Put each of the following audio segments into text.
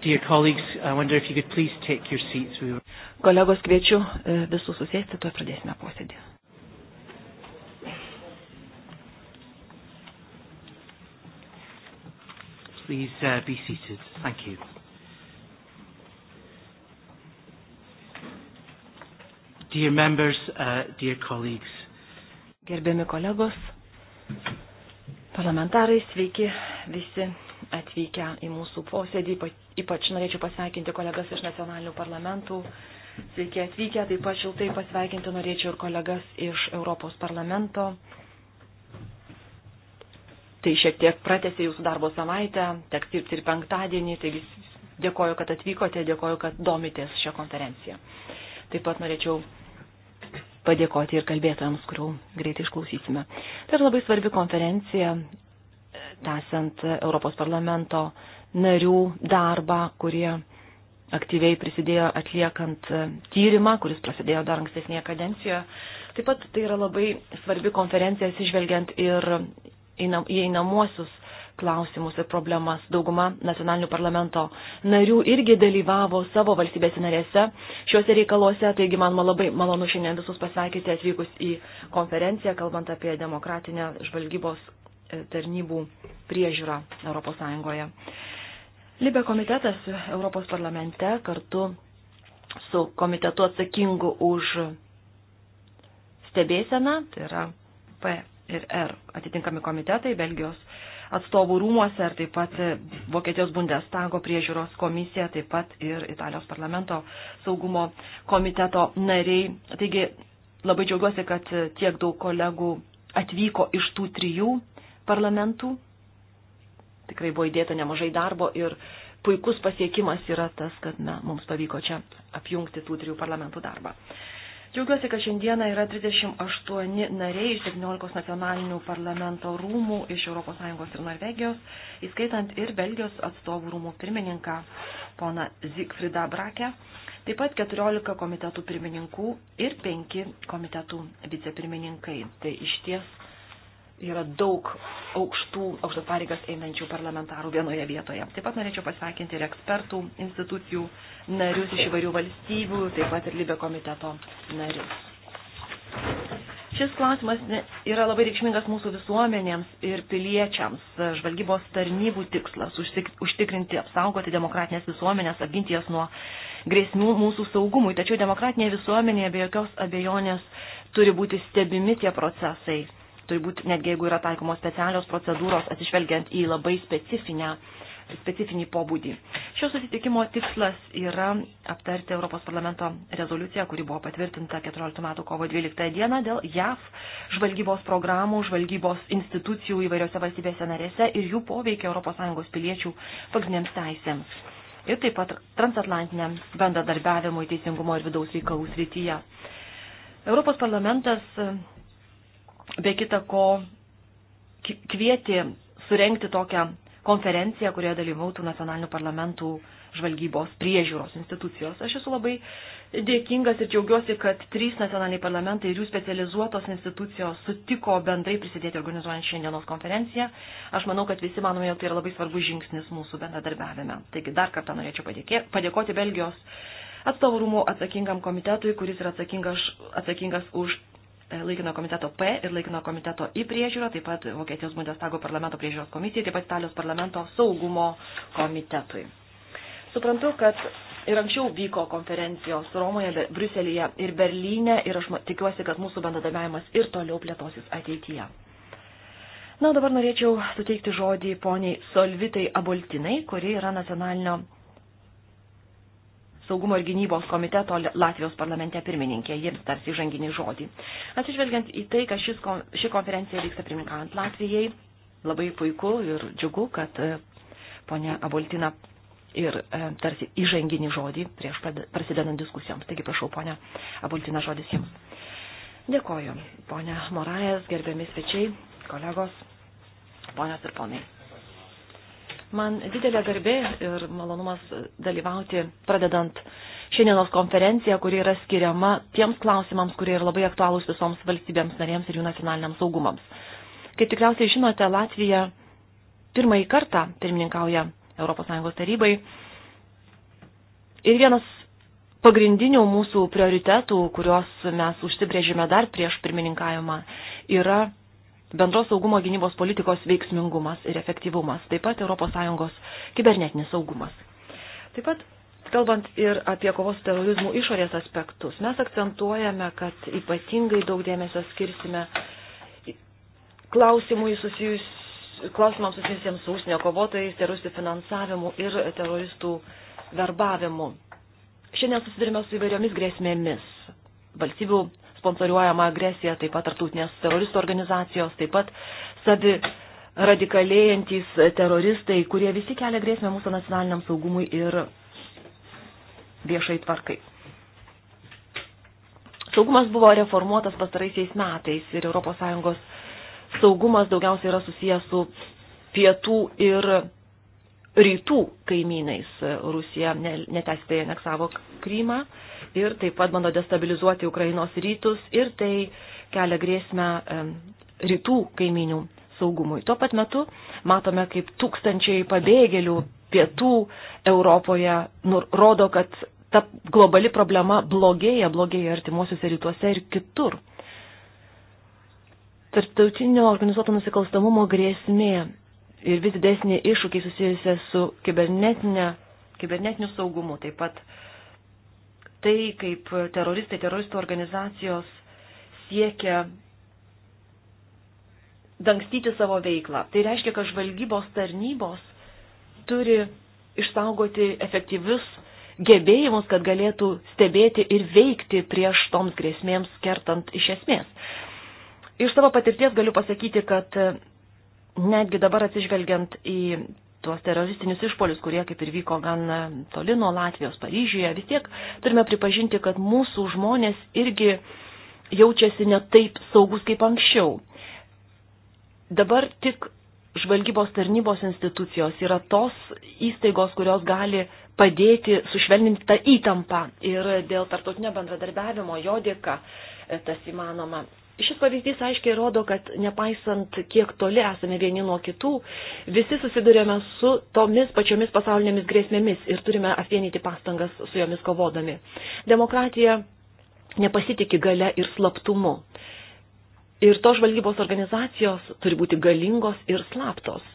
Dear colleagues, I wonder if you could please take your seats. We were... Kolegos, kviečiu e, visus susėsti, tuo pradėsime posėdį. Please uh, be seated. Thank you. Dear members, uh, dear colleagues. Gerbiami kolegos, parlamentarai, sveiki visi atvykę į mūsų posėdį. Ypač norėčiau pasveikinti kolegas iš nacionalinių parlamentų. Sveiki atvykę, taip pat šiltai pasveikinti norėčiau ir kolegas iš Europos parlamento. Tai šiek tiek pratėsi jūsų darbo savaitę, teks dirbti ir penktadienį, taigi dėkoju, kad atvykote, dėkoju, kad domitės šią konferenciją. Taip pat norėčiau padėkoti ir kalbėtojams, kurių greitai išklausysime. Tai yra labai svarbi konferencija tęsiant Europos parlamento narių darbą, kurie aktyviai prisidėjo atliekant tyrimą, kuris prasidėjo dar ankstesnėje kadencijoje. Taip pat tai yra labai svarbi konferencija, atsižvelgiant ir į einamuosius klausimus ir problemas. Dauguma nacionalinių parlamento narių irgi dalyvavo savo valstybės narėse šiuose reikaluose, taigi man labai malonu šiandien visus pasveikyti atvykus į konferenciją, kalbant apie demokratinę žvalgybos tarnybų priežiūrą ES. Libė komitetas Europos parlamente kartu su komitetu atsakingu už stebėseną, tai yra P ir R atitinkami komitetai Belgijos atstovų rūmuose ir taip pat Vokietijos Bundestago priežiūros komisija, taip pat ir Italijos parlamento saugumo komiteto nariai. Taigi labai džiaugiuosi, kad tiek daug kolegų atvyko iš tų trijų parlamentų. Tikrai buvo įdėta nemažai darbo ir puikus pasiekimas yra tas, kad na, mums pavyko čia apjungti tų trijų parlamentų darbą. Džiaugiuosi, kad šiandieną yra 38 nariai iš 17 nacionalinių parlamento rūmų iš ES ir Norvegijos, įskaitant ir Belgijos atstovų rūmų pirmininką pona Zigfrida Brakę, taip pat 14 komitetų pirmininkų ir 5 komitetų vicepirmininkai. Tai iš ties yra daug aukštų, aukštas pareigas einančių parlamentarų vienoje vietoje. Taip pat norėčiau pasveikinti ir ekspertų institucijų narius iš įvairių valstybių, taip pat ir Libė komiteto narius. Šis klausimas yra labai reikšmingas mūsų visuomenėms ir piliečiams. Žvalgybos tarnybų tikslas - užtikrinti, apsaugoti demokratinės visuomenės, apginti jas nuo grėsmių mūsų saugumui. Tačiau demokratinėje visuomenėje be jokios abejonės turi būti stebimi tie procesai turi būti, netgi jeigu yra taikomos specialios procedūros, atsižvelgiant į labai specifinę specifinį pobūdį. Šio susitikimo tikslas yra aptarti Europos parlamento rezoliuciją, kuri buvo patvirtinta 14 metų kovo 12 dieną dėl JAV žvalgybos programų, žvalgybos institucijų įvairiose valstybėse narėse ir jų poveikio ES piliečių pagrindiniams teisėms. Ir taip pat transatlantiniam bendradarbiavimui teisingumo ir vidaus reikalų srityje. Europos parlamentas be kita ko kvietė surenkti tokią konferenciją, kurioje dalyvautų nacionalinių parlamentų žvalgybos priežiūros institucijos. Aš esu labai dėkingas ir džiaugiuosi, kad trys nacionaliniai parlamentai ir jų specializuotos institucijos sutiko bendrai prisidėti organizuojant šiandienos konferenciją. Aš manau, kad visi manome, jog tai yra labai svarbus žingsnis mūsų bendradarbiavime. Taigi dar kartą norėčiau padėkė, padėkoti Belgijos atstovų rūmų atsakingam komitetui, kuris yra atsakingas, atsakingas už laikino komiteto P ir laikino komiteto į priežiūrą, taip pat Vokietijos Bundestago parlamento priežiūros komisijai, taip pat Italijos parlamento saugumo komitetui. Suprantu, kad ir anksčiau vyko konferencijos Romoje, Briuselėje ir Berlyne ir aš tikiuosi, kad mūsų bendradarbiavimas ir toliau plėtosis ateityje. Na, dabar norėčiau suteikti žodį poniai Solvitai Aboltinai, kuri yra nacionalinio saugumo ir gynybos komiteto Latvijos parlamente pirmininkė. Jiems tarsi žanginį žodį. Atsižvelgiant į tai, kad šis, ši konferencija vyksta pirmininkant Latvijai, labai puiku ir džiugu, kad e, ponia Aboltina ir e, tarsi įžanginį žodį prieš prasidedant diskusijoms. Taigi prašau, ponia Aboltina, žodis jums. Dėkoju, ponia Morajas, gerbiami svečiai, kolegos, ponios ir ponai. Man didelė garbė ir malonumas dalyvauti pradedant šiandienos konferenciją, kuri yra skiriama tiems klausimams, kurie yra labai aktualūs visoms valstybėms narėms ir jų nacionaliniams saugumams. Kaip tikriausiai žinote, Latvija pirmąjį kartą pirmininkauja ES tarybai. Ir vienas pagrindinių mūsų prioritetų, kuriuos mes užsibrėžėme dar prieš pirmininkavimą, yra bendros saugumo gynybos politikos veiksmingumas ir efektyvumas, taip pat ES kibernetinis saugumas. Taip pat, kalbant ir apie kovos terorizmų išorės aspektus, mes akcentuojame, kad ypatingai daug dėmesio skirsime klausimui susijus, klausimams susijusiems su užsienio kovotojais, teroristų finansavimu ir teroristų verbavimu. Šiandien susidurime su įvairiomis grėsmėmis valstybių sponsoriuojama agresija, taip pat tartutinės teroristų organizacijos, taip pat savi radikalėjantis teroristai, kurie visi kelia grėsmę mūsų nacionaliniam saugumui ir viešai tvarkai. Saugumas buvo reformuotas pastaraisiais metais ir ES saugumas daugiausiai yra susijęs su pietų ir rytų kaimynais. Rusija neteisėtai aneksavo Krymą, ir taip pat bando destabilizuoti Ukrainos rytus ir tai kelia grėsmę rytų kaiminių saugumui. Tuo pat metu matome, kaip tūkstančiai pabėgėlių pietų Europoje rodo, kad ta globali problema blogėja, blogėja artimuosiuose rytuose ir kitur. Tarptautinio organizuoto nusikalstamumo grėsmė ir vis didesnė iššūkiai susijusia su kibernetinė, kibernetiniu saugumu, taip pat uh, tai, kaip teroristai, teroristų organizacijos siekia dangstyti savo veiklą. Tai reiškia, kad žvalgybos tarnybos turi išsaugoti efektyvius gebėjimus, kad galėtų stebėti ir veikti prieš toms grėsmėms kertant iš esmės. Iš savo patirties galiu pasakyti, kad netgi dabar atsižvelgiant į tuos teroristinius išpolius, kurie kaip ir vyko gan e, toli nuo Latvijos, Paryžiuje, vis tiek turime pripažinti, kad mūsų žmonės irgi jaučiasi ne taip saugus kaip anksčiau. Dabar tik žvalgybos tarnybos institucijos yra tos įstaigos, kurios gali padėti sušvelninti tą įtampą ir dėl tarptautinio bendradarbiavimo jo dėka e, tas įmanoma. Šis pavyzdys aiškiai rodo, kad nepaisant kiek toli esame vieni nuo kitų, visi susidurėme su tomis pačiomis pasaulinėmis grėsmėmis ir turime apvienyti pastangas su jomis kovodami. Demokratija nepasitikė gale ir slaptumu. Ir to žvalgybos organizacijos turi būti galingos ir slaptos.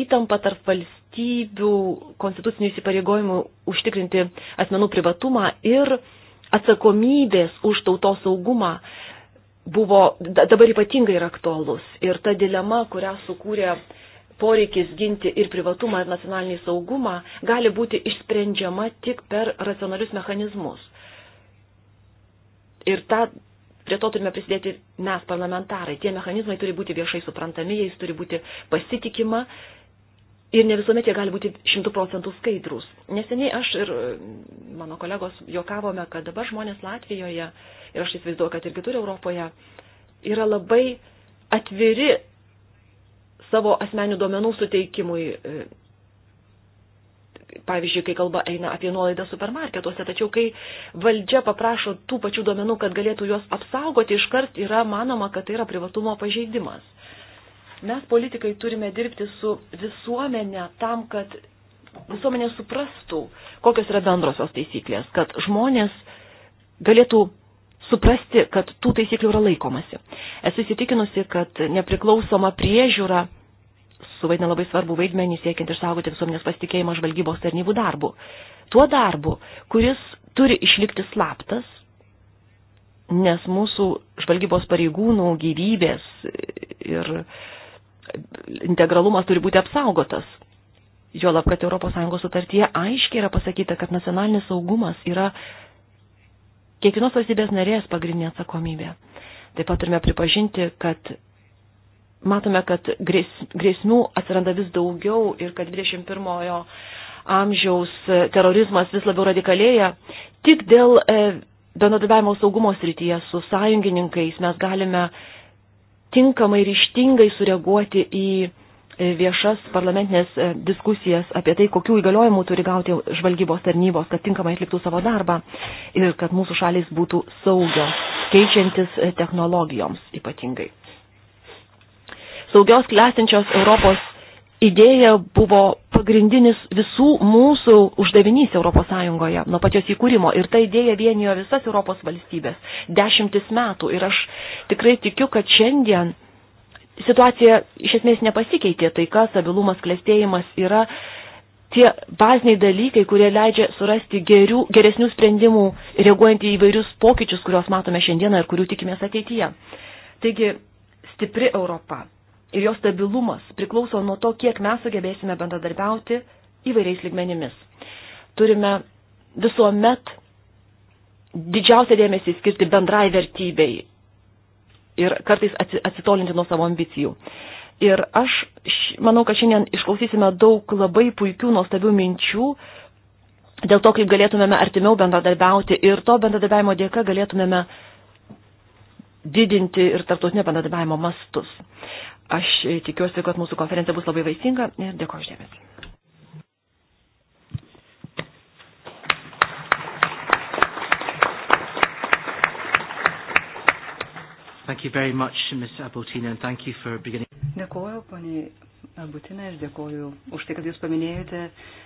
Įtampa tarp valstybių konstitucinių įsipareigojimų užtikrinti asmenų privatumą ir atsakomybės už tautos saugumą buvo, dabar ypatingai yra aktualus. Ir ta dilema, kurią sukūrė poreikis ginti ir privatumą, ir nacionalinį saugumą, gali būti išsprendžiama tik per racionalius mechanizmus. Ir ta, prie to turime prisidėti mes, parlamentarai. Tie mechanizmai turi būti viešai suprantami, jais turi būti pasitikima. Ir ne visuomet jie gali būti šimtų procentų skaidrus. Neseniai aš ir mano kolegos jokavome, kad dabar žmonės Latvijoje uh, ir aš įsivaizduoju, kad ir kitur Europoje, yra labai atviri savo asmenių duomenų suteikimui. Pavyzdžiui, kai kalba eina apie nuolaidą supermarketuose, tačiau kai valdžia paprašo tų pačių duomenų, kad galėtų juos apsaugoti, iškart yra manoma, kad tai yra privatumo pažeidimas. Mes, politikai, turime dirbti su visuomenė tam, kad visuomenė suprastų, kokios yra bendrosios taisyklės, kad žmonės galėtų suprasti, kad tų taisyklių yra laikomasi. Esu įsitikinusi, kad nepriklausoma priežiūra suvaidina labai svarbu vaidmenį siekiant išsaugoti visuomenės pasitikėjimą žvalgybos tarnybų darbu. Tuo darbu, kuris turi išlikti slaptas, nes mūsų žvalgybos pareigūnų gyvybės ir integralumas turi būti apsaugotas. Juolab, kad ES sutartyje aiškiai yra pasakyta, kad nacionalinis saugumas yra kiekvienos valstybės narės pagrindinė atsakomybė. Taip pat turime pripažinti, kad matome, kad grės, grėsmių atsiranda vis daugiau ir kad 21-ojo amžiaus terorizmas vis labiau radikalėja. Tik dėl e, bendradarbiavimo saugumo srityje su sąjungininkais mes galime tinkamai ryštingai sureaguoti į viešas parlamentinės e, diskusijas apie tai, kokių įgaliojimų turi gauti žvalgybos tarnybos, kad tinkamai atliktų savo darbą ir kad mūsų šalis būtų saugios, keičiantis e, technologijoms ypatingai. Saugios klestinčios Europos idėja buvo pagrindinis visų mūsų uždavinys Europos Sąjungoje nuo pačios įkūrimo ir ta idėja vienijo visas Europos valstybės dešimtis metų ir aš tikrai tikiu, kad šiandien situacija iš esmės nepasikeitė, taika, stabilumas, klėstėjimas yra tie baziniai dalykai, kurie leidžia surasti gerių, geresnių sprendimų, reaguojant į įvairius pokyčius, kuriuos matome šiandieną ir kurių tikimės ateityje. Taigi, stipri Europa ir jos stabilumas priklauso nuo to, kiek mes sugebėsime bendradarbiauti įvairiais ligmenimis. Turime visuomet didžiausią dėmesį skirti bendrai vertybei ir kartais atsitolinti nuo savo ambicijų. Ir aš manau, kad šiandien išklausysime daug labai puikių, nuostabių minčių dėl to, kaip galėtumėme artimiau bendradarbiauti ir to bendradarbiavimo dėka galėtumėme didinti ir tarptautinio bendradarbiavimo mastus. Aš tikiuosi, kad mūsų konferencija bus labai vaisinga ir dėkoju uždėmesi. Thank you very much, Ms. Abotina, and thank you for beginning. Dėkuoju, poniai Abutina, ir dėkuoju už tai, kad Jūs paminėjote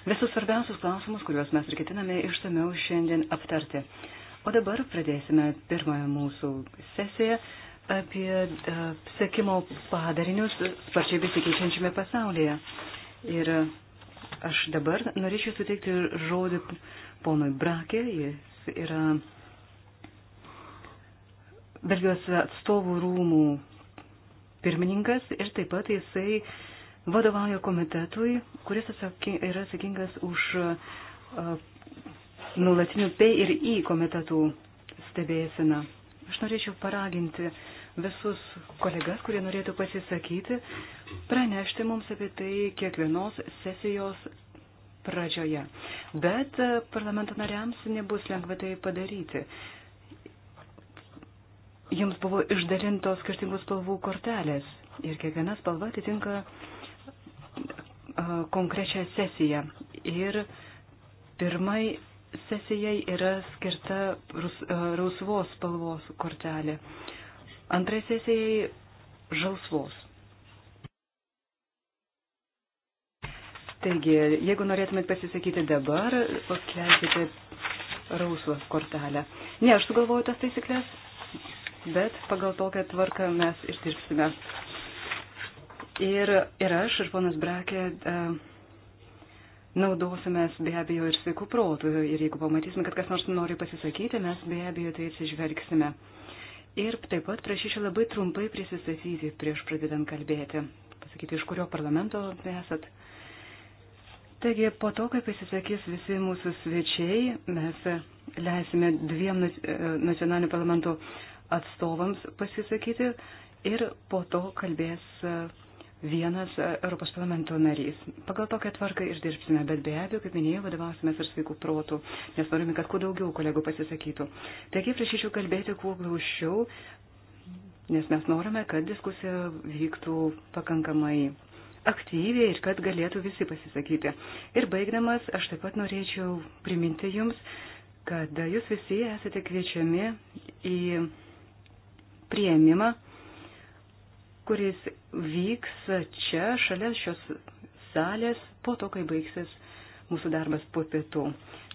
visus svarbiausius klausimus, kuriuos mes ir ketiname išsameu šiandien aptarti. O dabar pradėsime pirmąją mūsų sesiją apie uh, sekimo padarinius sparčiai besikeičiančiame pasaulyje. Ir aš dabar norėčiau suteikti žodį ponui Brakė, jis yra Belgijos atstovų rūmų pirmininkas ir taip pat jisai vadovauja komitetui, kuris yra atsakingas už nulatinių P ir I komitetų stebėsiną. Aš norėčiau paraginti visus kolegas, kurie norėtų pasisakyti, pranešti mums apie tai kiekvienos sesijos pradžioje. Bet parlamento nariams nebus lengva tai padaryti jums buvo išdalintos skirtingų spalvų kortelės ir kiekviena spalva atitinka konkrečią sesiją. Ir pirmai sesijai yra skirta rausvos spalvos kortelė, antrai sesijai žalsvos. Taigi, jeigu norėtumėt pasisakyti dabar, pakelkite rausvą kortelę. Ne, aš sugalvoju tas taisyklės bet pagal tokią tvarką mes ir dirbsime. Ir, ir aš, ir ponas Brakė, e, naudosimės be abejo ir sveikų protų. Ir jeigu pamatysime, kad kas nors nori pasisakyti, mes be abejo tai atsižvelgsime. Ir taip pat prašyčiau labai trumpai prisistatyti prieš pradedant kalbėti, pasakyti, iš kurio parlamento esat. Taigi, po to, kai pasisakys visi mūsų svečiai, mes leisime dviem e, nacionalinių parlamento atstovams pasisakyti ir po to kalbės e, vienas e, Europos parlamento narys. Pagal tokią tvarką ir dirbsime, bet be abejo, kaip minėjau, vadovausimės ir sveikų protų, nes norime, kad kuo daugiau kolegų pasisakytų. Taigi prašyčiau kalbėti kuo glaušiau, nes mes norime, kad diskusija vyktų pakankamai aktyviai ir kad galėtų visi pasisakyti. Ir baigdamas, aš taip pat norėčiau priminti jums, kad jūs visi esate kviečiami į prieimimą, kuris vyks čia, šalia šios salės, po to, kai baigsis mūsų darbas po pietų.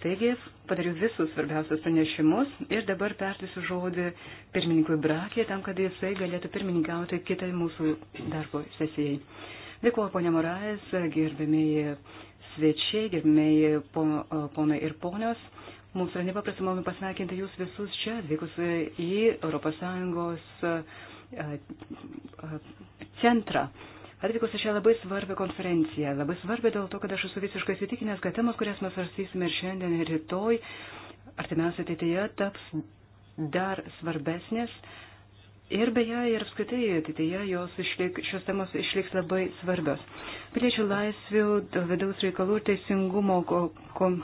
Taigi, padariau visus svarbiausius pranešimus ir dabar perdusiu žodį pirmininkui Brakė, tam, kad jisai galėtų pirmininkauti kitai mūsų darbo sesijai. Dėkuoju, ponia Morais, gerbėmėjai svečiai, gerbėmėjai ponai ir ponios. Mums yra nepaprastai malonu pasveikinti jūs visus čia, atvykus į ES centrą. Atvykus į šią labai svarbią konferenciją. Labai svarbią dėl to, kad aš esu visiškai įsitikinęs, kad temos, kurias mes svarstysime ir šiandien, ir rytoj, artimiausia ateityje taps dar svarbesnės. Ir beje, ir apskritai ateityje jos išlik, šios temos išliks labai svarbios. Piliečių laisvių, vidaus reikalų ir teisingumo kom,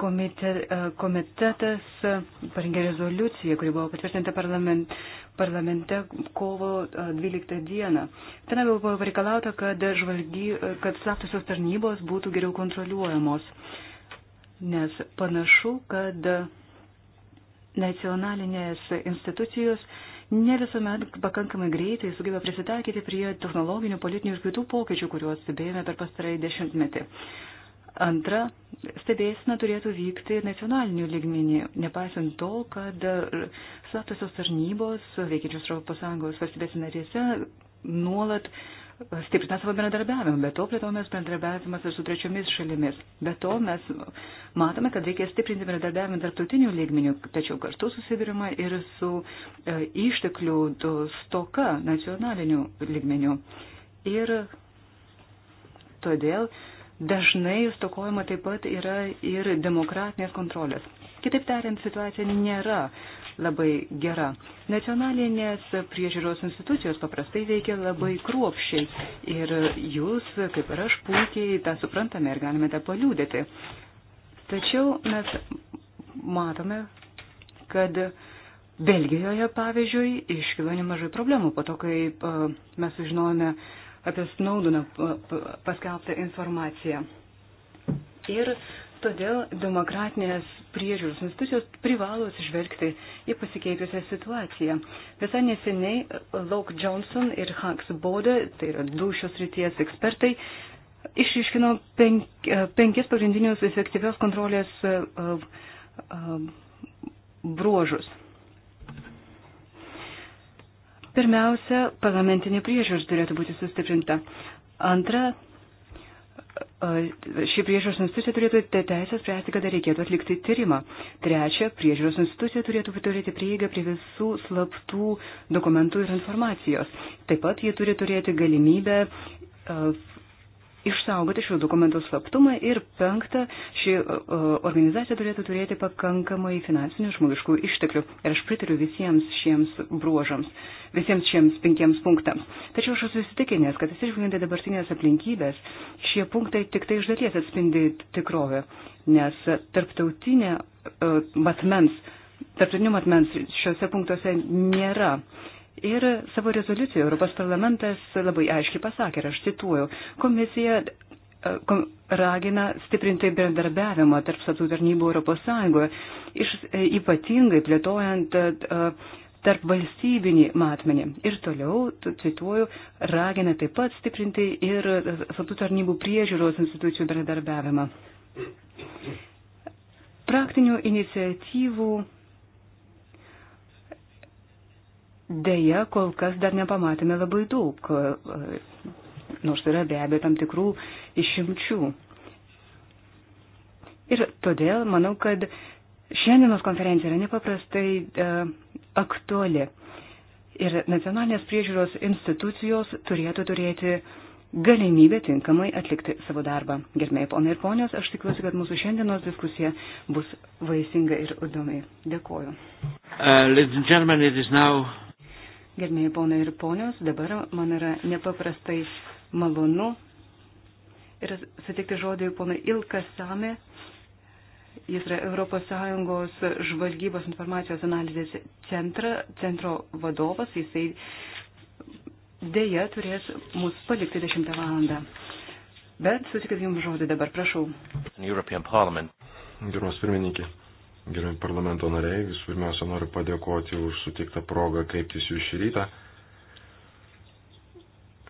E, komitetas e, parengė rezoliuciją, kuri buvo patvirtinta parlament, parlamente kovo 12 e, dieną. Ten buvo pareikalauta, kad, žvalgy, kad slaptosios tarnybos būtų geriau kontroliuojamos, nes panašu, kad nacionalinės institucijos ne visuomet pakankamai greitai sugeba prisitaikyti prie technologinių, politinių ir kitų pokyčių, kuriuos stebėjome per pastarąjį dešimtmetį. Antra, stebėsime turėtų vykti nacionaliniu lygmenį, nepaisant to, kad slaptosios tarnybos, veikiančios ES valstybės narėse, nuolat stiprina savo bendradarbiavimą. Be to, plėtojamės bendradarbiavimas ir su trečiomis šalimis. Be to, mes matome, kad reikia stiprinti bendradarbiavimą tarptautinių lygmenių, tačiau kartu susidurima ir su e, išteklių stoka nacionalinių lygmenių. Ir todėl dažnai stokojama taip pat yra ir demokratinės kontrolės. Kitaip tariant, situacija nėra labai gera. Nacionalinės priežiūros institucijos paprastai veikia labai kruopščiai ir jūs, kaip ir aš, puikiai tą suprantame ir galime tą paliūdėti. Tačiau mes matome, kad Belgijoje, pavyzdžiui, iškilo nemažai problemų po to, kai e, mes sužinojome, uh, apie Snowdoną paskelbtą informaciją. Ir todėl demokratinės priežiūros institucijos privalo atsižvelgti į pasikeitusią situaciją. Visai neseniai Lauk Johnson ir Hanks Bode, tai yra du šios ryties ekspertai, išriškino penk, e, penkis pagrindinius efektyvios kontrolės e, e, bruožus. Pirmiausia, parlamentinė priežiūros turėtų būti sustiprinta. Antra, ši priežiūros institucija turėtų teisę spręsti, kada reikėtų atlikti tyrimą. Trečia, priežiūros institucija turėtų turėti prieigą prie visų slaptų dokumentų ir informacijos. Taip pat jie turi turėti galimybę išsaugoti šių dokumentų slaptumą ir penktą, ši organizacija turėtų turėti pakankamai finansinių žmogiškų išteklių. Ir aš pritariu visiems šiems bruožams, visiems šiems penkiems punktams. Tačiau aš esu įsitikinęs, kad atsižvelgiant į dabartinės aplinkybės, šie punktai tik tai iš dalies atspindi tikrovę, nes tarptautinė e, matmens, tarptautinio matmens šiuose punktuose nėra. Ir savo rezoliuciją Europos parlamentas labai aiškiai pasakė, ir aš cituoju, komisija e, ragina stiprinti bendradarbiavimą tarp statų tarnybų Europos Sąjungoje, iš, e, ypatingai plėtojant e, tarp valstybinį matmenį. Ir toliau, cituoju, ragina taip pat stiprinti ir statų tarnybų priežiūros institucijų bendradarbiavimą. Praktinių iniciatyvų Deja, kol kas dar nepamatėme labai daug, nors yra be abejo tam tikrų išimčių. Ir todėl manau, kad šiandienos konferencija yra nepaprastai e, aktuali. Ir nacionalinės priežiūros institucijos turėtų turėti galimybę tinkamai atlikti savo darbą. Gerbėjai ponai ir ponios, aš tikiuosi, kad mūsų šiandienos diskusija bus vaisinga ir įdomi. Dėkuoju. Uh, Gerbėjai ponai ir ponios, dabar man yra nepaprastai malonu ir sutikti žodį ponai Ilkas Same. Jis yra ES žvalgybos informacijos analizės centra, centro vadovas. Jisai dėja turės mus palikti 10 valandą. Bet sutikit jums žodį dabar, prašau. Gerbiamas pirmininkė, Gerbiami parlamento nariai, visų pirmiausia noriu padėkoti už sutiktą progą kreiptis jūs šį rytą.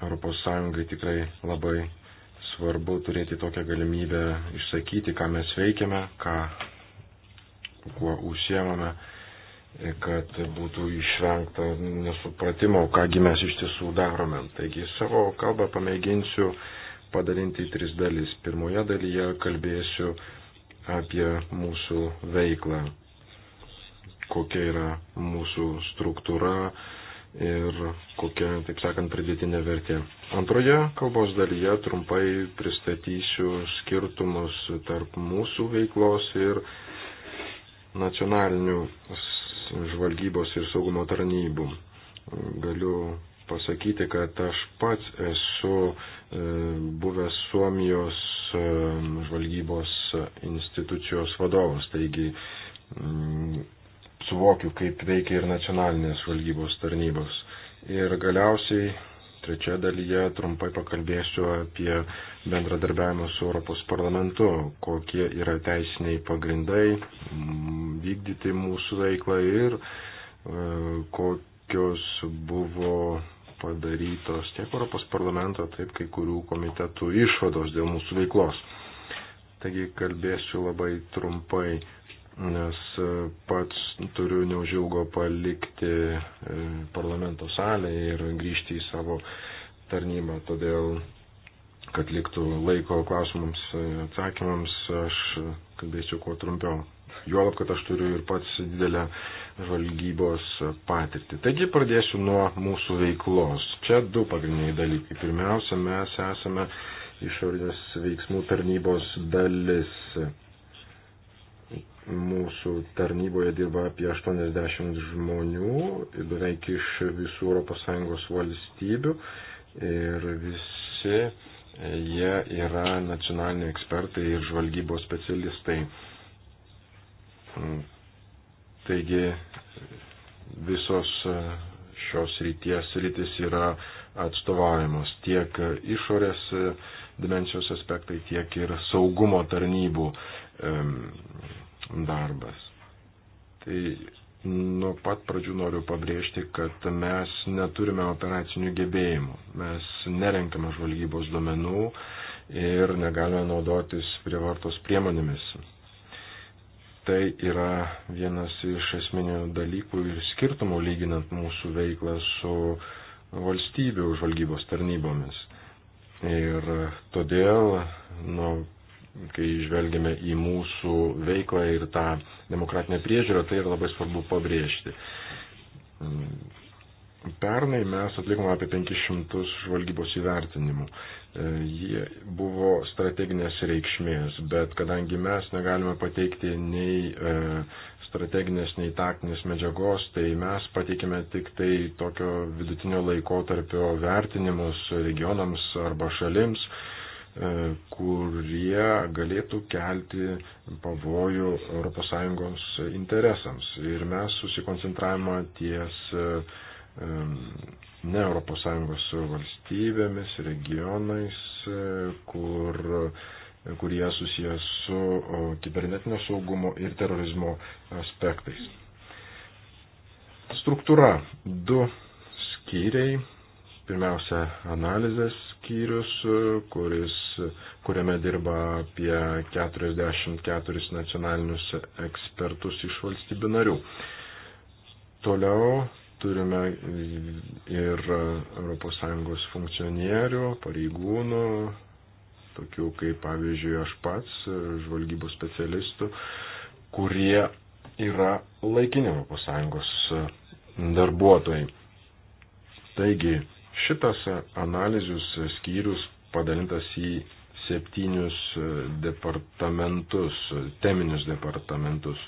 ES tikrai labai svarbu turėti tokią galimybę išsakyti, ką mes veikiame, ką, kuo užsiemame, kad būtų išvengta nesupratimo, kągi mes iš tiesų darome. Taigi savo kalbą pamėginsiu padalinti į tris dalis. Pirmoje dalyje kalbėsiu apie mūsų veiklą, kokia yra mūsų struktūra ir kokia, taip sakant, pridėtinė vertė. Antroje kalbos dalyje trumpai pristatysiu skirtumus tarp mūsų veiklos ir nacionalinių žvalgybos ir saugumo tarnybų. Galiu pasakyti, kad aš pats esu e, buvęs Suomijos e, žvalgybos institucijos vadovas, taigi suvokiu, kaip veikia ir nacionalinės žvalgybos tarnybos. Ir galiausiai trečia dalyje trumpai pakalbėsiu apie bendradarbiavimą su Europos parlamentu, kokie yra teisiniai pagrindai vykdyti mūsų veiklą ir e, kokios buvo padarytos tiek Europos parlamento, taip kai kurių komitetų išvados dėl mūsų veiklos. Taigi kalbėsiu labai trumpai, nes pats turiu neužilgo palikti e, parlamento salę ir grįžti į savo tarnybą, todėl kad liktų laiko klausimams, e, atsakymams, aš kalbėsiu kuo trumpiau. Juolab, kad aš turiu ir pats didelę žvalgybos patirtį. Taigi pradėsiu nuo mūsų veiklos. Čia du pagrindiniai dalykai. Pirmiausia, mes esame išorinės veiksmų tarnybos dalis. Mūsų tarnyboje dirba apie 80 žmonių, beveik iš visų ES valstybių ir visi Jie yra nacionaliniai ekspertai ir žvalgybos specialistai. Taigi visos e, šios ryties rytis yra atstovaujamos tiek išorės e, dimensijos aspektai, tiek ir saugumo tarnybų darbas. Tai Nuo pat pradžių noriu pabrėžti, kad mes neturime operacinių gebėjimų, mes nerenkame žvalgybos duomenų ir negalime naudotis prievartos priemonėmis. Tai yra vienas iš esminių dalykų ir skirtumų lyginant mūsų veiklą su valstybių žvalgybos tarnybomis. Ir todėl nuo kai žvelgiame į mūsų veiklą ir tą demokratinę priežiūrą, tai yra labai svarbu pabrėžti. Pernai mes atlikome apie 500 žvalgybos įvertinimų. E, jie buvo strateginės reikšmės, bet kadangi mes negalime pateikti nei e, strateginės, nei taktinės medžiagos, tai mes pateikime tik tai tokio vidutinio laiko tarpio vertinimus regionams arba šalims E, kurie galėtų kelti pavojų ES interesams. Ir mes susikoncentravimą ties e, e, ne ES valstybėmis, regionais, kur, kurie susijęs su kibernetinio saugumo ir terorizmo aspektais. Struktūra. Du skyriai. Pirmiausia, analizės skyrius, e, kuris, kuriame dirba apie 44 nacionalinius ekspertus iš valstybių narių. Toliau turime ir ES funkcionierių, pareigūnų, tokių kaip pavyzdžiui aš pats, e, žvalgybos specialistų, kurie yra laikini ES e, darbuotojai. Taigi, Šitas analizės skyrius padalintas į septynius departamentus, teminius departamentus.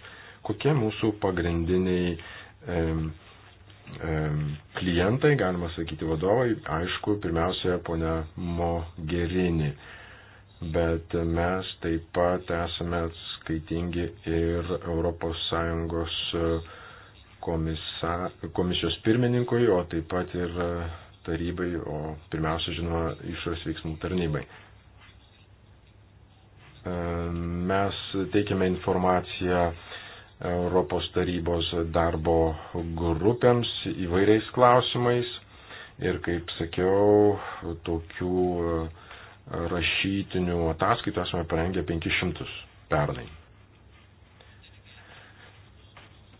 Kokie mūsų pagrindiniai e, e, klientai, galima sakyti vadovai, aišku, pirmiausia, ponia Mogerini. Bet mes taip pat esame atskaitingi ir ES komisa, komisijos pirmininkui, o taip pat ir tarybai, o pirmiausia, žinoma, išorės veiksmų tarnybai. E, mes teikiame informaciją Europos tarybos darbo grupėms įvairiais klausimais ir, kaip sakiau, tokių e, rašytinių ataskaitų esame parengę 500 pernai.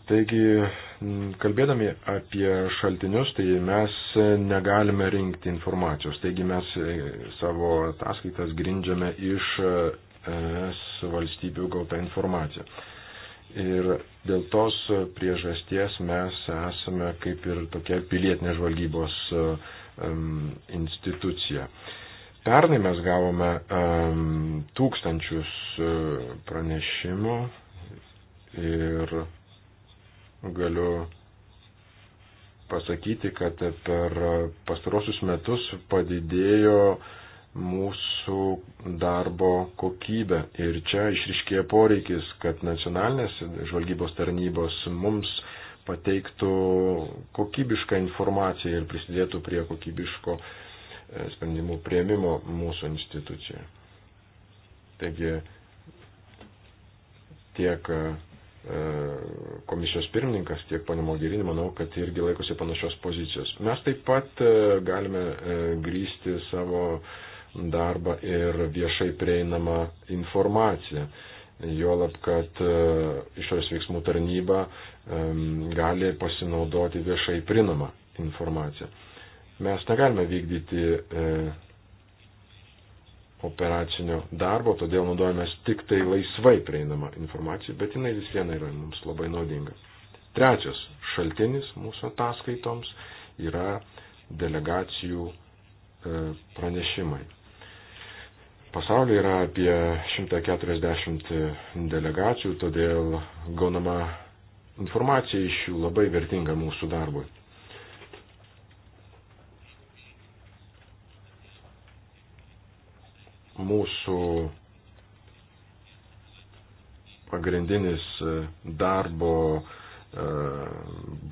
Taigi Mm, kalbėdami apie šaltinius, tai mes negalime rinkti informacijos, taigi mes e, savo ataskaitas grindžiame iš e, ES valstybių gautą informaciją. Ir dėl tos priežasties mes esame kaip ir tokia pilietinė žvalgybos um, institucija. Pernai mes gavome um, tūkstančius pranešimų ir galiu pasakyti, kad per pastarosius metus padidėjo mūsų darbo kokybė. Ir čia išriškėja poreikis, kad nacionalinės žvalgybos tarnybos mums pateiktų kokybišką informaciją ir prisidėtų prie kokybiško e, sprendimų prieimimo mūsų institucijoje. Taigi tiek e, E, komisijos pirmininkas, tiek ponė Mogherini, manau, kad irgi laikosi panašios pozicijos. Mes taip pat e, galime e, grįsti savo darbą ir viešai prieinamą informaciją. Juolab, kad išorės veiksmų tarnyba gali pasinaudoti viešai prieinamą informaciją. Mes negalime vykdyti operacinio darbo, todėl naudojamės tik tai laisvai prieinama informacija, bet jinai vis viena yra mums labai naudinga. Trečias šaltinis mūsų ataskaitoms yra delegacijų e, pranešimai. Pasaulyje yra apie 140 delegacijų, todėl gaunama informacija iš jų labai vertinga mūsų darbui. mūsų pagrindinis e, darbo e,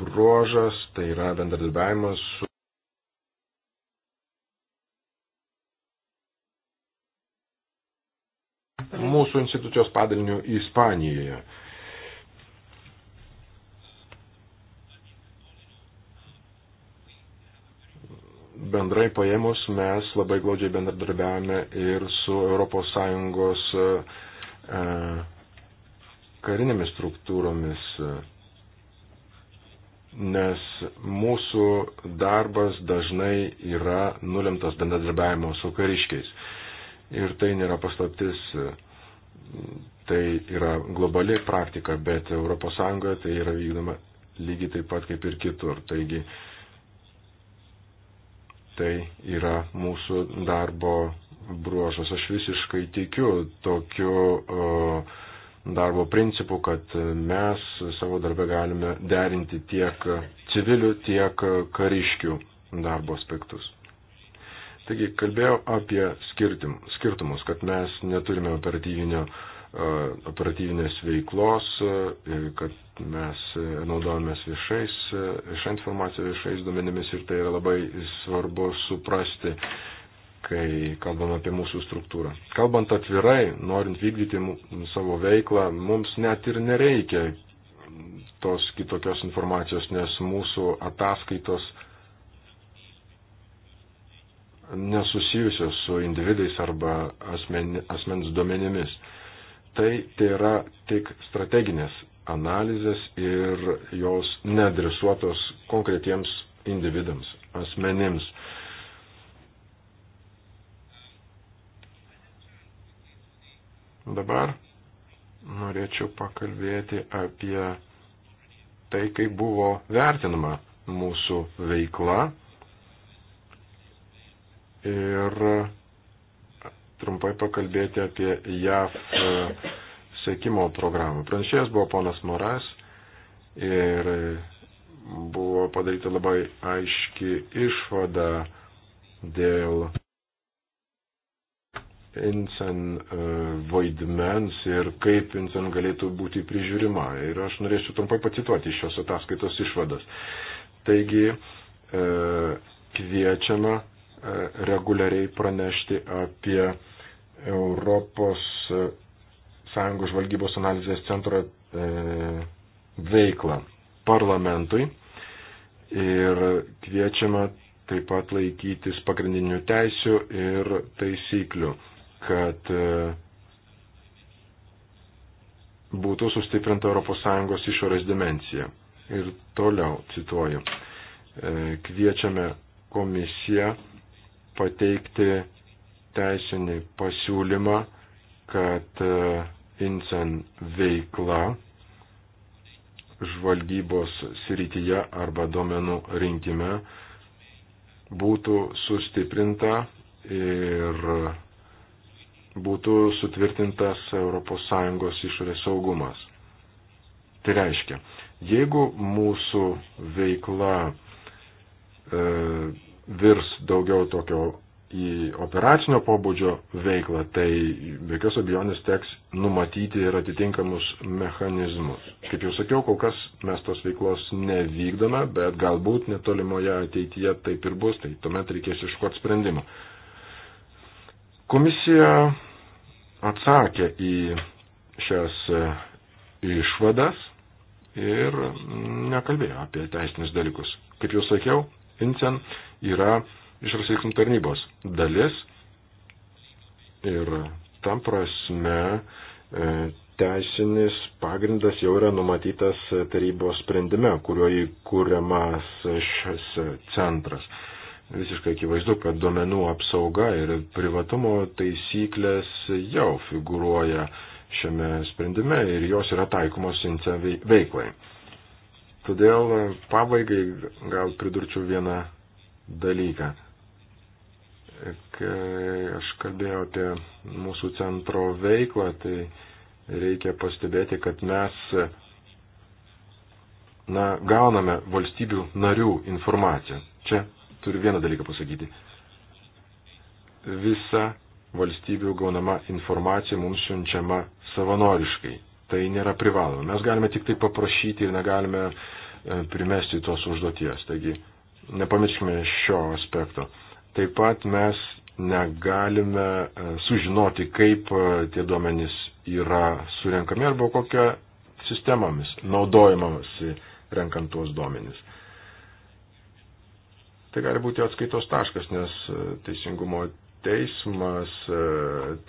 bruožas, tai yra bendradarbiavimas su mūsų institucijos padaliniu Ispanijoje. bendrai paėmus mes labai glaudžiai bendradarbiavame ir su ES e, karinėmis struktūromis, e, nes mūsų darbas dažnai yra nulemtas bendradarbiavimo su kariškiais. Ir tai nėra paslaptis, e, tai yra globali praktika, bet ES tai yra vykdoma lygiai taip pat kaip ir kitur. Taigi, Tai yra mūsų darbo bruožas. Aš visiškai tikiu tokiu uh, darbo principų, kad mes savo darbę galime derinti tiek civilių, tiek kariškių darbo aspektus. Taigi kalbėjau apie skirtimus, kad mes neturime operatyvinio E, operatyvinės veiklos, e, kad mes naudojamės viešais, e, viešą informaciją, viešais duomenimis ir tai yra labai svarbu suprasti, kai kalbam apie mūsų struktūrą. Kalbant atvirai, norint vykdyti savo veiklą, mums net ir nereikia tos kitokios informacijos, nes mūsų ataskaitos nesusijusios su individais arba asmen, asmens duomenimis. Tai yra tik strateginės analizės ir jos nedresuotos konkretiems individams, asmenims. Dabar norėčiau pakalbėti apie tai, kaip buvo vertinama mūsų veikla ir trumpai pakalbėti apie JAV e, sėkimo programą. Pranešėjas buvo ponas Moras ir buvo padaryta labai aiški išvada dėl Incen e, vaidmens ir kaip Incen galėtų būti prižiūrima. Ir aš norėčiau trumpai pacituoti šios ataskaitos išvadas. Taigi, e, kviečiama reguliariai pranešti apie Europos e, Sąjungos žvalgybos analizės centro e, veiklą parlamentui ir kviečiama taip pat laikytis pagrindinių teisių ir taisyklių, kad e, būtų sustiprinta ES išorės dimencija. Ir toliau cituoju. Kviečiame komisiją pateikti teisinį pasiūlymą, kad e, Incen veikla žvalgybos srityje arba domenų rinkime būtų sustiprinta ir būtų sutvirtintas ES išorės saugumas. Tai reiškia, jeigu mūsų veikla e, virs daugiau tokio į operacinio pobūdžio veiklą, tai be jokios abejonės teks numatyti ir atitinkamus mechanizmus. Kaip jau sakiau, kol kas mes tos veiklos nevykdome, bet galbūt netolimoje ateityje taip ir bus, tai tuomet reikės iškoti sprendimą. Komisija atsakė į šias e, išvadas ir nekalbėjo apie teisinius dalykus. Kaip jau sakiau, Incen yra išorės veiksmų tarnybos dalis. Ir tam prasme e, teisinis pagrindas jau yra numatytas tarybos sprendime, kuriuo įkūriamas šis centras. Visiškai akivaizdu, kad duomenų apsauga ir privatumo taisyklės jau figuruoja šiame sprendime ir jos yra taikomos ince veiklai. Todėl pabaigai gal pridurčiau vieną dalyką kai aš kalbėjau apie mūsų centro veiklą, tai reikia pastebėti, kad mes na, gauname valstybių narių informaciją. Čia turiu vieną dalyką pasakyti. Visa valstybių gaunama informacija mums siunčiama savanoriškai. Tai nėra privaloma. Mes galime tik tai paprašyti ir negalime e, primesti tos užduoties. Taigi nepamirškime šio aspekto. Taip pat mes negalime e, sužinoti, kaip e, tie duomenys yra surenkami arba kokia sistemomis naudojamasi renkant tuos duomenys. Tai gali būti atskaitos taškas, nes e, teisingumo teismas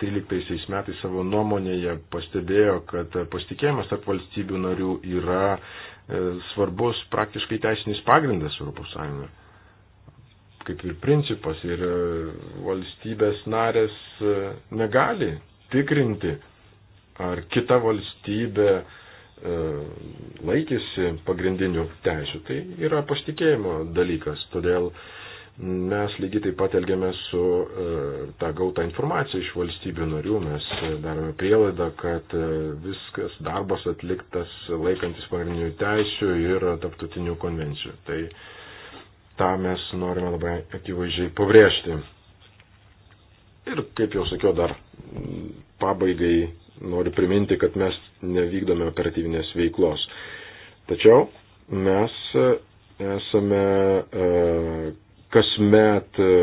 13 metais savo nuomonėje pastebėjo, kad pasitikėjimas tarp valstybių narių yra svarbus praktiškai teisinis pagrindas Europos Sąjungoje kaip ir principas ir e, valstybės narės e, negali tikrinti, ar kita valstybė e, laikėsi pagrindinių teisų. Tai yra pasitikėjimo dalykas. Todėl mes lygiai taip pat elgiamės su ta gauta informacija iš valstybių narių. Mes darome prielaidą, kad viskas darbas atliktas laikantis pagrindinių teisų ir tarptautinių konvencijų. Tai tą mes norime labai akivaizdžiai pabrėžti. Ir kaip jau sakiau, dar pabaigai noriu priminti, kad mes nevykdome operatyvinės veiklos. Tačiau mes e, esame e, kasmet e,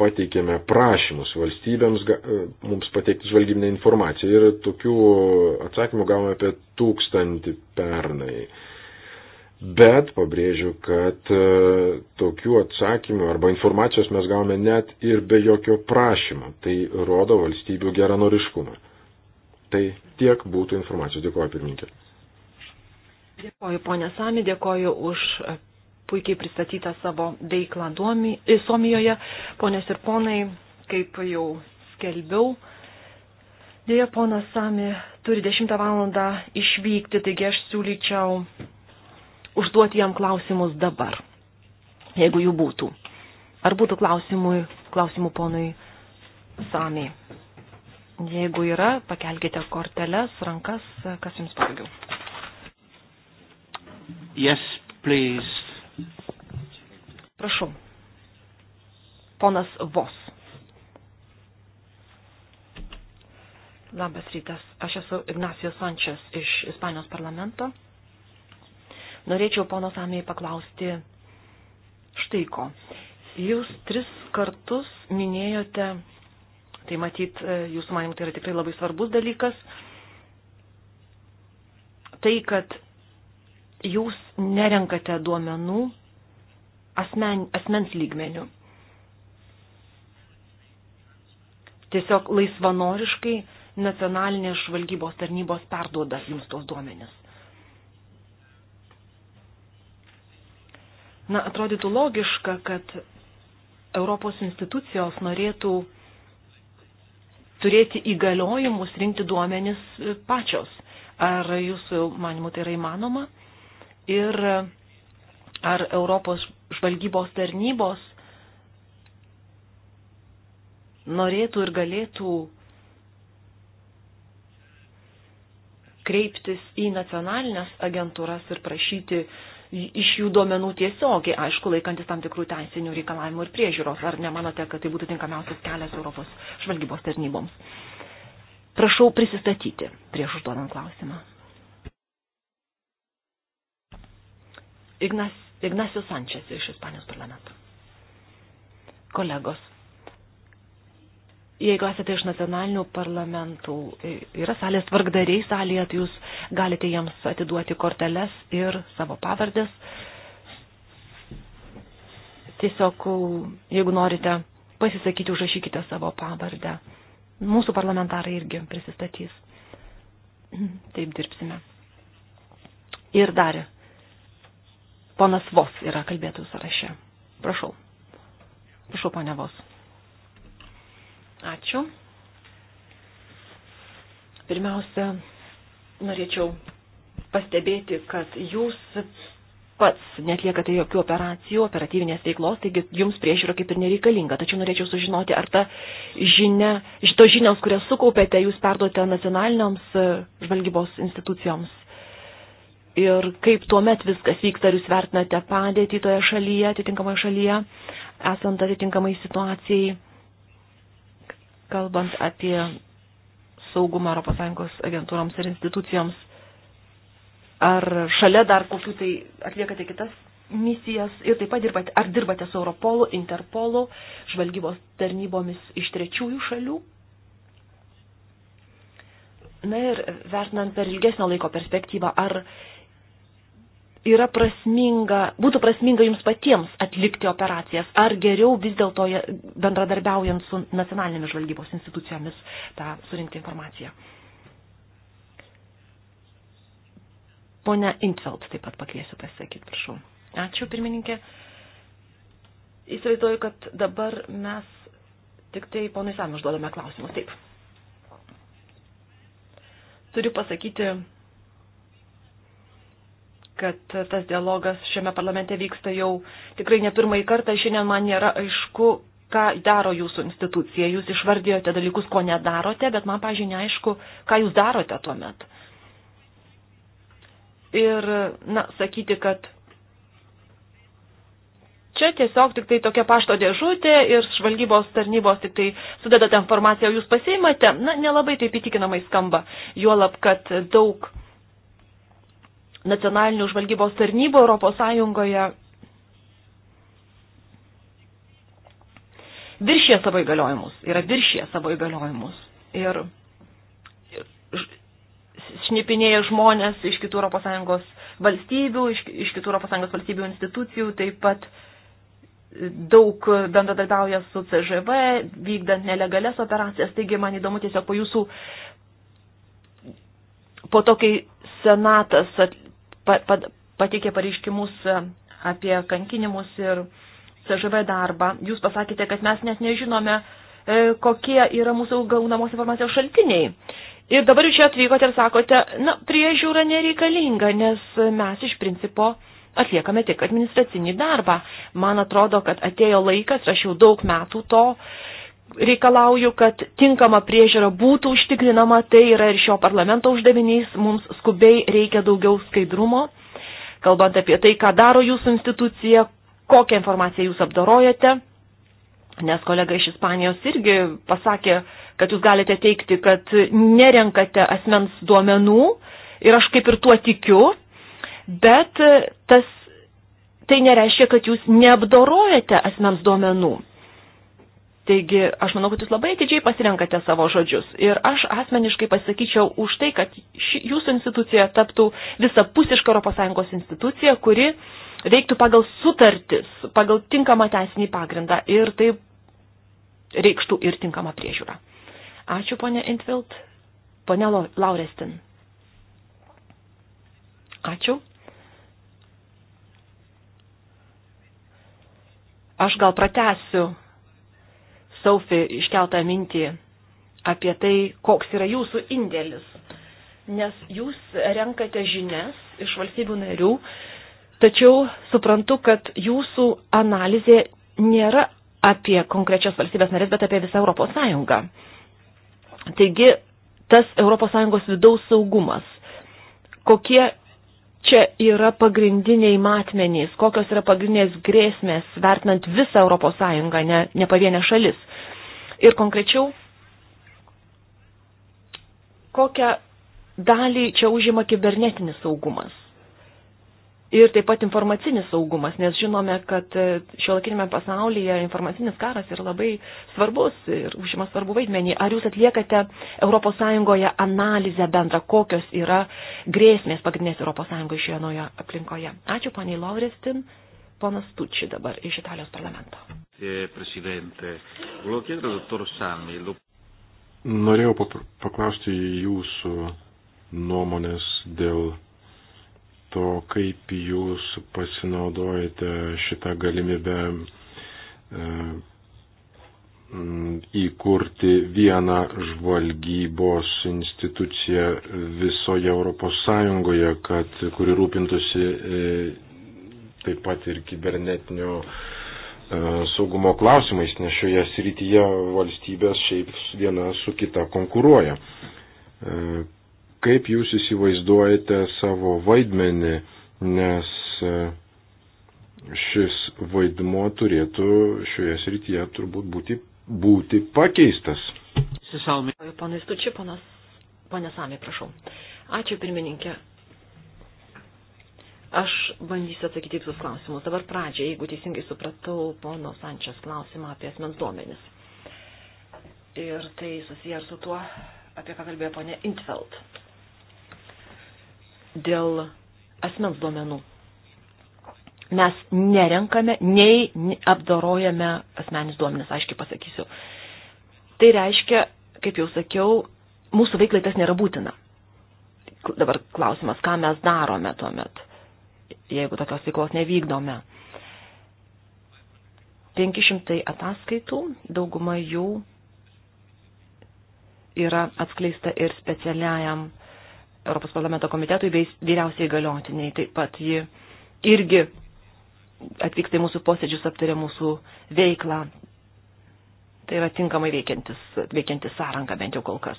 pateikėme prašymus valstybėms mums pateikti žvalgybinę informaciją ir tokių atsakymų gavome apie tūkstantį pernai. Bet pabrėžiu, kad e, tokių atsakymų arba informacijos mes gavome net ir be jokio prašymo. Tai rodo valstybių geranoriškumą. Tai tiek būtų informacijos. Dėkuoju, pirmininkė. Dėkuoju, ponė Sami, dėkuoju už e, puikiai pristatytą savo veiklą duomi, e, Suomijoje. Ponės ir ponai, kaip jau skelbiau, dėja, ponas Sami turi 10 valandą išvykti, taigi aš siūlyčiau užduoti jam klausimus dabar, jeigu jų būtų. Ar būtų klausimų, klausimų ponui Samiai? Jeigu yra, pakelkite korteles, rankas, kas jums patogiau. Yes, please. Prašau. Ponas Vos. Labas rytas, aš esu Ignacijos Sančias iš Ispanijos parlamento norėčiau pono Samijai paklausti štai ko. Jūs tris kartus minėjote, tai matyt, e, jūsų manim tai yra tikrai labai svarbus dalykas, tai, kad jūs nerenkate duomenų asmen, asmens lygmenių. Tiesiog laisvanoriškai nacionalinės žvalgybos tarnybos perduoda jums tos duomenis. Na, atrodytų logiška, kad Europos institucijos norėtų turėti įgaliojimus rinkti duomenis pačios. Ar jūsų manimų tai yra įmanoma? Ir ar Europos žvalgybos tarnybos norėtų ir galėtų kreiptis į nacionalinės agentūras ir prašyti uh, iš jų duomenų tiesiogiai, aišku, laikantis tam tikrų teisinių reikalavimų ir priežiūros. Ar nemanote, kad tai būtų tinkamiausias kelias Europos žvalgybos tarnyboms? Prašau prisistatyti prieš užduodant klausimą. Ignas, Ignacio Sančias iš Ispanijos parlamento. Kolegos, Jeigu esate iš nacionalinių parlamentų, yra salės vargdariai salėje, tai jūs galite jiems atiduoti korteles ir savo pavardės. Tiesiog, jeigu norite pasisakyti, užrašykite savo pavardę. Mūsų parlamentarai irgi prisistatys. Taip dirbsime. Ir dar. Ponas Vos yra kalbėtojų sąraše. Prašau. Prašau, ponia Vos. Ačiū. Pirmiausia, norėčiau pastebėti, kad jūs pats netliekate jokių operacijų, operatyvinės veiklos, taigi jums priežiūra kaip ir nereikalinga. Tačiau norėčiau sužinoti, ar ta žinia, šito žinios, kurias sukaupėte, jūs perduote nacionaliniams e, žvalgybos institucijoms. Ir kaip tuomet viskas vyksta, ar jūs vertinate padėtį toje šalyje, atitinkamoje šalyje, esant atitinkamai situacijai kalbant apie saugumą ES agentūroms ir institucijoms, ar šalia dar kokių tai atliekate kitas misijas ir taip pat dirbate, ar dirbate su Europolu, Interpolu, žvalgybos tarnybomis iš trečiųjų šalių? Na ir vertinant per ilgesnio laiko perspektyvą, ar yra prasminga, būtų prasminga jums patiems atlikti operacijas, ar geriau vis dėlto bendradarbiaujant su nacionalinėmis žvalgybos institucijomis tą surinkti informaciją. Pone Intfeld taip pat pakviesiu pasakyti, prašau. Ačiū, pirmininkė. Įsivaizduoju, kad dabar mes tik tai ponui Sam užduodame klausimus. Taip. Turiu pasakyti, kad tas dialogas šiame parlamente vyksta jau tikrai ne pirmąjį kartą. Šiandien man nėra aišku, ką daro jūsų institucija. Jūs išvardijote dalykus, ko nedarote, bet man, pažiūrėjau, neaišku, ką jūs darote tuo metu. Ir, na, sakyti, kad čia tiesiog tik tai tokia pašto dėžutė ir žvalgybos tarnybos tik tai sudedate informaciją, jūs pasiimate, na, nelabai taip įtikinamai skamba. Juolab, kad daug nacionalinių žvalgybos tarnybų Europos Sąjungoje viršė savo įgaliojimus, yra viršė savo įgaliojimus. Ir šnipinėja žmonės iš kitų ES valstybių, iš, iš kitų ES valstybių institucijų, taip pat daug bendradarbiauja su CŽV, vykdant nelegales operacijas. Taigi man įdomu tiesiog po jūsų, po to, kai senatas at, pateikė pareiškimus e, apie kankinimus ir CŽV darbą. Jūs pasakėte, kad mes net nežinome, e, kokie yra mūsų gaunamos informacijos šaltiniai. Ir dabar jūs čia atvykote ir sakote, na, priežiūra nereikalinga, nes mes iš principo atliekame tik administracinį darbą. Man atrodo, kad atėjo laikas, aš jau daug metų to reikalauju, kad tinkama priežiūra būtų užtikrinama, tai yra ir šio parlamento uždavinys, mums skubiai reikia daugiau skaidrumo, kalbant apie tai, ką daro jūsų institucija, kokią informaciją jūs apdarojate, nes kolega iš Ispanijos irgi pasakė, kad jūs galite teikti, kad nerenkate asmens duomenų ir aš kaip ir tuo tikiu, bet tas, tai nereiškia, kad jūs neapdarojate asmens duomenų Taigi, aš manau, kad jūs labai atidžiai pasirenkate savo žodžius. Ir aš asmeniškai pasakyčiau už tai, kad ši, jūsų institucija taptų visapusiška ES institucija, kuri veiktų pagal sutartis, pagal tinkamą teisinį pagrindą ir tai reikštų ir tinkamą priežiūrą. Ačiū, ponė Intvilt. Pone Laurestin. Ačiū. Aš gal pratęsiu Saufi iškeltą mintį apie tai, koks yra jūsų indėlis. Nes jūs renkate žinias iš valstybių narių, tačiau suprantu, kad jūsų analizė nėra apie konkrečias valstybės narės, bet apie visą Europos Sąjungą. Taigi, tas Europos Sąjungos vidaus saugumas, kokie čia yra pagrindiniai matmenys, kokios yra pagrindinės grėsmės, vertinant visą ES, ne, ne pavienę šalis. Ir konkrečiau, kokią dalį čia užima kibernetinis saugumas ir taip pat informacinis saugumas, nes žinome, kad e, šiuolaikinėme pasaulyje informacinis karas yra labai svarbus ir užima svarbu vaidmenį. Ar jūs atliekate ES analizę bendrą, kokios yra grėsmės pagrindinės ES šioje naujoje aplinkoje? Ačiū, poniai Lauristin. Ponas Tucci dabar iš Italijos parlamento. Norėjau paklausti jūsų nuomonės dėl to, kaip jūs pasinaudojate šitą galimybę e, įkurti vieną žvalgybos instituciją visoje Europos Sąjungoje, kad, kuri rūpintųsi e, taip pat ir kibernetinio e, saugumo klausimais, nes šioje srityje valstybės šiaip viena su kita konkuruoja Kaip jūs įsivaizduojate savo vaidmenį, nes e, šis vaidmuo turėtų šioje srityje turbūt būti, būti pakeistas. Sisalmi. Pana Stučiai, panas, pana Sami, prašau. Ačiū pirmininkė. Aš bandysiu atsakyti visus klausimus. Dabar pradžiai, jeigu teisingai supratau pono Sančias klausimą apie asmens duomenis. Ir tai susiję su tuo, apie ką kalbėjo ponė Intfeld dėl asmens duomenų. Mes nerenkame, nei apdarojame asmenis duomenis, aiškiai pasakysiu. Tai reiškia, kaip jau sakiau, mūsų veiklai tas nėra būtina. Dabar klausimas, ką mes darome tuomet, jeigu tokios veiklos nevykdome. 500 ataskaitų, dauguma jų yra atskleista ir specialiajam uh, Europos parlamento komitetui bei vyriausiai galiotiniai. Taip pat ji irgi atvyksta į mūsų posėdžius, aptarė mūsų veiklą. Tai yra tinkamai veikiantis, veikiantis sąranga, bent jau kol kas.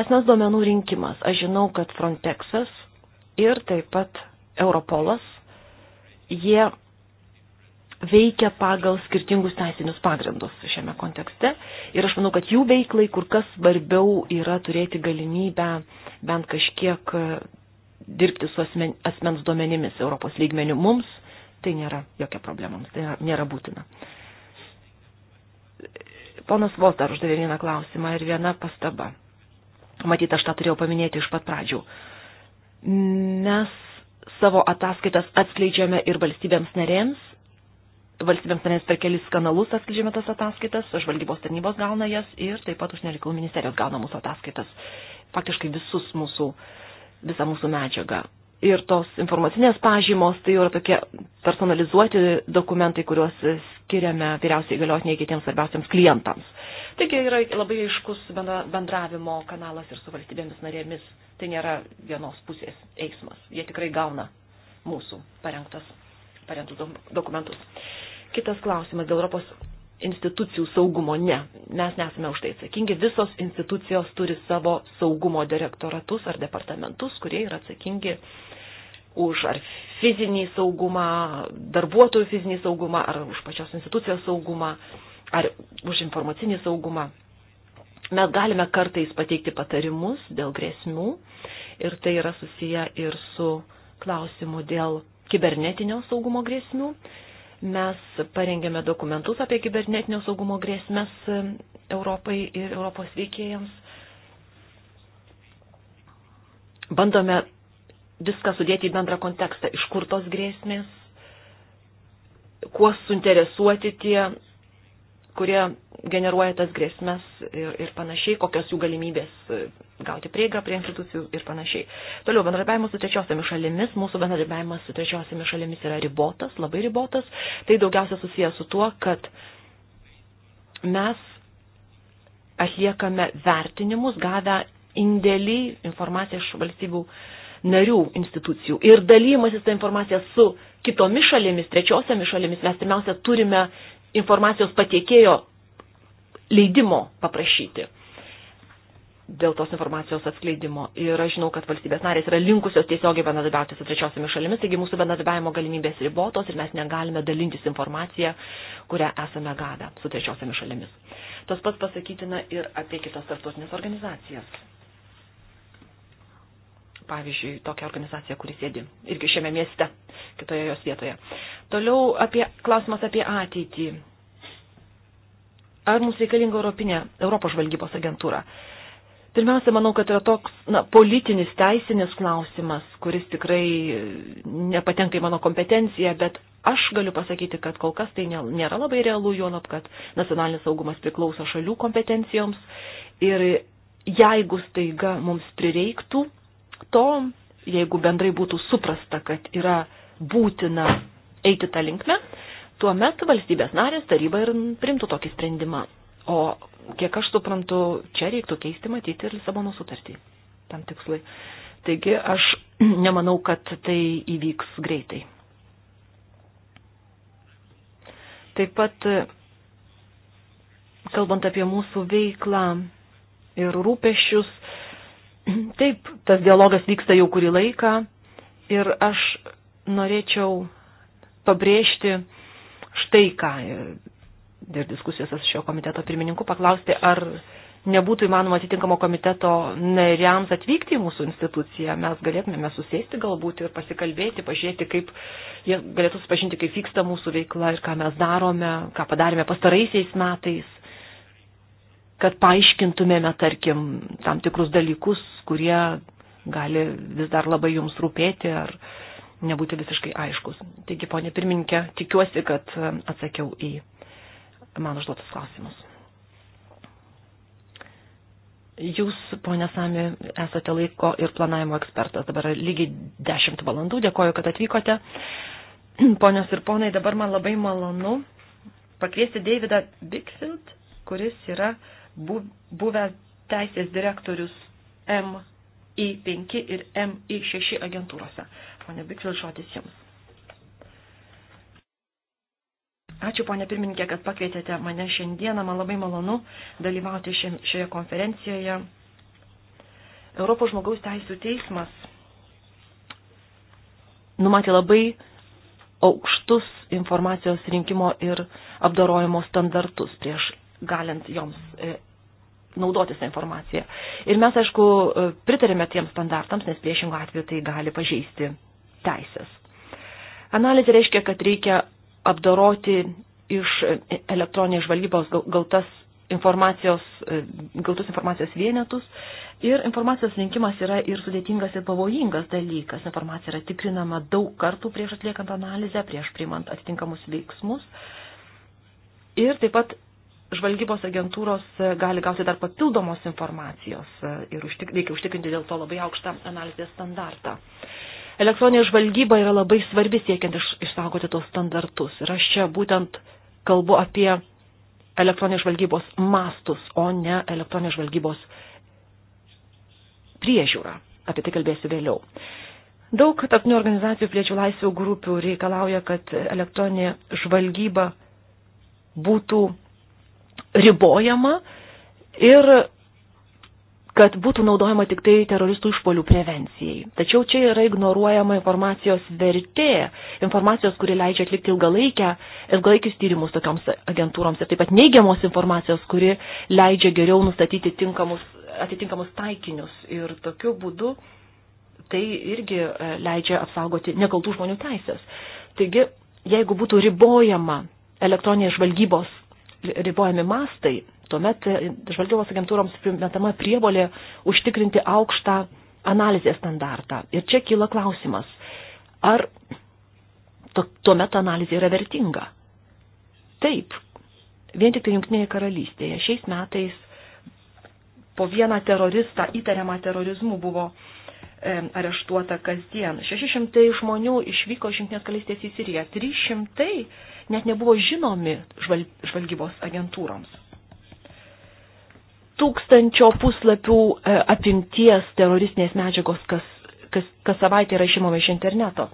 Asmens duomenų rinkimas. Aš žinau, kad Frontexas ir taip pat Europolas, jie veikia pagal skirtingus teisinius pagrindus šiame kontekste. Ir aš manau, kad jų veiklai kur kas svarbiau yra turėti galimybę bent kažkiek e, dirbti su asmen, asmens duomenimis Europos lygmenių. Mums tai nėra jokia problema, mums tai nėra, nėra būtina. Ponas Vos dar uždavė vieną klausimą ir vieną pastabą. Matyt, aš tą turėjau paminėti iš pat pradžių. Mes savo ataskaitas atskleidžiame ir valstybėms narėms, valstybėms narės per kelis kanalus atskleidžiame tas ataskaitas, žvalgybos tarnybos gauna jas ir taip pat užsienio reikalų ministerijos gauna mūsų ataskaitas, faktiškai visus mūsų, visą mūsų medžiagą. Ir tos informacinės pažymos, tai yra tokie personalizuoti dokumentai, kuriuos skiriame vyriausiai galiotiniai kitiems svarbiausiams klientams. Taigi yra labai aiškus bendravimo kanalas ir su valstybėmis narėmis. Tai nėra vienos pusės eismas. Jie tikrai gauna mūsų parengtas parengtus dokumentus. Kitas klausimas dėl Europos institucijų saugumo. Ne, mes nesame už tai atsakingi. Visos institucijos turi savo saugumo direktoratus ar departamentus, kurie yra atsakingi už ar fizinį saugumą, darbuotojų fizinį saugumą, ar už pačios institucijos saugumą, ar už informacinį saugumą. Mes galime kartais pateikti patarimus dėl grėsmių ir tai yra susiję ir su klausimu dėl kibernetinio saugumo grėsmių. Mes parengėme dokumentus apie kibernetinio saugumo grėsmės Europai ir Europos veikėjams. Bandome viską sudėti į bendrą kontekstą, iš kur tos grėsmės, kuo suinteresuoti tie kurie generuoja tas grėsmes ir, ir panašiai, kokios jų galimybės e, gauti prieigą prie institucijų ir panašiai. Toliau, bendradarbiavimas su trečiosiamis šalimis, mūsų bendradarbiavimas su trečiosiamis šalimis yra ribotas, labai ribotas, tai daugiausia susijęs su tuo, kad mes atliekame vertinimus, gavę indėlį informaciją iš valstybių narių institucijų ir dalymasis tą informaciją su kitomis šalimis, trečiosiamis šalimis, mes pirmiausia turime informacijos patiekėjo leidimo paprašyti dėl tos informacijos atskleidimo. Ir aš žinau, kad valstybės narės yra linkusios tiesiogiai bendradarbiauti su trečiosiomis šalimis, taigi mūsų bendradarbiavimo galimybės ribotos ir mes negalime dalintis informaciją, kurią esame gavę su trečiosiomis šalimis. Tas pats pasakytina ir apie kitas tarptautinės organizacijas pavyzdžiui, tokią organizaciją, kuris sėdi irgi šiame mieste, kitoje jos vietoje. Toliau apie, klausimas apie ateitį. Ar mums reikalinga Europinė Europos žvalgybos agentūra? Pirmiausia, manau, kad yra toks na, politinis teisinis klausimas, kuris tikrai nepatenka į mano kompetenciją, bet aš galiu pasakyti, kad kol kas tai nėra labai realu, juolab, kad nacionalinis saugumas priklauso šalių kompetencijoms ir jeigu staiga mums prireiktų to, jeigu bendrai būtų suprasta, kad yra būtina eiti tą linkmę, tuomet valstybės narės taryba ir primtų tokį sprendimą. O kiek aš suprantu, čia reiktų keisti matyti ir Lisabono sutartį tam tikslai. Taigi aš nemanau, kad tai įvyks greitai. Taip pat, kalbant apie mūsų veiklą ir rūpešius, Taip, tas dialogas vyksta jau kurį laiką ir aš norėčiau pabrėžti štai ką ir diskusijose su šio komiteto pirmininku paklausti, ar nebūtų įmanoma atitinkamo komiteto nariams atvykti į mūsų instituciją, mes galėtume susėsti galbūt ir pasikalbėti, pažiūrėti, kaip jie galėtų supažinti, kaip vyksta mūsų veikla ir ką mes darome, ką padarėme pastaraisiais metais kad paaiškintumėme, tarkim, tam tikrus dalykus, kurie gali vis dar labai jums rūpėti ar nebūti visiškai aiškus. Taigi, ponė pirminkė, tikiuosi, kad atsakiau į man užduotus klausimus. Jūs, ponė Sami, esate laiko ir planavimo ekspertas. Dabar lygiai 10 valandų. Dėkoju, kad atvykote. Ponios ir ponai, dabar man labai malonu pakviesti Davidą Bigfield, kuris yra uh, buvęs teisės direktorius MI5 ir MI6 agentūrose. Pone Bikvil, žodis jums. Ačiū, ponė pirmininkė, kad pakvietėte mane šiandieną. Man labai malonu dalyvauti šioje konferencijoje. Europos žmogaus teisų teismas numatė labai aukštus informacijos rinkimo ir apdarojimo standartus prieš galint joms e, naudotis tą informaciją. Ir mes, aišku, e, pritarėme tiems standartams, nes priešingų atveju tai gali pažeisti teisės. Analizė reiškia, kad reikia apdoroti iš elektroninės žvalgybos gautas informacijos, e, gautus informacijos vienetus. Ir informacijos rinkimas yra ir sudėtingas, ir pavojingas dalykas. Informacija yra tikrinama daug kartų prieš atliekant analizę, prieš priimant atitinkamus veiksmus. Ir taip pat žvalgybos agentūros e, gali gauti dar papildomos informacijos e, ir užtik, reikia užtikrinti dėl to labai aukštą analizės standartą. Elektroninė žvalgyba yra labai svarbi siekiant iš, išsaugoti tos standartus. Ir aš čia būtent kalbu apie elektroninės žvalgybos mastus, o ne elektroninės žvalgybos priežiūrą. Apie tai kalbėsiu vėliau. Daug tarptautinių organizacijų piliečių laisvių grupių reikalauja, kad elektroninė žvalgyba būtų ribojama ir kad būtų naudojama tik tai teroristų išpolių prevencijai. Tačiau čia yra ignoruojama informacijos vertė, informacijos, kuri leidžia atlikti ilgalaikę, ilgalaikius tyrimus tokioms agentūroms ir taip pat neigiamos informacijos, kuri leidžia geriau nustatyti tinkamus, atitinkamus taikinius. Ir tokiu būdu tai irgi e, leidžia apsaugoti nekaltų žmonių teisės. Taigi, jeigu būtų ribojama elektroninės žvalgybos ribojami mastai, tuomet e, žvalgybos agentūroms primetama prievolė užtikrinti aukštą analizės standartą. Ir čia kyla klausimas, ar tuomet analizė yra vertinga? Taip, vien tik tai Junktinėje karalystėje šiais metais po vieną teroristą įtariamą terorizmu buvo E, areštuota kasdien. 600 žmonių išvyko iš Junktinės karalystės į Siriją. 300 net nebuvo žinomi žvalgybos agentūroms. Tūkstančio puslapių e, apimties teroristinės medžiagos kas, kas, kas savaitę yra išimama iš interneto.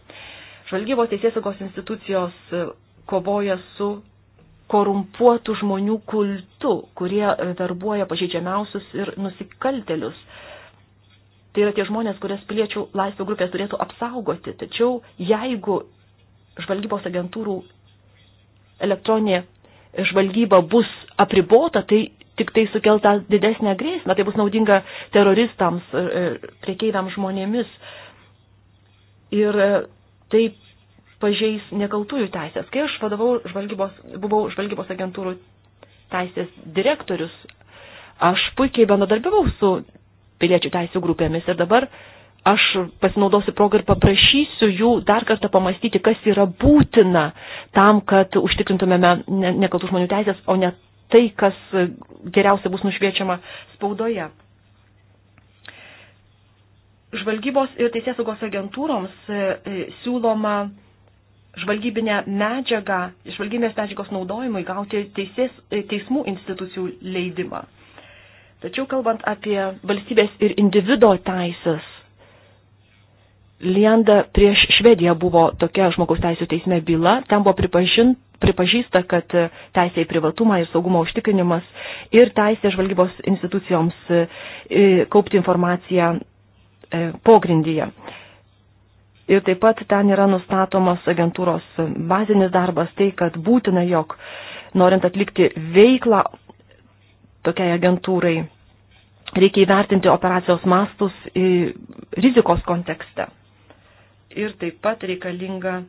Žvalgybos teisėsaugos institucijos e, kovoja su korumpuotų žmonių kultu, kurie darbuoja pažeidžiamiausius ir nusikaltelius tai yra tie žmonės, kurias piliečių laisvių grupės turėtų apsaugoti. Tačiau jeigu žvalgybos agentūrų elektroninė žvalgyba bus apribota, tai tik tai sukeltą didesnę grėsmę, tai bus naudinga teroristams, e, e, priekeiviams žmonėmis. Ir e, tai pažeis nekaltųjų teisės. Kai aš vadovau žvalgybos, buvau žvalgybos agentūrų teisės direktorius, aš puikiai bendradarbiavau su piliečių teisų grupėmis. Ir dabar aš pasinaudosiu progą ir paprašysiu jų dar kartą pamastyti, kas yra būtina tam, kad užtikrintumėme nekaltų žmonių teisės, o ne tai, kas geriausia bus nušviečiama spaudoje. Žvalgybos ir teisėsaugos agentūroms e, e, siūloma žvalgybinę medžiagą, žvalgybinės medžiagos naudojimui gauti teisės, e, teismų institucijų leidimą. Tačiau kalbant apie valstybės ir individo teisės, Lienda prieš Švediją buvo tokia žmogaus teisų teisme byla, ten buvo pripažin, pripažįsta, kad teisė į privatumą ir saugumo užtikrinimas ir teisė žvalgybos institucijoms e, kaupti informaciją e, pogrindyje. Ir taip pat ten yra nustatomas agentūros bazinis darbas, tai kad būtina, jog norint atlikti veiklą, tokiai agentūrai. Reikia įvertinti operacijos mastus rizikos kontekste. Ir taip pat reikalinga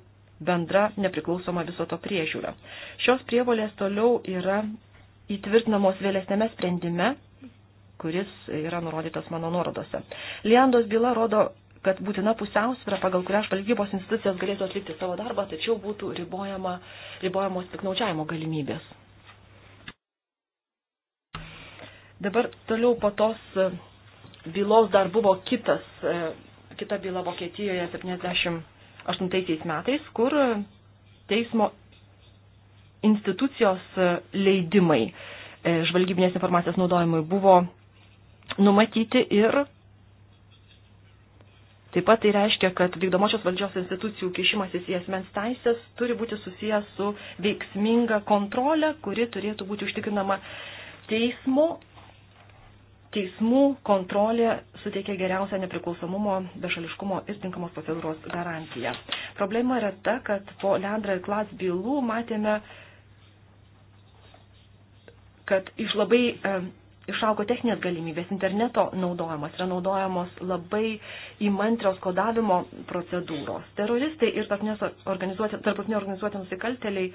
bendra nepriklausoma viso to priežiūra. Šios prievolės toliau yra įtvirtinamos vėlesnėme sprendime, kuris yra nurodytas mano nuorodose. Liandos byla rodo, kad būtina pusiausvyrą, pagal kurią žvalgybos institucijos galėtų atlikti savo darbą, tačiau būtų ribojama, ribojamos piknaudžiavimo galimybės. Dabar toliau po tos e, bylos dar buvo kitas, e, kita byla Vokietijoje 78 metais, kur teismo institucijos e, leidimai žvalgybinės informacijos naudojimui buvo numatyti ir taip pat tai reiškia, kad vykdomosios valdžios institucijų kišimasis į asmens teisės turi būti susijęs su veiksminga kontrolė, kuri turėtų būti užtikrinama teismo teismų kontrolė suteikia geriausią nepriklausomumo, bešališkumo ir tinkamos procedūros garantiją. Problema yra ta, kad po Leandra ir Klas bylų matėme, kad iš labai e, išaugo techninės galimybės, interneto naudojamas, yra naudojamos labai įmantrios kodavimo procedūros. Teroristai ir tarptautinio organizuoti nusikalteliai,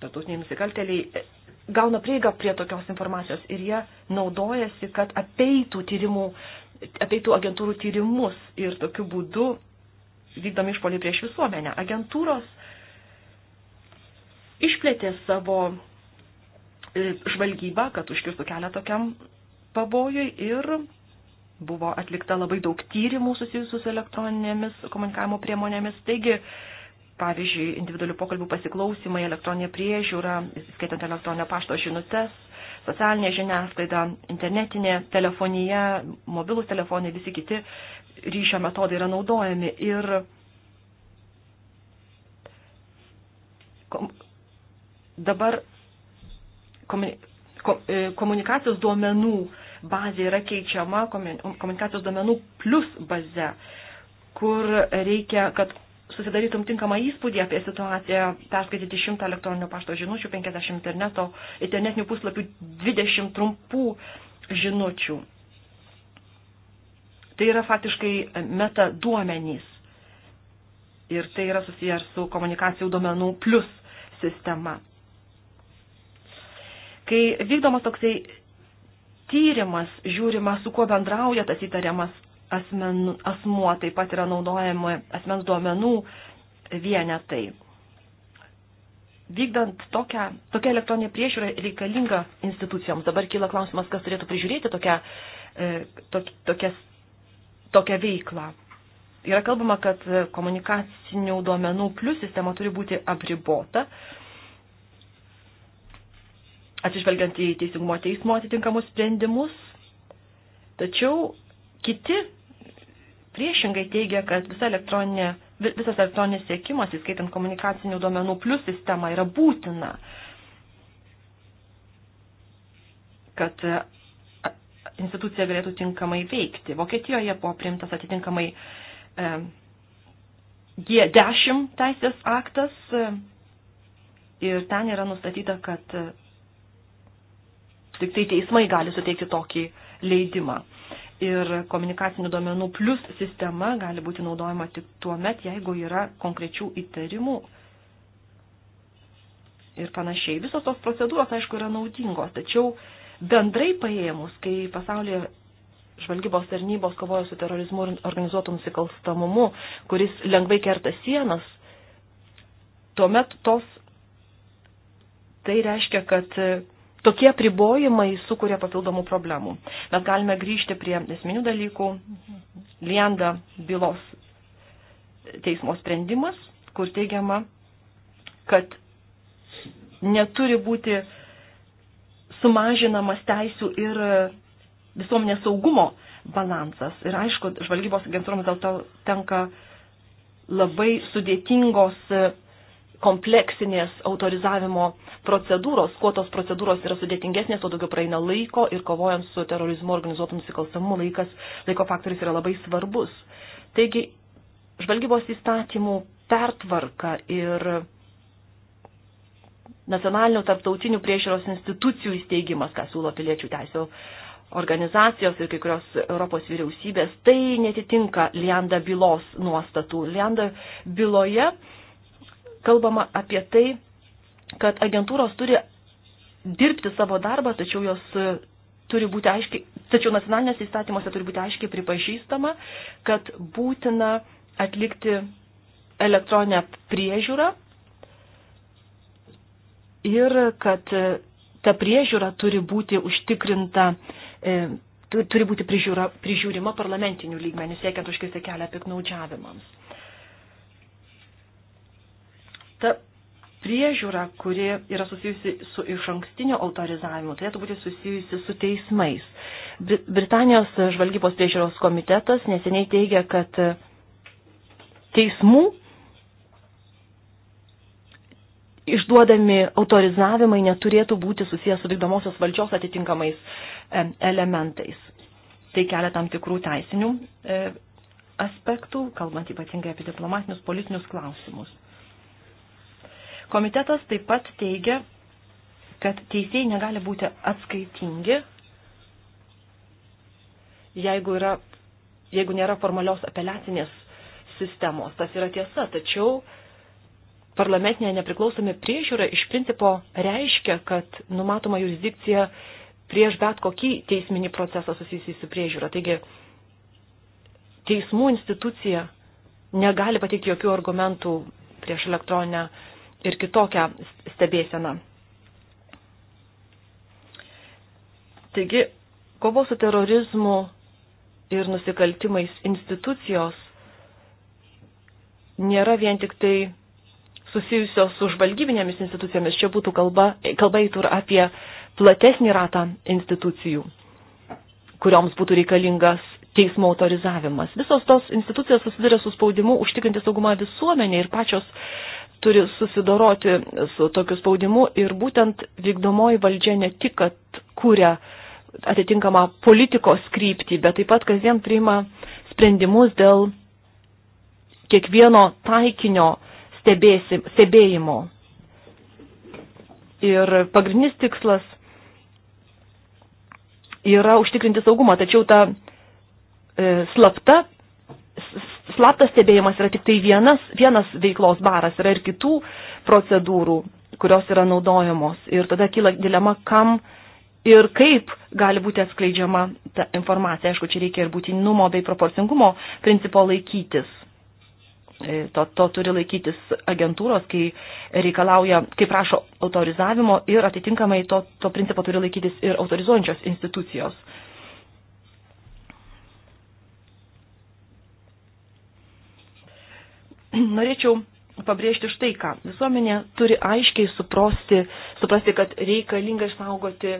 tarptautiniai nusikalteliai gauna prieigą prie tokios informacijos ir jie naudojasi, kad apeitų, tyrimų, apeitų agentūrų tyrimus ir tokiu būdu vykdomi išpolį prieš visuomenę. Agentūros išplėtė savo e, žvalgybą, kad užkirstų kelią tokiam pavojui ir buvo atlikta labai daug tyrimų susijusių su elektroninėmis komunikavimo priemonėmis. Taigi, pavyzdžiui, individualių pokalbių pasiklausimai, elektroninė priežiūra, skaitant elektroninio pašto žinutes, socialinė žiniasklaida, internetinė telefonija, mobilus telefonai, visi kiti ryšio metodai yra naudojami. Ir kom, dabar komuni, kom, e, komunikacijos duomenų bazė yra keičiama komunikacijos duomenų plus baze, kur reikia, kad susidarytum tinkamą įspūdį apie situaciją, perskaityti 100 elektroninio pašto žinučių, 50 interneto, internetinių puslapių, 20 trumpų žinučių. Tai yra faktiškai e, meta duomenys. Ir tai yra susiję su komunikacijų duomenų plus sistema. Kai vykdomas toksai tyrimas, žiūrima, su kuo bendrauja tas įtariamas asmen, asmuo, taip pat yra naudojami asmens duomenų vienetai. Vykdant tokią, tokią elektroninę priežiūrą reikalinga institucijoms. Dabar kyla klausimas, kas turėtų prižiūrėti tokią, e, tok, tokias, tokią veiklą. Yra kalbama, kad komunikacinių duomenų plus sistema turi būti apribota, atsižvelgiant į teisingumo teismo atitinkamus sprendimus. Tačiau kiti priešingai teigia, kad visa elektroninė, visas elektroninis siekimas, įskaitant komunikacinių duomenų plus sistemą, yra būtina, kad e, institucija galėtų tinkamai veikti. Vokietijoje buvo priimtas atitinkamai e, G10 teisės aktas e, ir ten yra nustatyta, kad e, tik tai teismai gali suteikti tokį leidimą ir komunikacinių duomenų plus sistema gali būti naudojama tik tuo met, jeigu yra konkrečių įtarimų ir panašiai. Visos tos procedūros, aišku, yra naudingos, tačiau bendrai paėmus, kai pasaulyje žvalgybos tarnybos kovoja su terorizmu ir organizuotų nusikalstamumu, kuris lengvai kerta sienas, tuomet tos tai reiškia, kad tokie pribojimai sukuria papildomų problemų. Mes galime grįžti prie esminių dalykų. Lienda bylos teismo sprendimas, kur teigiama, kad neturi būti sumažinamas teisų ir visuomenės saugumo balansas. Ir aišku, žvalgybos agentūroms dėl to tenka labai sudėtingos kompleksinės autorizavimo procedūros, kuo tos procedūros yra sudėtingesnės, tuo daugiau praeina laiko ir kovojant su terorizmu organizuotų nusikalstamumu laikas, laiko faktorius yra labai svarbus. Taigi, žvalgybos įstatymų pertvarka ir nacionalinių tarptautinių priešėros institucijų įsteigimas, ką siūlo piliečių teisų organizacijos ir kai kurios Europos vyriausybės, tai netitinka Lianda bylos nuostatų. Lianda byloje kalbama apie tai, kad agentūros turi dirbti savo darbą, tačiau jos e, turi būti aiškiai, tačiau nacionalinės įstatymuose turi būti aiškiai pripažįstama, kad būtina atlikti elektroninę priežiūrą ir kad e, ta priežiūra turi būti užtikrinta, e, turi būti prižiūra, prižiūrima parlamentinių lygmenių, siekiant užkirsti kelią piknaudžiavimams ta priežiūra, kuri yra susijusi su iš ankstinio autorizavimu, turėtų būti susijusi su teismais. Britanijos žvalgybos priežiūros komitetas neseniai teigia, kad teismų išduodami autorizavimai neturėtų būti susijęs su vykdomosios valdžios atitinkamais elementais. Tai kelia tam tikrų teisinių e, aspektų, kalbant ypatingai apie diplomatinius politinius klausimus. Komitetas taip pat teigia, kad teisėjai negali būti atskaitingi, jeigu, yra, jeigu nėra formalios apeliacinės sistemos. Tas yra tiesa, tačiau parlamentinė nepriklausomė priežiūra iš principo reiškia, kad numatoma jurisdikcija prieš bet kokį teisminį procesą susijusį su priežiūra. Taigi teismų institucija negali pateikti jokių argumentų prieš elektroninę ir kitokią stebėseną. Taigi, kovos su terorizmu ir nusikaltimais institucijos nėra vien tik tai susijusios su žvalgybinėmis institucijomis. Čia būtų kalba, kalba įtur apie platesnį ratą institucijų, kurioms būtų reikalingas teismo autorizavimas. Visos tos institucijos susiduria su spaudimu užtikrinti saugumą visuomenė ir pačios turi susidoroti su tokiu spaudimu ir būtent vykdomoji valdžia ne tik, kad kūrė atitinkamą politikos kryptį, bet taip pat kasdien priima sprendimus dėl kiekvieno taikinio stebėsi, stebėjimo. Ir pagrindinis tikslas yra užtikrinti saugumą, tačiau ta e, slapta slaptas stebėjimas yra tik tai vienas, vienas veiklos baras, yra ir kitų procedūrų, kurios yra naudojamos. Ir tada kyla dilema, kam ir kaip gali būti atskleidžiama ta informacija. Aišku, čia reikia ir būtinumo bei proporcingumo principo laikytis. E, to, to turi laikytis agentūros, kai reikalauja, kai prašo autorizavimo ir atitinkamai to, to principo turi laikytis ir autorizuojančios institucijos. Uh, norėčiau pabrėžti štai ką. Visuomenė turi aiškiai suprosti, suprasti, kad reikalinga išsaugoti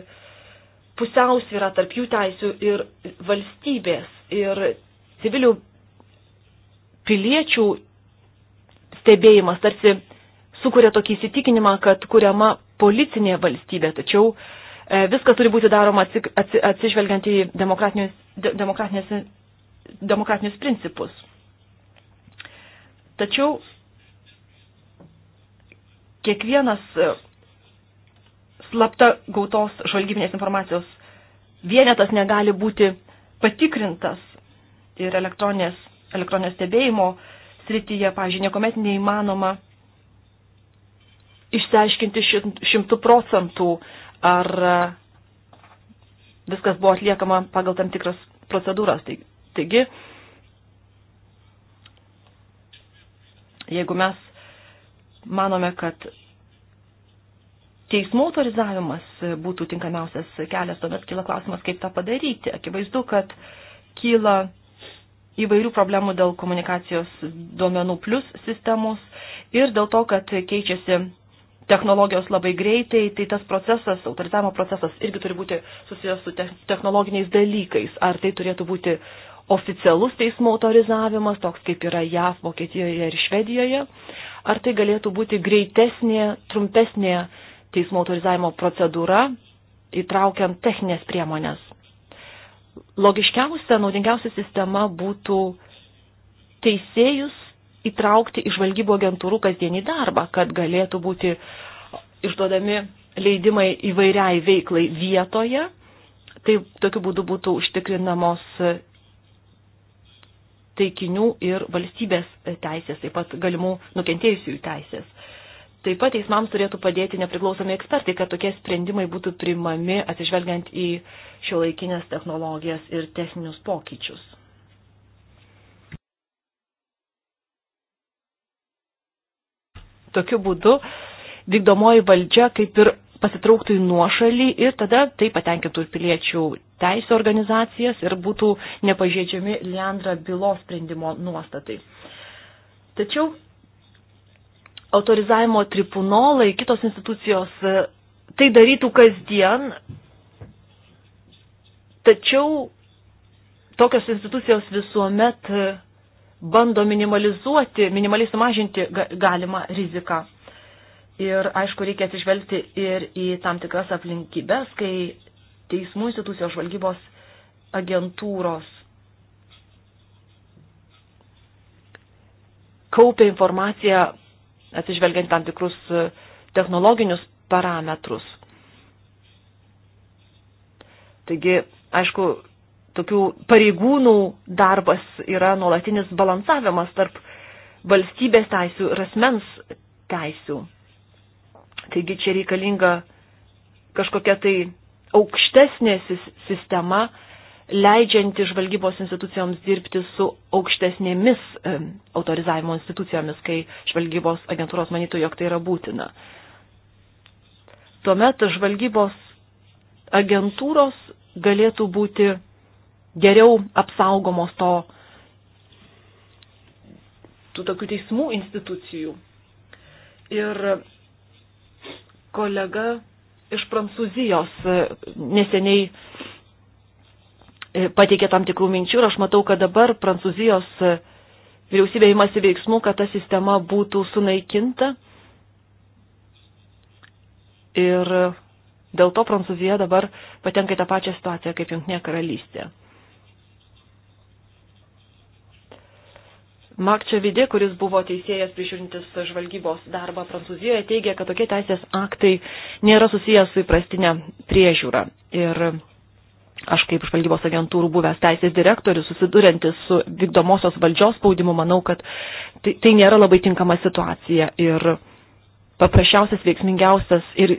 pusiausvyrą tarp jų teisių ir valstybės. Ir civilių piliečių stebėjimas tarsi sukuria tokį įsitikinimą, kad kuriama policinė valstybė, tačiau e, viskas turi būti daroma atsižvelgiant į demokratinius, demokratinius, demokratinius principus. Tačiau kiekvienas e, slapta gautos žvalgybinės informacijos vienetas negali būti patikrintas ir elektroninės, elektroninės stebėjimo srityje, pavyzdžiui, niekuomet neįmanoma išsiaiškinti šimtų procentų, ar e, viskas buvo atliekama pagal tam tikras procedūras. Tai, taigi, Jeigu mes manome, kad teismų autorizavimas būtų tinkamiausias kelias, tuomet kyla klausimas, kaip tą padaryti. Akivaizdu, kad kyla įvairių problemų dėl komunikacijos duomenų plus sistemos ir dėl to, kad keičiasi technologijos labai greitai, tai tas procesas, autorizavimo procesas irgi turi būti susijęs su technologiniais dalykais. Ar tai turėtų būti oficialus teismo autorizavimas, toks kaip yra JAV, Vokietijoje ir Švedijoje, ar tai galėtų būti greitesnė, trumpesnė teismo autorizavimo procedūra, įtraukiant techninės priemonės. Logiškiausia, naudingiausia sistema būtų teisėjus įtraukti į žvalgybo agentūrų kasdienį darbą, kad galėtų būti išduodami leidimai įvairiai veiklai vietoje. Tai tokiu būdu būtų užtikrinamos taikinių ir valstybės teisės, taip pat galimų nukentėjusiųjų teisės. Taip pat teismams turėtų padėti nepriklausomi ekspertai, kad tokie sprendimai būtų primami atsižvelgiant į šio laikinės technologijas ir techninius pokyčius. Tokiu būdu vykdomoji valdžia kaip ir pasitrauktų į nuošalį ir tada tai patenkintų ir piliečių teisų organizacijas ir būtų nepažeidžiami Leandra bylos sprendimo nuostatai. Tačiau autorizavimo tribunolai, kitos institucijos e, tai darytų kasdien, tačiau tokios institucijos visuomet e, bando minimalizuoti, minimaliai sumažinti galimą riziką Ir aišku, reikia atsižvelgti ir į tam tikras aplinkybės, kai teismų institucijos žvalgybos agentūros kaupia informaciją atsižvelgiant tam tikrus technologinius parametrus. Taigi, aišku, tokių pareigūnų darbas yra nuolatinis balansavimas tarp valstybės teisių ir asmens teisių. Taigi čia reikalinga kažkokia tai aukštesnė sistema, leidžianti žvalgybos institucijoms dirbti su aukštesnėmis e, autorizavimo institucijomis, kai žvalgybos agentūros manytų, jog tai yra būtina. Tuomet žvalgybos agentūros galėtų būti geriau apsaugomos to tų tokių teismų institucijų. Ir kolega iš Prancūzijos e, neseniai e, pateikė tam tikrų minčių ir aš matau, kad dabar Prancūzijos e, vyriausybė imasi veiksmų, kad ta sistema būtų sunaikinta. Ir dėl to Prancūzija dabar patenka į tą pačią situaciją kaip Junktinė karalystė. Makčiavidė, kuris buvo teisėjas prižiūrintis žvalgybos darbą Prancūzijoje, teigia, kad tokie teisės aktai nėra susijęs su įprastinė priežiūra. Ir aš kaip žvalgybos agentūrų buvęs teisės direktorius, susiduriantis su vykdomosios valdžios spaudimu, manau, kad tai, tai nėra labai tinkama situacija. Ir paprasčiausias, veiksmingiausias ir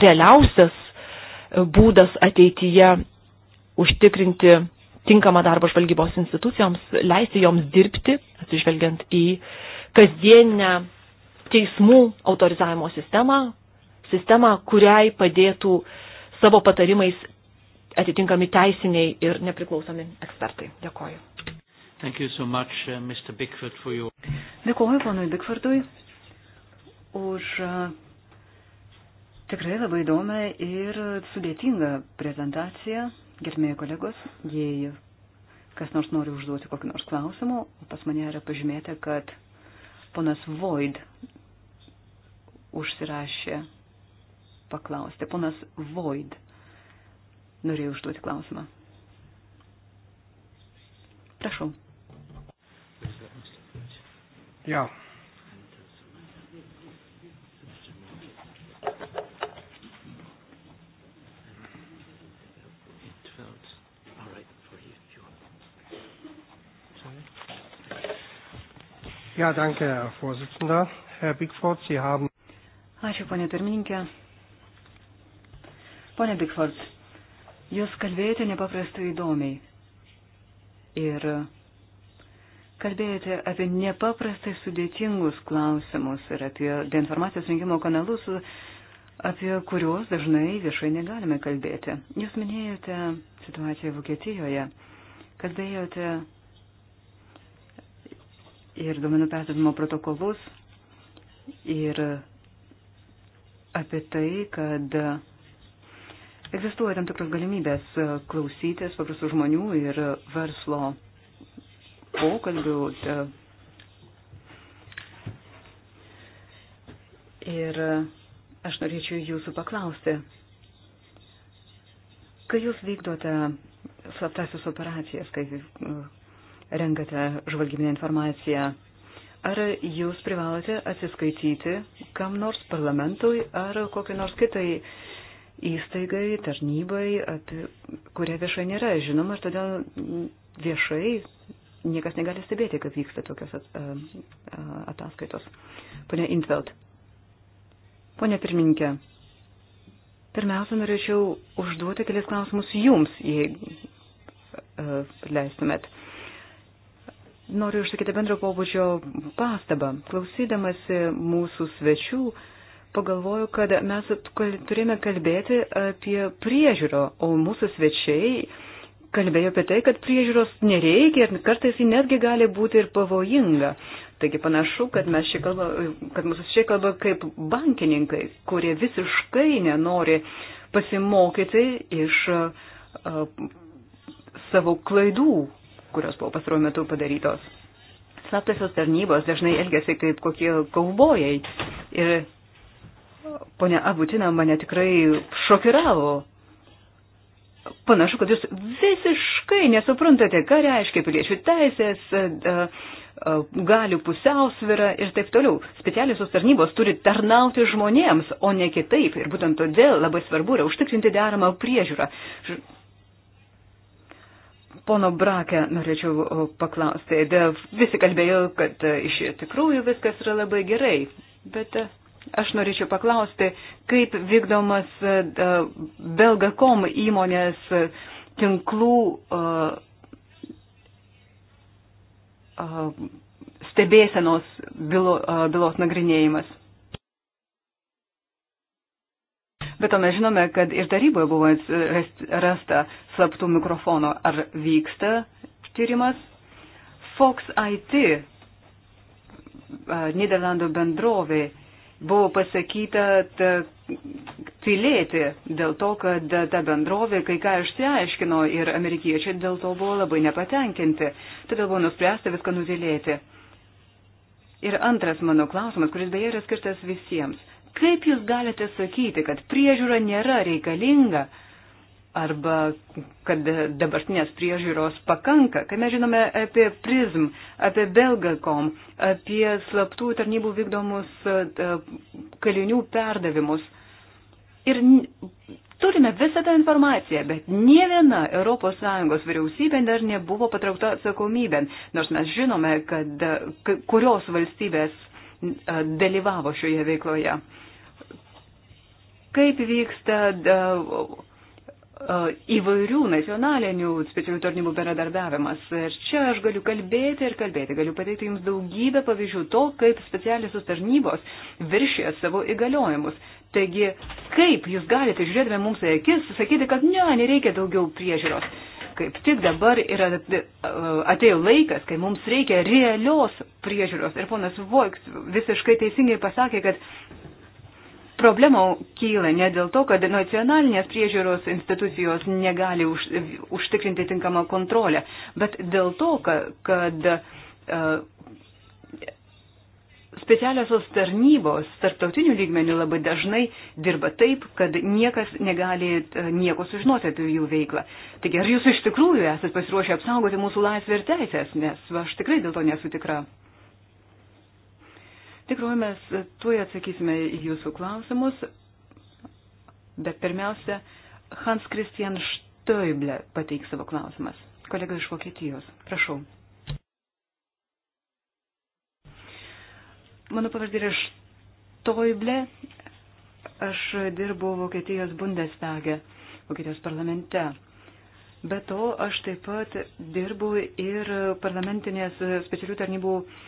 realiausias būdas ateityje užtikrinti tinkamą darbą žvalgybos institucijoms, leisti joms dirbti, atsižvelgiant į kasdienę teismų autorizavimo sistemą, sistemą, kuriai padėtų savo patarimais atitinkami teisiniai ir nepriklausomi ekspertai. Dėkoju. Thank you so much, uh, Mr. Bickford, for your... Dėkoju ponui Bickfordui už uh, tikrai labai įdomią ir sudėtingą prezentaciją. Gerbėjai kolegos, jei kas nors nori užduoti kokį nors klausimą, o pas mane yra pažymėta, kad ponas Void užsirašė paklausti. Ponas Void norėjo užduoti klausimą. Prašau. Ja. Ja, danke, Herr Vorsitzender. Herr Bigford, Sie haben. Ačiū, ponė pirmininkė. Pone Bigford, jūs kalbėjote nepaprastai įdomiai. Ir kalbėjote apie nepaprastai sudėtingus klausimus ir apie informacijos rinkimo kanalus, apie kuriuos dažnai viešai negalime kalbėti. Jūs minėjote situaciją Vokietijoje, kalbėjote ir duomenų perdavimo protokolus ir apie tai, kad egzistuoja tam tikros galimybės klausytis paprastų žmonių ir verslo pokalbių. E, ir aš norėčiau jūsų paklausti, kai jūs vykdote slaptasias operacijas, kai renkate žvalgybinę informaciją, ar jūs privalote atsiskaityti kam nors parlamentui ar kokiai nors kitai įstaigai, tarnybai, apie, kurie viešai nėra žinoma ir todėl viešai niekas negali stebėti, kad vyksta tokios at, at, ataskaitos. Pone Intveld. Pone pirmininkė, pirmiausia, norėčiau užduoti kelias klausimus jums, jei leistumėt. Noriu išsakyti bendro pobūdžio pastabą. Klausydamasi mūsų svečių, pagalvoju, kad mes turime kalbėti apie priežiūrą, o mūsų svečiai kalbėjo apie tai, kad priežiūros nereikia ir kartais ji netgi gali būti ir pavojinga. Taigi panašu, kad, mes kalba, kad mūsų čia kalba kaip bankininkai, kurie visiškai nenori pasimokyti iš uh, savo klaidų, kurios buvo pastaruoju metu padarytos. Slaptosios tarnybos dažnai elgesi kaip kokie kaubojai. Ir ponia Abutina mane tikrai šokiravo. Panašu, kad jūs visiškai nesuprantate, ką reiškia piliečių teisės, galių pusiausvyrą ir taip toliau. Specialiosios tarnybos turi tarnauti žmonėms, o ne kitaip. Ir būtent todėl labai svarbu yra užtikrinti deramą priežiūrą. Pono Brakę norėčiau paklausti. Visi kalbėjo, kad e, iš tikrųjų viskas yra labai gerai, bet e, aš norėčiau paklausti, kaip vykdomas e, Belgakom įmonės tinklų stebėsenos bylo, bylos nagrinėjimas. Bet to mes žinome, kad ir taryboje buvo rasta slaptų mikrofonų. Ar vyksta tyrimas? Fox IT, Niderlandų bendrovė, buvo pasakyta tylėti dėl to, kad ta bendrovė kai ką išsiaiškino ir amerikiečiai dėl to buvo labai nepatenkinti. Todėl buvo nuspręsta viską nutilėti. Ir antras mano klausimas, kuris beje yra skirtas visiems. Kaip jūs galite sakyti, kad priežiūra nėra reikalinga arba kad dabartinės priežiūros pakanka, kai mes žinome apie prizm, apie belgakom, apie slaptų tarnybų vykdomus e, kalinių perdavimus. Ir turime visą tą informaciją, bet nie viena ES vyriausybė dar nebuvo patraukta atsakomybėn, nors mes žinome, kad e, kurios valstybės e, dalyvavo šioje veikloje kaip vyksta įvairių nacionalinių specialių tarnybų bendradarbiavimas. Ir čia aš galiu kalbėti ir kalbėti, galiu pateikti Jums daugybę pavyzdžių to, kaip specialiosios tarnybos viršė savo įgaliojimus. Taigi, kaip Jūs galite, žiūrėdami mums į akis, sakyti, kad ne, nereikia daugiau priežiūros. Kaip tik dabar yra atėjo laikas, kai mums reikia realios priežiūros. Ir ponas Voiks visiškai teisingai pasakė, kad problemų kyla ne dėl to, kad nacionalinės priežiūros institucijos negali už, užtikrinti tinkamą kontrolę, bet dėl to, kad, kad e, uh, specialiosios tarnybos tarptautinių lygmenių labai dažnai dirba taip, kad niekas negali e, nieko sužinoti apie jų veiklą. Taigi, ar jūs iš tikrųjų esate pasiruošę apsaugoti mūsų laisvę ir teisės, nes aš tikrai dėl to nesu tikra. Tikruoju, mes tuoj atsakysime į jūsų klausimus, bet pirmiausia, Hans Christian Štoible pateiks savo klausimas. Kolega iš Vokietijos, prašau. Mano pavardė yra Štoible, aš dirbu Vokietijos Bundestage, Vokietijos parlamente. Be to, aš taip pat dirbu ir parlamentinės specialių tarnybų uh,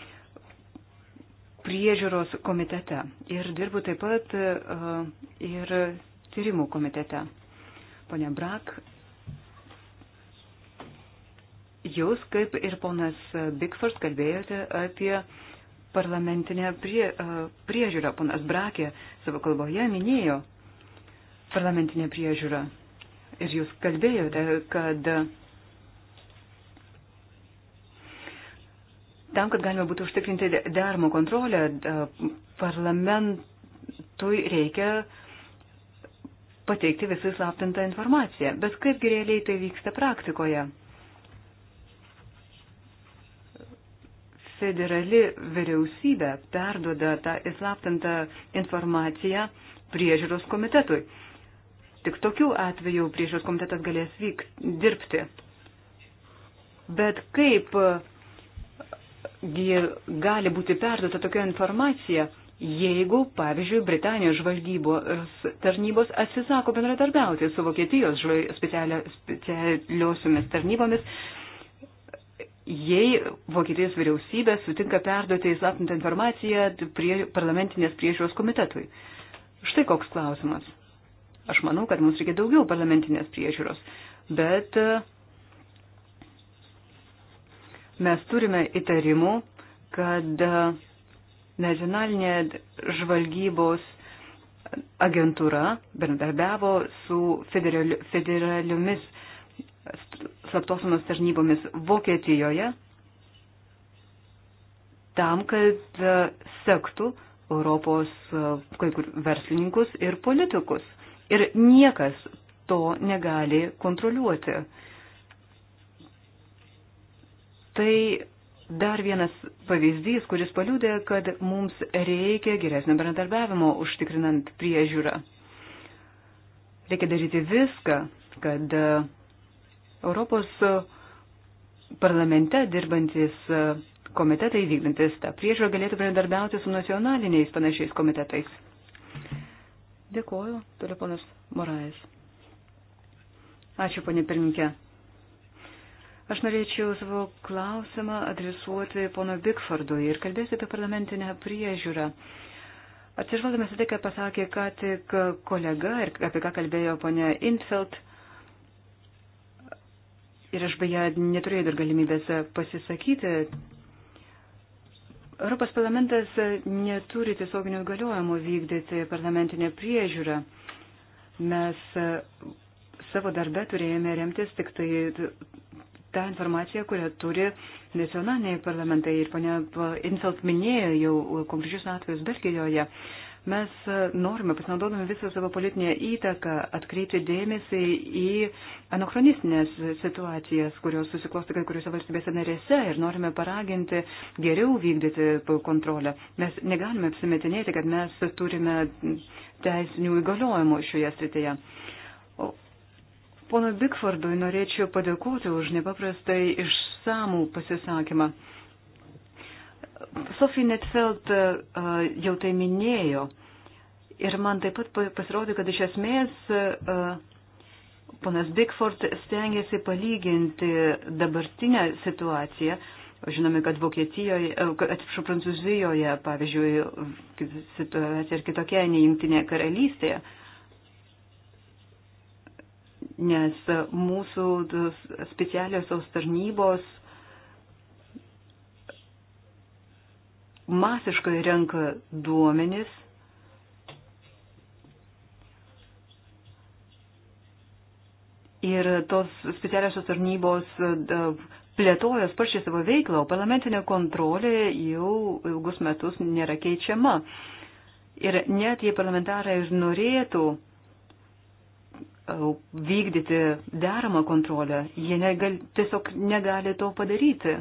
priežiūros komitete ir dirbu taip pat e, ir tyrimų komitete. Pone Brak, jūs kaip ir ponas Bigford kalbėjote apie parlamentinę prie, e, priežiūrą. Ponas Brakė savo kalboje minėjo parlamentinę priežiūrą. Ir jūs kalbėjote, kad Tam, kad galima būtų užtikrinti dermo kontrolę, e, parlamentui reikia pateikti visą slaptintą informaciją. Bet kaipgi realiai tai vyksta praktikoje? Federali vyriausybė perduoda tą įslaptintą informaciją priežiūros komitetui. Tik tokiu atveju priežiūros komitetas galės vyks, dirbti. Bet kaip uh, gali būti perduota tokia informacija, jeigu, pavyzdžiui, Britanijos žvalgybos tarnybos atsisako bendradarbiauti su Vokietijos specialiosiomis tarnybomis, jei Vokietijos vyriausybė sutinka perduoti įslaptintą informaciją prie parlamentinės priežiūros komitetui. Štai koks klausimas. Aš manau, kad mums reikia daugiau parlamentinės priežiūros, bet uh, mes turime įtarimų, kad e, nacionalinė žvalgybos agentūra bendarbiavo su federali, federaliomis slaptosiomis tarnybomis Vokietijoje tam, kad e, sektų Europos e, kai kur verslininkus ir politikus. Ir niekas to negali kontroliuoti. Tai dar vienas pavyzdys, kuris paliūdė, kad mums reikia geresnio bendradarbiavimo užtikrinant priežiūrą. Reikia daryti viską, kad Europos parlamente dirbantis komitetai vykdantis tą priežiūrą galėtų bendradarbiauti su nacionaliniais panašiais komitetais. Dėkuoju, telefonas Morais. Ačiū, ponė pirminkė. Aš norėčiau savo klausimą adresuoti pono Bigfordui ir kalbėsiu apie parlamentinę priežiūrą. Atsižvalgdamas į tai, ką pasakė ką tik kolega ir apie ką kalbėjo ponia Infeld, ir aš beje neturėjau dar galimybės pasisakyti, Europos parlamentas neturi tiesioginių galiojimų vykdyti parlamentinę priežiūrą. Mes savo darbę turėjome remtis tik tai tą informaciją, kurią turi nacionaliniai parlamentai. Ir ponia Infeld minėjo jau konkrečius atvejus Belgijoje. Mes norime, pasinaudodami visą savo politinę įtaką, atkreipti dėmesį į anachronistinės situacijas, kurios susiklosti kai kuriuose valstybėse narėse ir norime paraginti geriau vykdyti kontrolę. Mes negalime apsimetinėti, kad mes turime teisinių įgaliojimų šioje srityje. Pono Bigfordui norėčiau padėkoti už nepaprastai išsamų pasisakymą. Sofie Netfeld e, jau tai minėjo ir man taip pat pasirodė, kad iš esmės e, ponas Bigford stengiasi palyginti dabartinę situaciją. Žinome, kad Vokietijoje, e, atsiprašau, Prancūzijoje, pavyzdžiui, situacija ir kitokia nei Junktinėje karalystėje nes mūsų specialiosios tarnybos masiškai renka duomenis ir tos specialiosios tarnybos plėtojo sparčiai savo veiklą, o parlamentinė kontrolė jau ilgus metus nėra keičiama. Ir net jei parlamentarai ir norėtų vykdyti deramą kontrolę, jie negal, tiesiog negali to padaryti.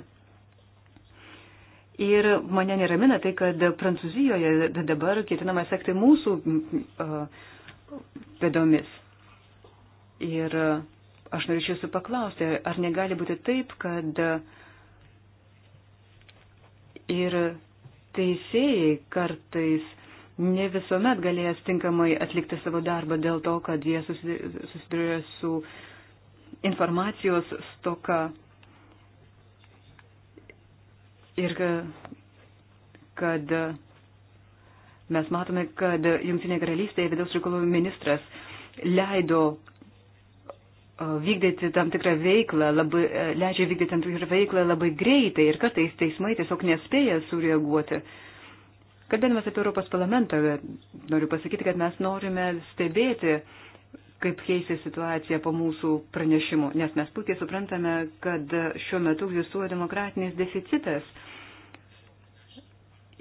Ir mane neramina tai, kad Prancūzijoje dabar ketinama sekti mūsų pėdomis. Ir aš norėčiau jūsų paklausti, ar negali būti taip, kad ir teisėjai kartais ne visuomet galės tinkamai atlikti savo darbą dėl to, kad jie susiduria su informacijos stoka ir kad mes matome, kad Junktinė karalystėje vidaus reikalų ministras leido vykdyti tam tikrą veiklą, labai, leidžia vykdyti tam tikrą veiklą labai greitai ir kartais teismai tiesiog nespėja sureaguoti. Uh, Kalbėdamas apie Europos parlamentą, noriu pasakyti, kad mes norime stebėti, kaip keisė situacija po mūsų pranešimų, nes mes puikiai suprantame, kad šiuo metu egzistuoja demokratinis deficitas.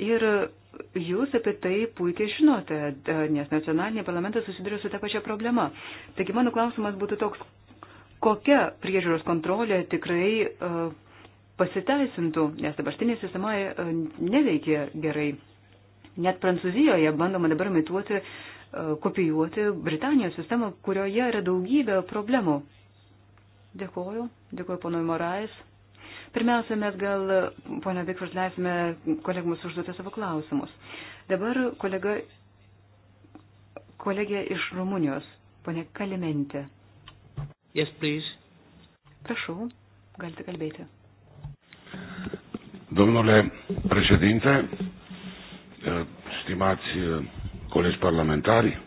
Ir jūs apie tai puikiai žinote, nes nacionaliniai parlamentai susiduria su tą pačią problemą. Taigi mano klausimas būtų toks, kokia priežiūros kontrolė tikrai uh, pasiteisintų, nes dabartinė sistema uh, neveikia gerai. Net Prancūzijoje bandoma dabar imituoti, e, kopijuoti Britanijos sistemą, kurioje yra daugybė problemų. Dėkoju, dėkoju ponui Morais. Pirmiausia, mes gal, ponia Vikvart, leisime kolegams užduoti savo klausimus. Dabar kolega, kolegė iš Rumunijos, ponia Kalimente. Yes, please. Prašau, galite kalbėti. Domnule președinte, E, stimați e, colegi parlamentari, e,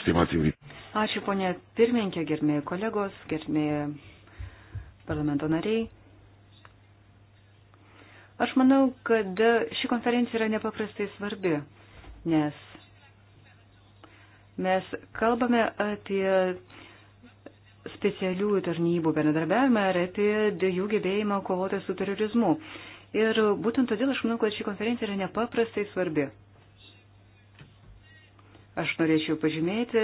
stimați invitați. Ačiū, ponė pirmininkė, gerbėjai kolegos, gerbėjai parlamento nariai. Aš manau, kad ši konferencija yra nepaprastai svarbi, nes mes kalbame apie specialiųjų tarnybų bendradarbiavimą ir apie jų gebėjimą kovoti su terorizmu. Ir būtent todėl aš manau, kad ši konferencija yra nepaprastai svarbi. Aš norėčiau pažymėti,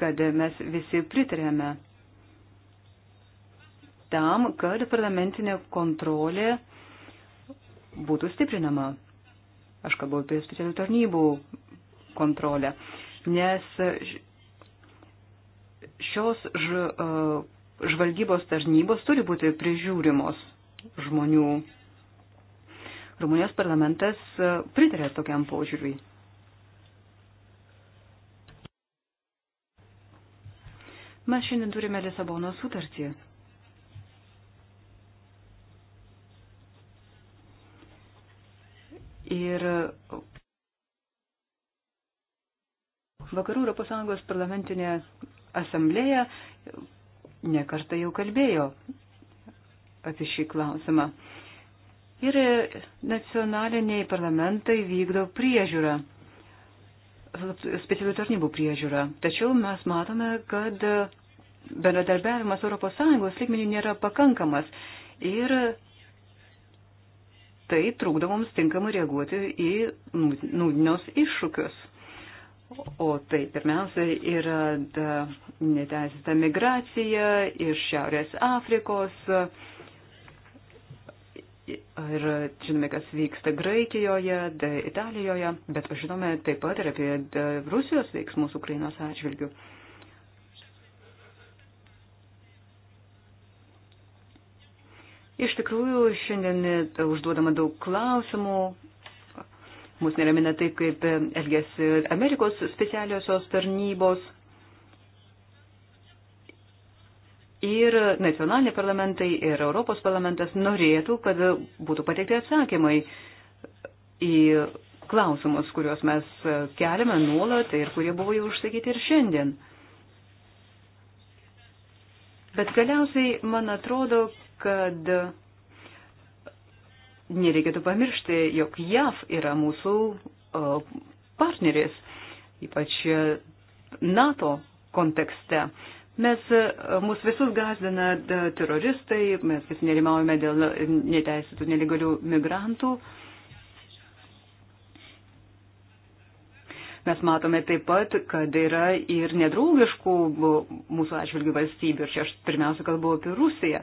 kad mes visi pritarėme tam, kad parlamentinė kontrolė būtų stiprinama. Aš kalbu apie specialių tarnybų kontrolę, nes šios žvalgybos tarnybos turi būti prižiūrimos žmonių Rumunijos parlamentas e, pritarė tokiam požiūriui. Mes šiandien turime Lisabono sutartį. Ir Vakarų Europos Sąjungos parlamentinė asamblėja nekartą jau kalbėjo apie šį klausimą ir nacionaliniai parlamentai vykdo priežiūrą, specialių tarnybų priežiūrą. Tačiau mes matome, kad bendradarbiavimas ES lygmenių nėra pakankamas ir tai trukdo mums tinkamai reaguoti į nūdinios iššūkius. O tai pirmiausia yra neteisėta migracija iš Šiaurės Afrikos, uh, Ir žinome, kas vyksta Graikijoje, Italijoje, bet žinome taip pat ir apie Rusijos veiksmus Ukrainos atžvilgių. Iš tikrųjų, šiandien e, užduodama daug klausimų. Mūsų neramina taip, kaip e, elgesi Amerikos specialiosios tarnybos ir nacionaliniai parlamentai, ir Europos parlamentas norėtų, kad būtų pateikti atsakymai į klausimus, kuriuos mes keliame nuolat ir kurie buvo jau užsakyti ir šiandien. Bet galiausiai man atrodo, kad nereikėtų pamiršti, jog JAV yra mūsų partneris, ypač NATO kontekste. Mes, e, mus visus gazdina e, teroristai, mes vis nerimaujame dėl neteisėtų nelegalių migrantų. Mes matome taip pat, kad yra ir nedraugiškų mūsų atžvilgių valstybių, ir čia aš pirmiausia kalbu apie Rusiją.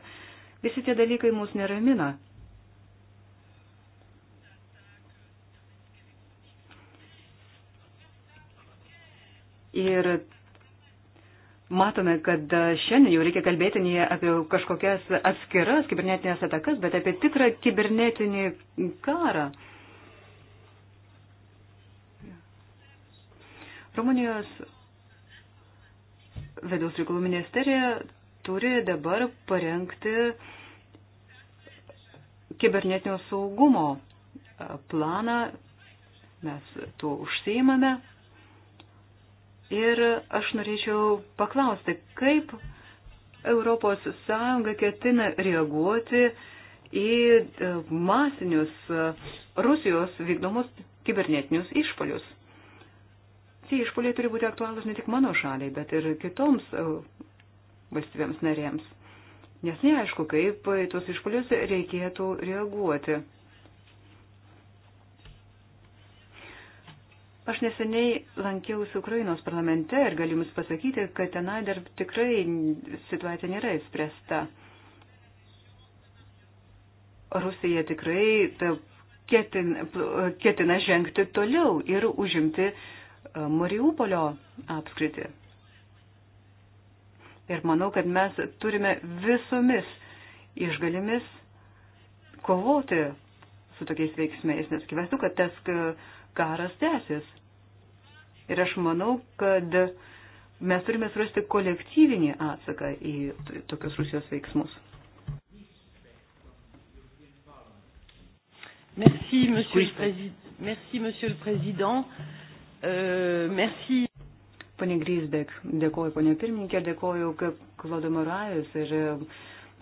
Visi tie dalykai mus neramina. Ir matome, kad e, šiandien jau reikia kalbėti ne apie kažkokias atskiras kibernetinės atakas, bet apie tikrą kibernetinį karą. Rumunijos vidaus reikalų ministerija turi dabar parengti kibernetinio saugumo planą. Mes tuo užsiimame. Ir aš norėčiau paklausti, kaip Europos Sąjunga ketina reaguoti į e, masinius e, Rusijos vykdomus kibernetinius išpolius. Tie išpoliai turi būti aktualūs ne tik mano šaliai, bet ir kitoms e, valstybėms narėms. Nes neaišku, kaip tuos išpolius reikėtų reaguoti. Aš neseniai lankiausi Ukrainos parlamente ir galiu Jums pasakyti, kad tenai dar tikrai situacija nėra įspręsta. Rusija tikrai ketina, ketina žengti toliau ir užimti e, Mariupolio apskritį. Ir manau, kad mes turime visomis išgalimis kovoti su tokiais veiksmais, nes kivaizdu, kad tas e, karas tęsis. Ir aš manau, kad mes turime surasti kolektyvinį atsaką į tokius Rusijos veiksmus. Merci, monsieur, le, président. merci, monsieur le Président. Euh, merci. Pane Grisbek, dėkoju, pane pirmininkė, dėkoju Klodo Morajus ir um,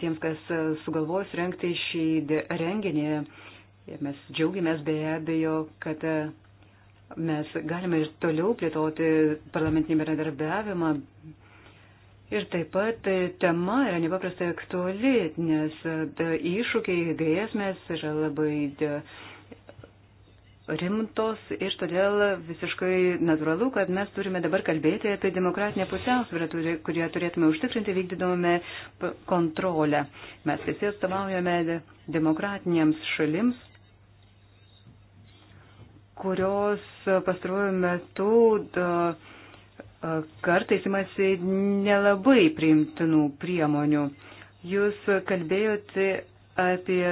tiems, kas uh, sugalvojus rengti šį renginį. Mes džiaugiamės be abejo, kad uh, Mes galime ir toliau plėtoti parlamentinį bendradarbiavimą. Ir taip pat tema yra nepaprastai aktuali, nes e, iššūkiai, grėsmės yra labai e, rimtos ir todėl visiškai natūralu, kad mes turime dabar kalbėti apie demokratinę pusiausvyrą, kurią turėtume užtikrinti vykdydome kontrolę. Mes visi atstovaujame demokratinėms šalims, kurios pastaruoju metu kartais imasi nelabai priimtinų priemonių. Jūs kalbėjote apie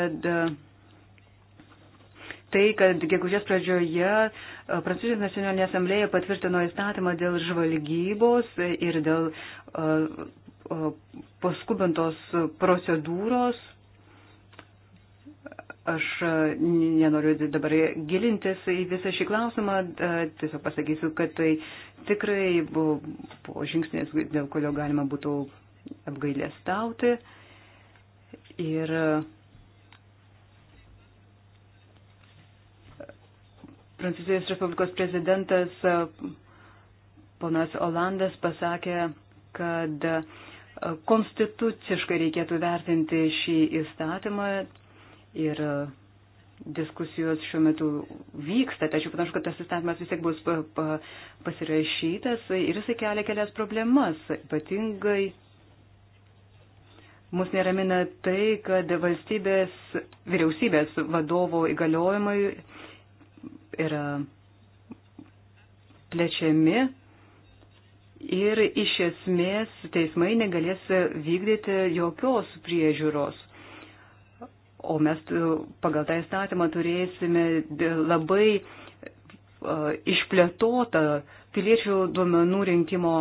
tai, kad gegužės pradžioje Prancūzijos nacionalinė asamblėja patvirtino įstatymą dėl žvalgybos ir dėl paskubintos procedūros Aš e, nenoriu dabar gilintis į visą šį klausimą, e, tiesiog pasakysiu, kad tai tikrai buvo, buvo žingsnis, dėl kurio galima būtų apgailėstauti. Ir Prancūzijos Respublikos prezidentas e, ponas Olandas pasakė, kad konstituciškai reikėtų vertinti šį įstatymą ir e, diskusijos šiuo metu vyksta, tačiau panašu, kad tas įstatymas vis tiek bus pasirašytas ir jisai kelia kelias problemas. Ypatingai mus neramina tai, kad valstybės, vyriausybės vadovo įgaliojimai yra plečiami ir iš esmės teismai negalės vykdyti jokios priežiūros. O mes pagal tą įstatymą turėsime labai išplėtotą piliečių duomenų rinkimo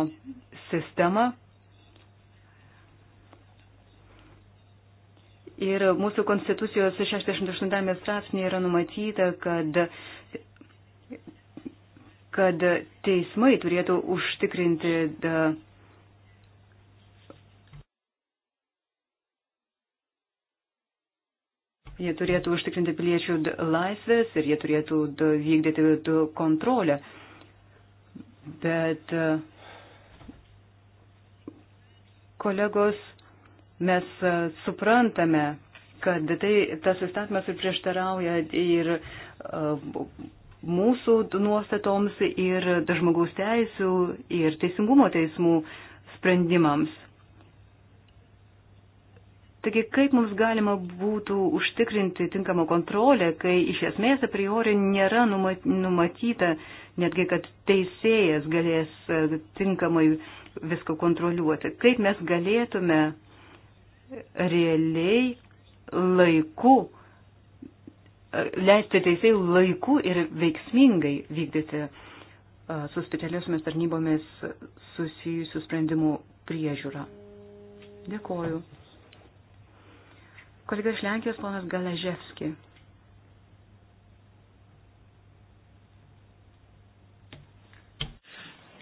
sistemą. Ir mūsų konstitucijos 68 straipsnėje yra numatyta, kad, kad teismai turėtų užtikrinti Jie turėtų užtikrinti piliečių laisvės ir jie turėtų vykdyti kontrolę. Bet e, kolegos, mes e, suprantame, kad tai, tas įstatymas ir prieštarauja ir e, mūsų nuostatoms, ir žmogaus teisų, ir teisingumo teismų sprendimams. Taigi, kaip mums galima būtų užtikrinti tinkamą kontrolę, kai iš esmės a priori nėra numatyta netgi, kad teisėjas galės tinkamai viską kontroliuoti. Kaip mes galėtume realiai laiku, leisti teisėjų laiku ir veiksmingai vykdyti su specialiosiomis tarnybomis susijusių sprendimų priežiūrą. Dėkoju. Kolega iš Lenkijos, ponas Galeževski.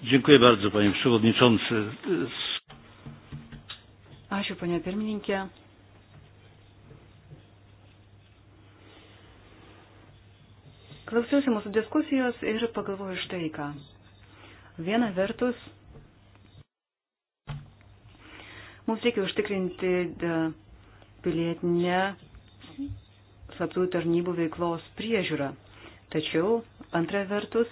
Dziękuję bardzo, panie przewodniczący. Ačiū, ponia pirmininkė. Klausiausi mūsų diskusijos ir pagalvoju štai ką. Viena vertus, mums reikia užtikrinti pilietinę slaptųjų tarnybų veiklos priežiūrą. Tačiau, antra vertus,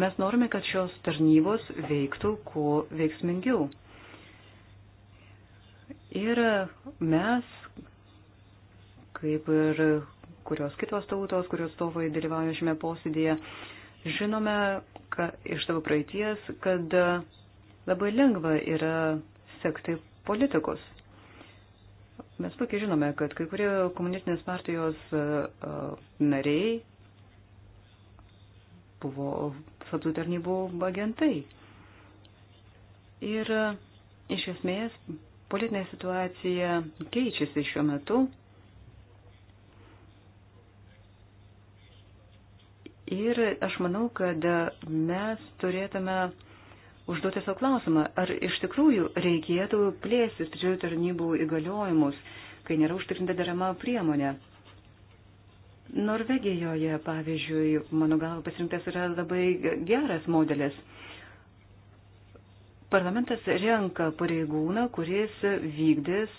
mes norime, kad šios tarnybos veiktų kuo veiksmingiau. Ir mes, kaip ir kurios kitos tautos, kurios stovai dalyvauja šiame posėdėje, žinome ka, iš savo praeities, kad labai lengva yra sekti politikus. Mes puikiai žinome, kad kai kurie komunistinės partijos e, e, nariai buvo slaptų tarnybų agentai. Ir e, iš esmės politinė situacija keičiasi šiuo metu. Ir aš manau, kad mes turėtume užduoti savo klausimą, ar iš tikrųjų reikėtų plėsti trečiųjų tarnybų įgaliojimus, kai nėra užtikrinta derama priemonė. Norvegijoje, pavyzdžiui, mano galva pasirinktas yra labai geras modelis. Parlamentas renka pareigūną, kuris vykdys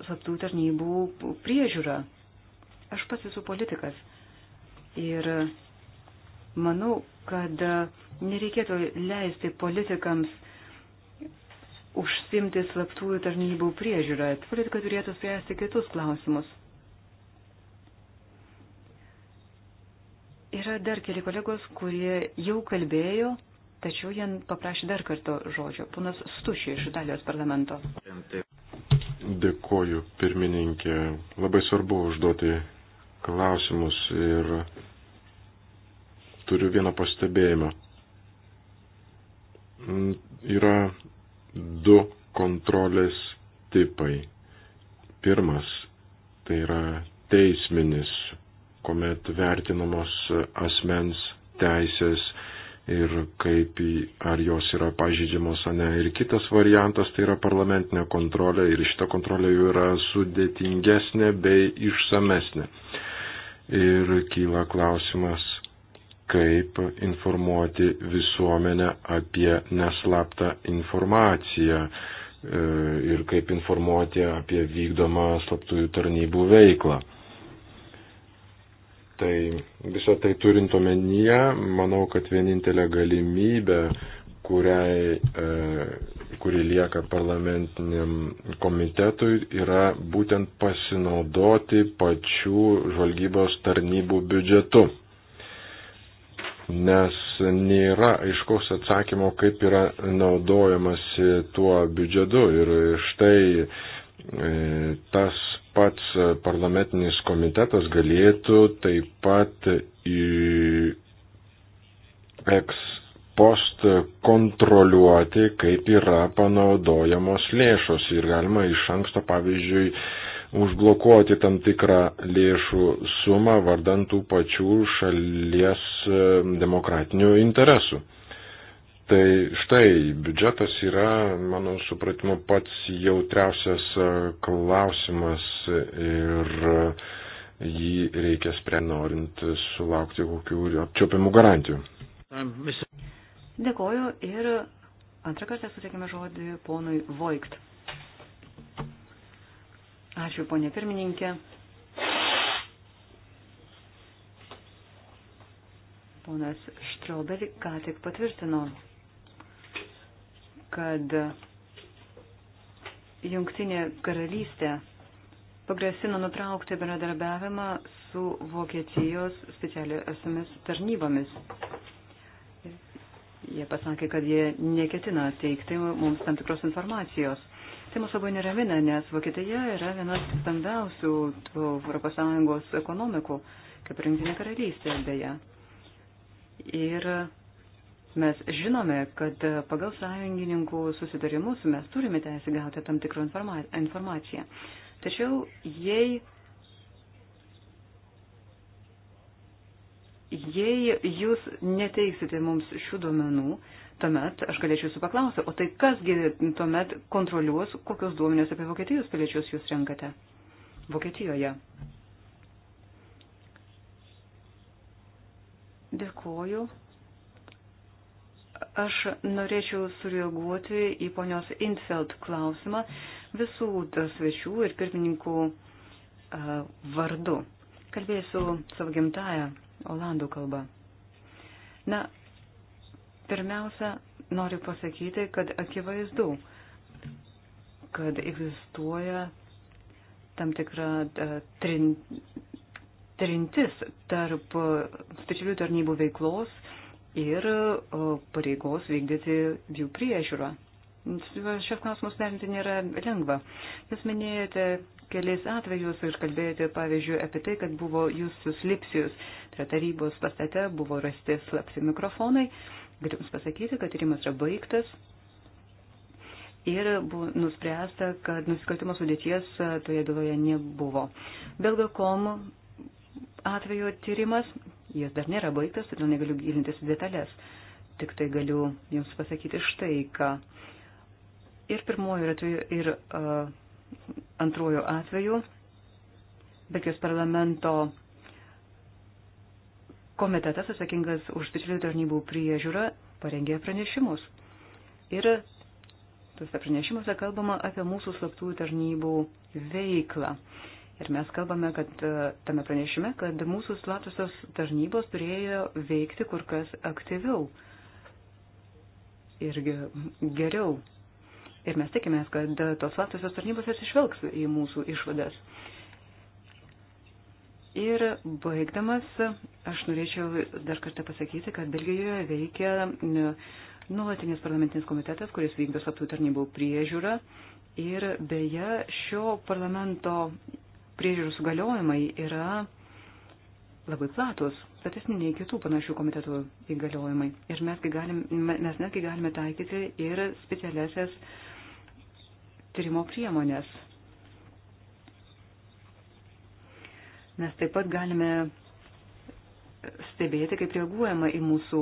slaptų tarnybų priežiūrą. Aš pats esu politikas ir manau, kad e, nereikėtų leisti politikams užsimti slaptųjų tarnybų priežiūrą. Politika turėtų spręsti kitus klausimus. Yra dar keli kolegos, kurie jau kalbėjo, tačiau jie paprašė dar karto žodžio. Ponas Stušiai iš Italijos parlamento. Dėkoju, pirmininkė. Labai svarbu užduoti klausimus ir turiu vieną pastebėjimą. Mm, yra du kontrolės tipai. Pirmas tai yra teisminis, kuomet vertinamos asmens teisės ir kaip, ar jos yra pažydžiamos ar ne. Ir kitas variantas tai yra parlamentinė kontrolė ir šita kontrolė jau yra sudėtingesnė bei išsamesnė. Ir kyla klausimas, kaip informuoti visuomenę apie neslaptą informaciją e, ir kaip informuoti apie vykdomą slaptųjų tarnybų veiklą. Tai visą tai turint omenyje, manau, kad vienintelė galimybė, kuriai, e, kuri lieka parlamentiniam komitetui, yra būtent pasinaudoti pačių žvalgybos tarnybų biudžetu nes nėra aiškaus atsakymo, kaip yra naudojamas tuo biudžetu. Ir štai e, tas pats parlamentinis komitetas galėtų taip pat į eks post kontroliuoti, kaip yra panaudojamos lėšos ir galima iš anksto, pavyzdžiui, užblokuoti tam tikrą lėšų sumą vardantų pačių šalies e, demokratinių interesų. Tai štai, biudžetas yra, mano supratimu, pats jautriausias e, klausimas ir e, jį reikia spręsti, norint sulaukti kokių apčiopiamų garantijų. Dėkoju ir antrą kartą sutikime žodį ponui Voigt. Ačiū, ponė pirmininkė. Ponas Štraubelį ką tik patvirtino, kad Jungtinė karalystė pagrasino nutraukti bendradarbiavimą su Vokietijos specialiosiomis tarnybomis. Jie pasakė, kad jie neketina teikti mums tam tikros informacijos. Tai mūsų labai neramina, nes Vokietija yra vienas stambiausių ES ekonomikų, kaip rinktinė karalystė beje. Ir mes žinome, kad pagal sąjungininkų susitarimus mes turime teisę gauti tam tikrą informaciją. Tačiau jei jei jūs neteiksite mums šių duomenų, Tuomet aš galėčiau jūsų paklausti, o tai kasgi tuomet kontroliuos, kokios duomenės apie Vokietijos piliečius jūs renkate Vokietijoje? Dėkuoju. Aš norėčiau sureaguoti į ponios Infeld klausimą visų svečių ir pirmininkų vardu. Kalbėsiu savo gimtają olandų kalbą. Na, Pirmiausia, noriu pasakyti, kad akivaizdu, kad egzistuoja tam tikra e, trin, trintis tarp specialių tarnybų veiklos ir e, pareigos vykdyti jų priežiūrą. Šios klausimus derinti nėra lengva. Jūs minėjote keliais atvejus ir kalbėjote, pavyzdžiui, apie tai, kad buvo jūsų slipsijus, tai yra tarybos pastate, buvo rasti slapti mikrofonai. Uh, Galiu Jums pasakyti, kad tyrimas yra baigtas ir buvo nuspręsta, kad nusikaltimo sudėties toje byloje nebuvo. Belgakom atvejo tyrimas, jis dar nėra baigtas, todėl negaliu gilintis į detalės. Tik tai galiu Jums pasakyti štai ką. Ir pirmojo tai- ir, atveju, ir uh, antrojo atveju Belgijos parlamento komitetas atsakingas už specialių tarnybų priežiūrą parengė pranešimus. Ir tuose pranešimuose kalbama apie mūsų slaptųjų tarnybų veiklą. Ir mes kalbame, kad e, tame pranešime, kad mūsų slaptosios tarnybos turėjo veikti kur kas aktyviau ir geriau. Ir mes tikimės, kad tos slaptosios tarnybos atsižvelgs į mūsų išvadas. Ir baigdamas, aš norėčiau dar kartą pasakyti, kad Belgijoje veikia nuolatinis parlamentinis komitetas, kuris vykdo slaptų tarnybų priežiūrą. Ir beje, šio parlamento priežiūros galiojimai yra labai platus, platesni nei kitų panašių komitetų įgaliojimai. Ir mesgi galim, mes netgi galime taikyti ir specialiasias tyrimo priemonės Mes taip pat galime stebėti, kaip reaguojama į mūsų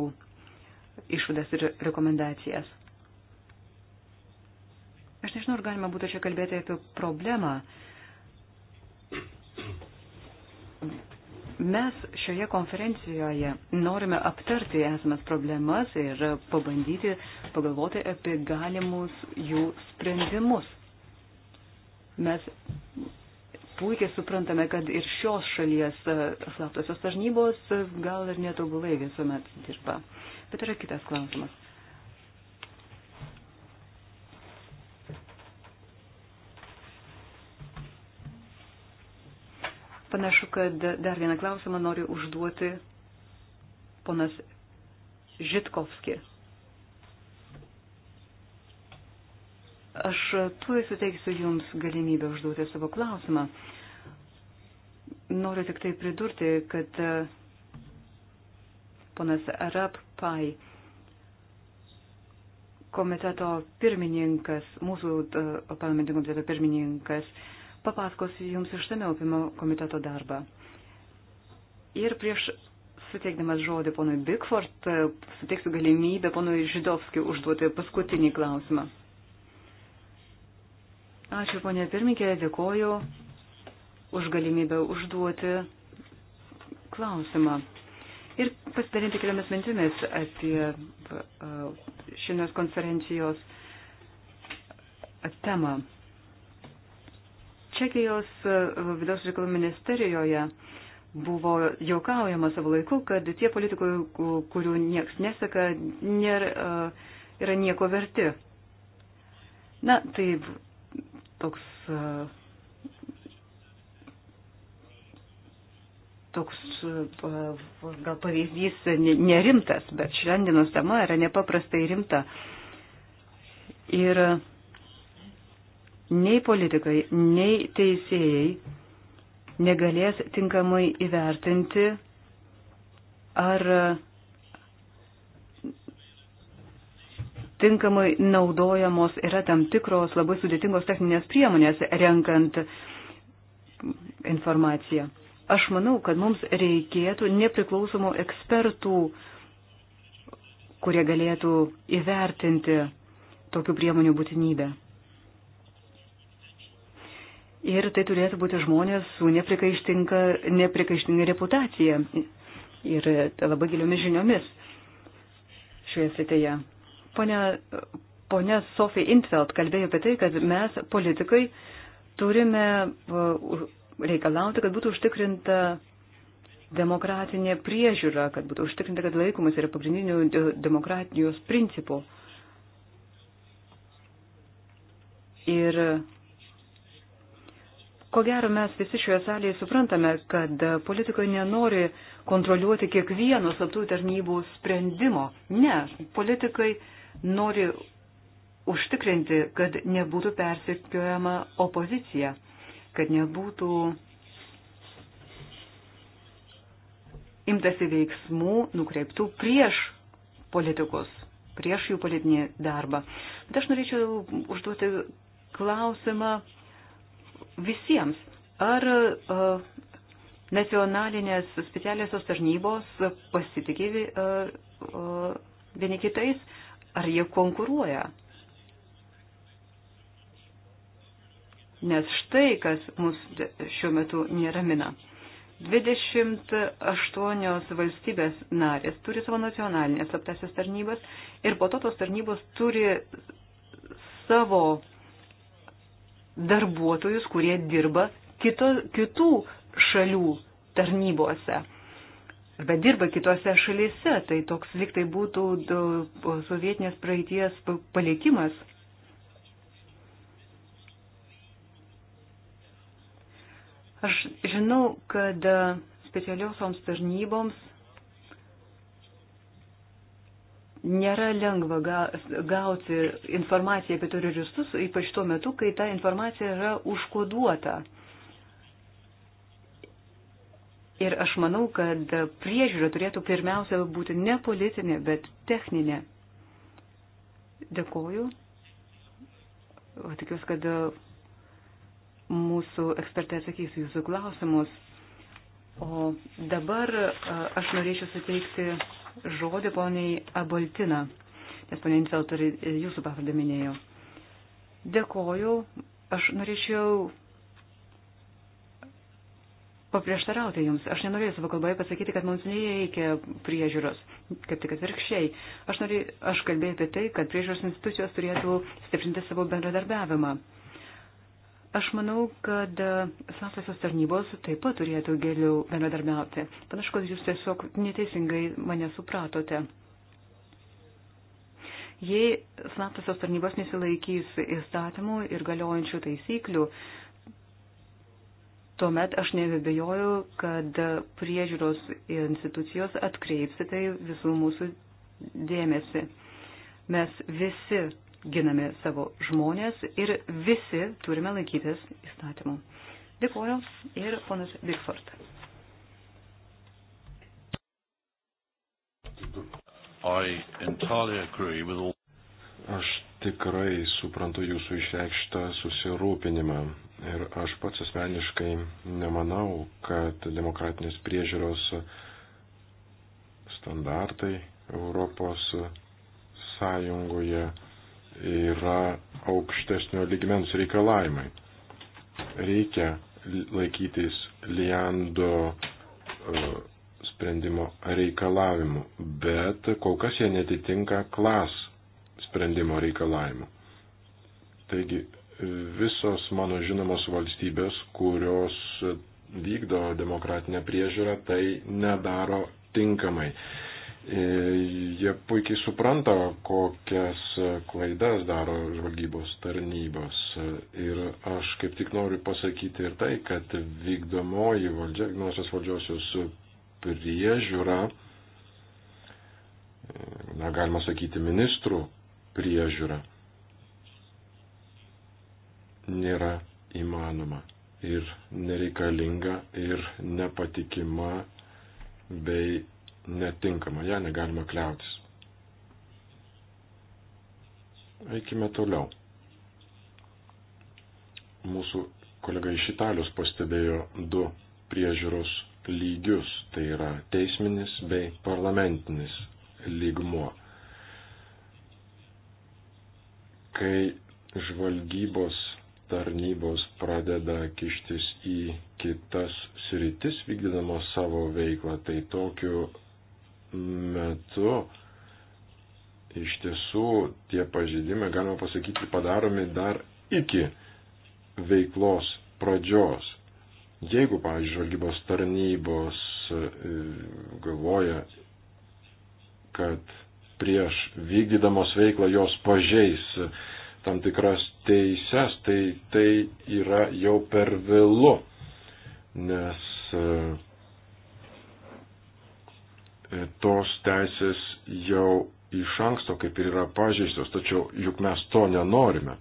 išvadas ir rekomendacijas. Aš nežinau, ar galima būtų čia kalbėti apie problemą. Mes šioje konferencijoje norime aptarti esamas problemas ir pabandyti pagalvoti apie galimus jų sprendimus. Mes puikiai suprantame, kad ir šios šalies e, slaptosios tarnybos e, gal ir netobulai visuomet dirba. Bet yra kitas klausimas. Panašu, kad dar vieną klausimą noriu užduoti ponas Žitkovskis. Aš tuoj suteiksiu Jums galimybę užduoti savo klausimą. Noriu tik tai pridurti, kad e, ponas Arab Pai komiteto pirmininkas, mūsų e, parlamento komiteto pirmininkas, papasakos jums išsameu apie komiteto darbą. Ir prieš suteikdamas žodį ponui Bigford, e, suteiksiu galimybę ponui Židovskiu užduoti paskutinį klausimą. Ačiū, ponė pirmininkė, dėkoju už galimybę užduoti klausimą ir pasidalinti keliomis mintimis apie šiandienos konferencijos temą. Čekijos vidaus reikalų ministerijoje buvo jokaujama savo laiku, kad tie politikai, kurių nieks neseka, nėra, yra nieko verti. Na, tai toks, toks gal pavyzdys nerimtas, bet šiandienos tema yra nepaprastai rimta. Ir nei politikai, nei teisėjai negalės tinkamai įvertinti, ar tinkamai naudojamos yra tam tikros labai sudėtingos techninės priemonės renkant informaciją. Aš manau, kad mums reikėtų nepriklausomų ekspertų, kurie galėtų įvertinti tokių priemonių būtinybę. Ir tai turėtų būti žmonės su neprikaištinga reputacija ir labai giliomis žiniomis šioje srityje. Pone, pone Sofija Intveld kalbėjo apie tai, kad mes, politikai, turime reikalauti, kad būtų užtikrinta demokratinė priežiūra, kad būtų užtikrinta, kad laikomas yra pagrindinių demokratijos principų. Ir ko gero mes visi šioje salėje suprantame, kad politikai nenori kontroliuoti kiekvieno slaptųjų tarnybų sprendimo. Ne, politikai uh, nori užtikrinti, kad nebūtų persikiojama opozicija, kad nebūtų imtasi veiksmų nukreiptų prieš politikus, prieš jų politinį darbą. Bet aš norėčiau užduoti klausimą visiems. Ar uh, nacionalinės specialiosios tarnybos pasitikė uh, uh, vieni kitais? Uh, ar jie konkuruoja. Nes štai, kas mus šiuo metu neramina. 28 valstybės narės turi savo nacionalinės slaptasias tarnybas ir po to tos tarnybos turi savo darbuotojus, kurie dirba kito, kitų šalių tarnybose bet dirba kitose šalyse. Tai toks liktai būtų sovietinės praeities palikimas. Aš žinau, kad e, specialiosioms tarnyboms nėra lengva gauti informaciją apie teroristus, ypač tuo metu, kai ta informacija yra užkoduota. Ir aš manau, kad priežiūra turėtų pirmiausia būti ne politinė, bet techninė. Dėkoju. Tikiuosi, kad mūsų ekspertai atsakys jūsų klausimus. O dabar aš norėčiau suteikti žodį poniai Aboltina, nes poniai Infeltori jūsų pavardę minėjo. Dėkoju. Aš norėčiau paprieštarauti jums. Aš nenorėjau savo kalboje pasakyti, kad mums nereikia priežiūros, kaip tik atvirkščiai. Aš, norė, aš kalbėjau apie tai, kad priežiūros institucijos turėtų stiprinti savo bendradarbiavimą. Aš manau, kad slaptosios tarnybos taip pat turėtų geriau bendradarbiauti. Panašu, kad jūs tiesiog neteisingai mane supratote. Jei slaptosios tarnybos nesilaikys įstatymų ir galiojančių taisyklių, tuomet aš nebejoju, kad priežiūros institucijos atkreips tai visų mūsų dėmesį. Mes visi giname savo žmonės ir visi turime laikytis įstatymų. Dėkuoju ir ponas Bigford. I entirely agree with all tikrai suprantu jūsų išreikštą susirūpinimą. Ir aš pats asmeniškai nemanau, kad demokratinės priežiūros standartai Europos Sąjungoje yra aukštesnio lygmens reikalavimai. Reikia laikytis Liando e, sprendimo reikalavimų, bet kol kas jie netitinka klas sprendimo reikalavimų. Taigi visos mano žinomos valstybės, kurios vykdo demokratinę priežiūrą, tai nedaro tinkamai. E, jie puikiai supranta, kokias klaidas daro žvalgybos tarnybos. Ir aš kaip tik noriu pasakyti ir tai, kad vykdomoji valdžia, vykdomosios valdžiosios priežiūra, e, na, galima sakyti, ministrų priežiūra nėra įmanoma ir nereikalinga ir nepatikima bei netinkama, ją negalima kliautis. Eikime toliau. Mūsų kolega iš Italijos pastebėjo du priežiūros lygius, tai yra teisminis bei parlamentinis lygmuo. kai žvalgybos tarnybos pradeda kištis į kitas sritis vykdydamos savo veiklą, tai tokiu metu iš tiesų tie pažeidimai, galima pasakyti, padaromi dar iki veiklos pradžios. Jeigu, pavyzdžiui, žvalgybos tarnybos e, galvoja, kad prieš vykdydamos veiklą jos pažeis tam tikras teises, tai tai yra jau per vėlu, nes e, tos teisės jau iš anksto kaip ir yra pažeistos, tačiau juk mes to nenorime.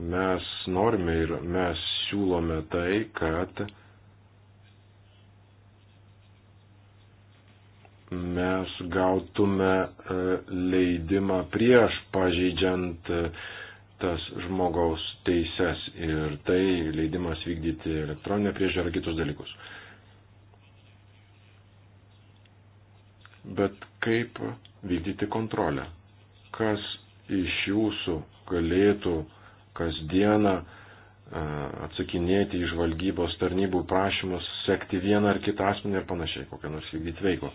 Mes norime ir mes siūlome tai, kad mes gautume e, leidimą prieš pažeidžiant e, tas žmogaus teises ir tai leidimas vykdyti elektroninę priežiūrą ar kitus dalykus. Bet kaip vykdyti kontrolę? Kas iš jūsų galėtų kasdieną e, atsakinėti į žvalgybos tarnybų prašymus, sekti vieną ar kitą asmenį ir panašiai, kokią nors vykdyti veiklą?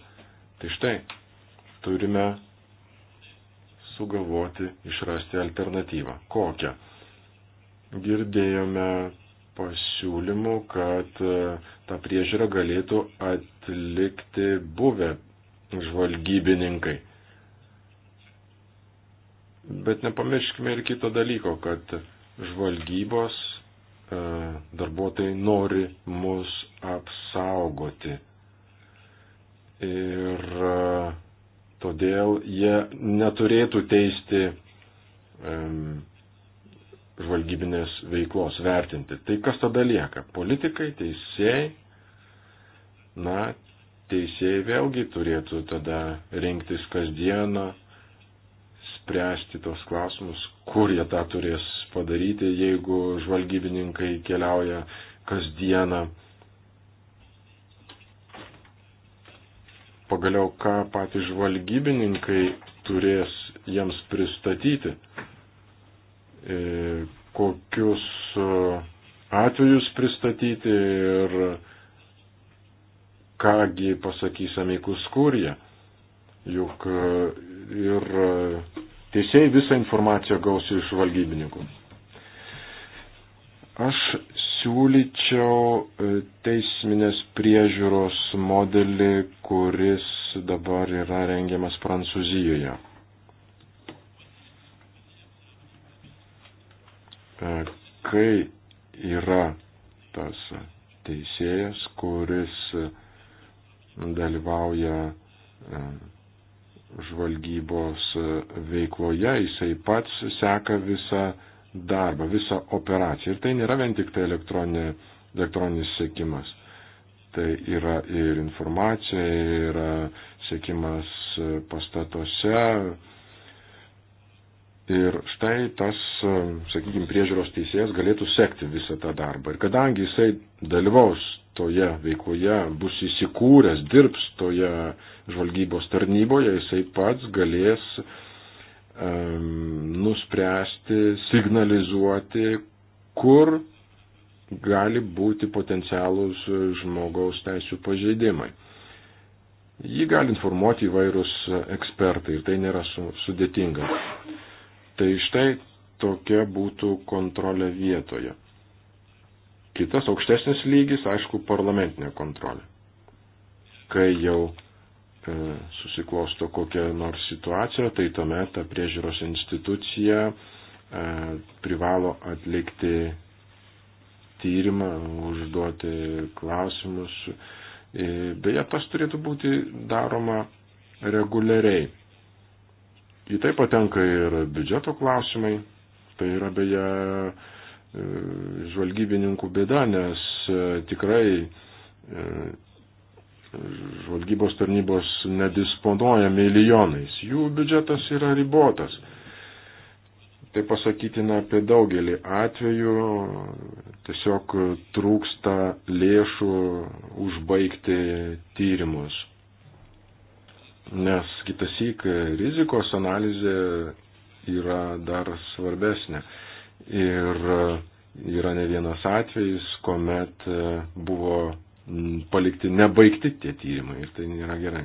Tai štai, turime sugalvoti, išrasti alternatyvą. Kokią? Girdėjome pasiūlymų, kad e, tą priežiūrą galėtų atlikti buvę žvalgybininkai. Bet nepamirškime ir kito dalyko, kad žvalgybos e, darbuotojai nori mus apsaugoti ir e, todėl jie neturėtų teisti um, žvalgybinės veiklos vertinti. Tai kas tada lieka? Politikai, teisėjai, na, teisėjai vėlgi turėtų tada rinktis kasdieną, spręsti tos klausimus, kur jie tą turės padaryti, jeigu žvalgybininkai keliauja kasdieną pagaliau, ką patys žvalgybininkai turės jiems pristatyti, e, kokius e, atvejus pristatyti ir kągi pasakys amikus kurija. Juk e, ir teisėjai visą informaciją gaus iš valgybininkų. Aš siūlyčiau e, teisminės priežiūros modelį, kuris dabar yra rengiamas Prancūzijoje. E, kai yra tas teisėjas, kuris dalyvauja e, žvalgybos veikloje, jisai pats seka visą darbą, visą operaciją. Ir tai nėra vien tik tai elektroninė, elektroninis sėkimas. Tai yra ir informacija, yra sėkimas pastatuose. Ir štai tas, sakykime, priežiūros teisėjas galėtų sekti visą tą darbą. Ir kadangi jisai dalyvaus toje veikloje, bus įsikūręs, dirbs toje žvalgybos tarnyboje, jisai pats galės uh, nuspręsti, signalizuoti, kur gali būti potencialūs žmogaus teisų pažeidimai. Jį gali informuoti įvairūs ekspertai ir tai nėra sudėtinga. Tai štai tokia būtų kontrolė vietoje. Kitas aukštesnis lygis, aišku, parlamentinė kontrolė. Kai jau E, susiklosto kokia nors situacija, tai tuomet ta priežiūros institucija e, privalo atlikti tyrimą, užduoti klausimus. E, beje, tas turėtų būti daroma reguliariai. Į tai patenka ir biudžeto klausimai. Tai yra beje žvalgybininkų bėda, nes tikrai žvalgybos tarnybos nedisponuoja milijonais, jų biudžetas yra ribotas. Tai pasakytina apie daugelį atvejų, tiesiog trūksta lėšų užbaigti tyrimus. Nes kitas įk rizikos analizė yra dar svarbesnė. Ir yra ne vienas atvejis, kuomet buvo Mm, palikti nebaigti tie tyrimai ir tai nėra gerai.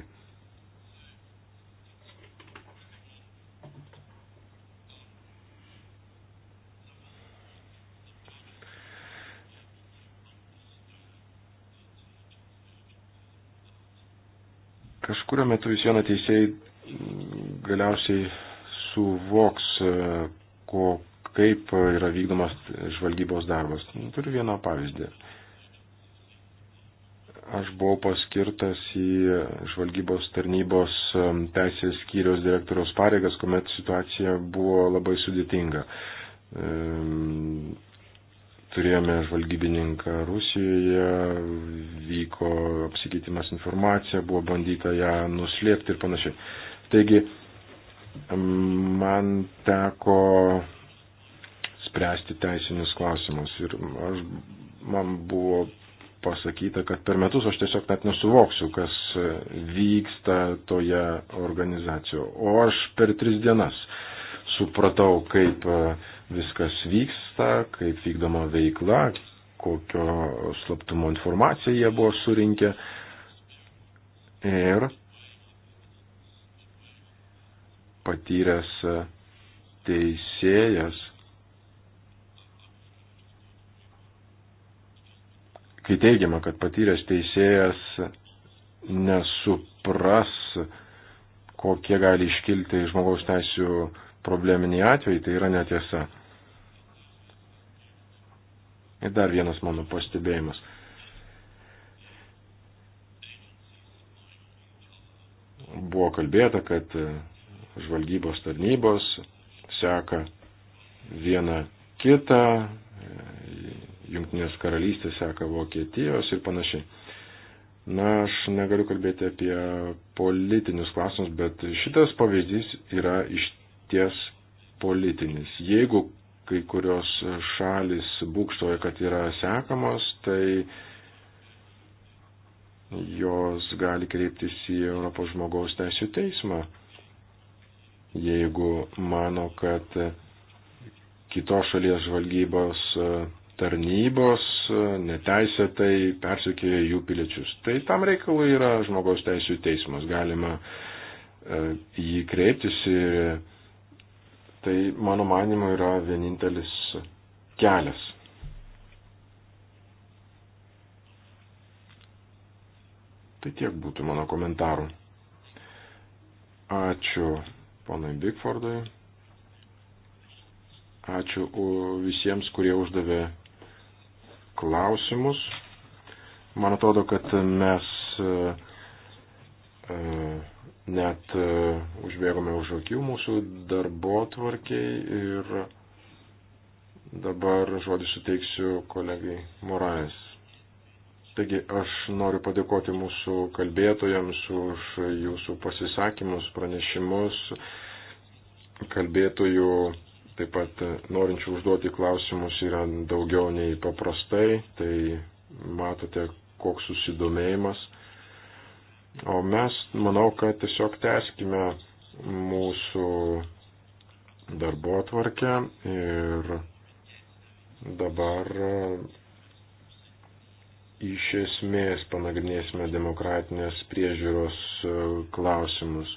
Kažkurio metu vis viena teisėjai mm, galiausiai suvoks, e, ko, kaip yra vykdomas žvalgybos darbas. Turiu vieną pavyzdį aš buvau paskirtas į žvalgybos tarnybos teisės skyrios direktoriaus pareigas, kuomet situacija buvo labai sudėtinga. Turėjome žvalgybininką Rusijoje, vyko apsikeitimas informacija, buvo bandyta ją nuslėpti ir panašiai. Taigi, man teko spręsti teisinius klausimus ir aš, man buvo pasakyta, kad per metus aš tiesiog net nesuvoksiu, kas vyksta toje organizacijoje. O aš per tris dienas supratau, kaip e, viskas vyksta, kaip vykdoma veikla, kokio slaptumo informaciją jie buvo surinkę. Ir patyręs teisėjas kai teigiama, kad patyręs teisėjas nesupras, kokie gali iškilti žmogaus teisų probleminiai atvejai, tai yra netiesa. Ir dar vienas mano pastebėjimas. Buvo kalbėta, kad žvalgybos tarnybos seka vieną kitą, Junktinės karalystės seka Vokietijos ir panašiai. Na, aš negaliu kalbėti apie politinius klausimus, bet šitas pavyzdys yra iš ties politinis. Jeigu kai kurios šalis būkštoja, kad yra sekamos, tai jos gali kreiptis į Europos žmogaus teisų teismą, jeigu mano, kad kitos šalies žvalgybos tarnybos neteisėtai persikėja jų piliečius. Tai tam reikalui yra žmogaus teisų teismas. Galima e, į jį kreiptis ir tai, mano manimo, yra vienintelis kelias. Tai tiek būtų mano komentarų. Ačiū ponai Bigfordui. Ačiū visiems, kurie uždavė klausimus. Man atrodo, kad mes e, e, net e, užbėgome už akių mūsų darbo tvarkiai ir dabar žodį suteiksiu kolegai Morais. Taigi aš noriu padėkoti mūsų kalbėtojams už jūsų pasisakymus, pranešimus, kalbėtojų Taip pat e, norinčių užduoti klausimus yra daugiau nei paprastai, tai matote, koks susidomėjimas. O mes, manau, kad tiesiog teskime mūsų darbo atvarkę ir dabar e, iš esmės panagrinėsime demokratinės priežiūros e, klausimus.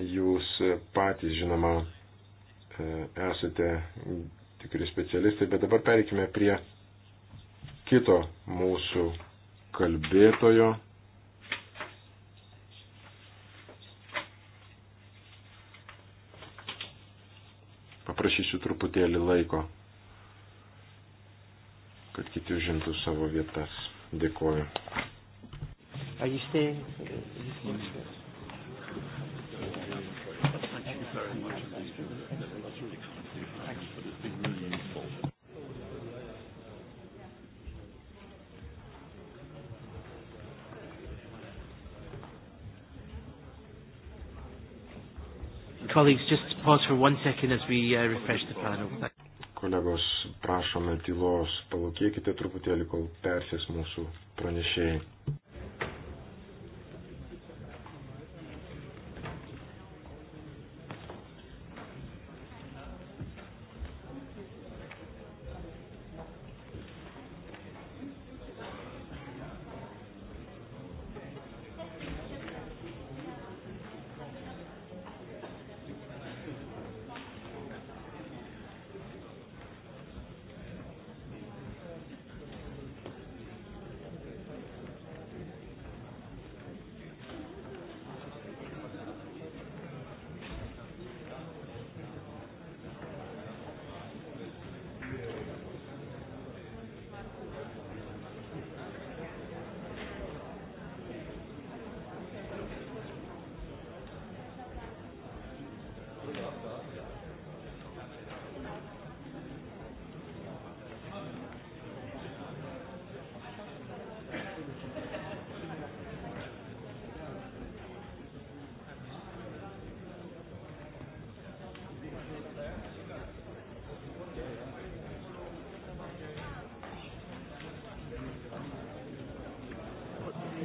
Jūs patys, žinoma, e, esate tikri specialistai, bet dabar pereikime prie kito mūsų kalbėtojo. Paprašysiu truputėlį laiko, kad kiti užimtų savo vietas. Dėkuoju. Are you staying? Are you staying? Colleagues, just pause for one second as we uh, refresh the panel. Kolegos, prašome tylos, palūkėkite truputėlį, kol persės mūsų pranešėjai.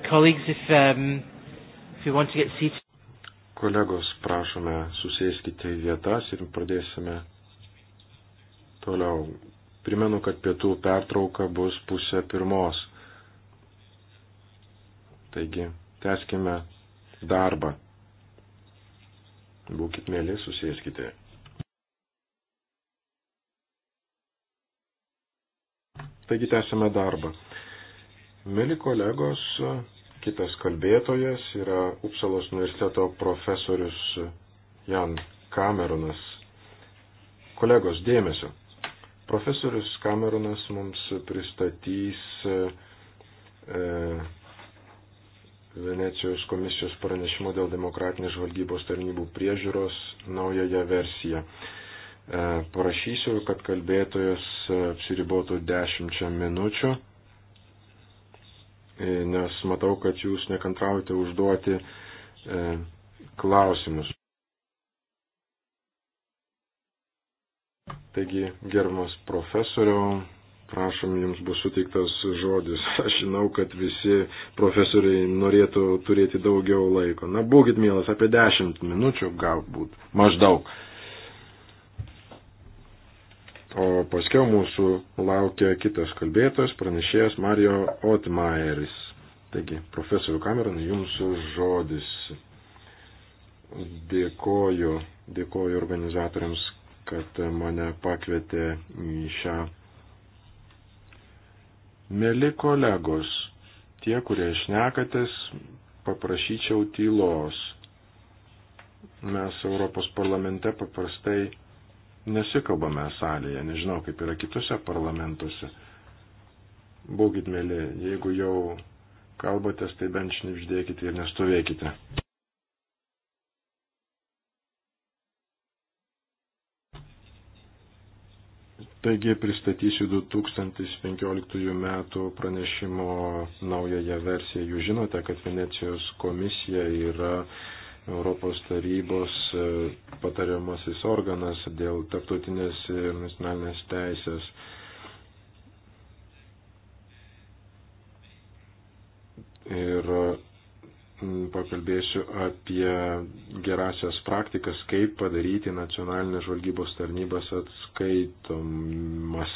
colleagues, if um, if you want to get seated. Kolegos, prašome susėskite į vietas ir pradėsime toliau. Primenu, kad pietų pertrauka bus pusė pirmos. Taigi, teskime darbą. Būkit mėly, susėskite. Taigi, tęsime darbą. Mėly kolegos, Kitas kalbėtojas yra Upsalos universiteto profesorius Jan Kameronas. Kolegos, dėmesio. Profesorius Kameronas mums pristatys e, Venecijos komisijos pranešimo dėl demokratinės žvalgybos tarnybų priežiūros naująją versiją. E, Parašysiu, kad kalbėtojas apsiribotų 10 minučių E, nes matau, kad jūs nekantraujate užduoti e, klausimus. Taigi, gerbiamas profesoriau, prašom, jums bus suteiktas žodis. Aš žinau, kad visi profesoriai norėtų turėti daugiau laiko. Na, būkit mielas, apie 10 minučių galbūt, maždaug. O paskiau mūsų laukia kitas kalbėtojas, pranešėjas Mario Otmaeris. Taigi, profesorių Kameronai, jums žodis. Dėkoju, dėkoju organizatoriams, kad mane pakvietė į šią. Mėly kolegos, tie, kurie šnekatės, paprašyčiau tylos. Mes Europos parlamente paprastai nesikalbame salėje, nežinau kaip yra kitose parlamentuose. Būkit mėly, jeigu jau kalbatės, tai bent šnipždėkite ir nestovėkite. Taigi pristatysiu 2015 metų pranešimo naująją versiją. Jūs žinote, kad Venecijos komisija yra Europos tarybos e, patariamasis organas dėl tarptautinės ir nacionalinės teisės. Ir pakalbėsiu apie gerasias praktikas, kaip padaryti nacionalinės žvalgybos tarnybas atskaitomas.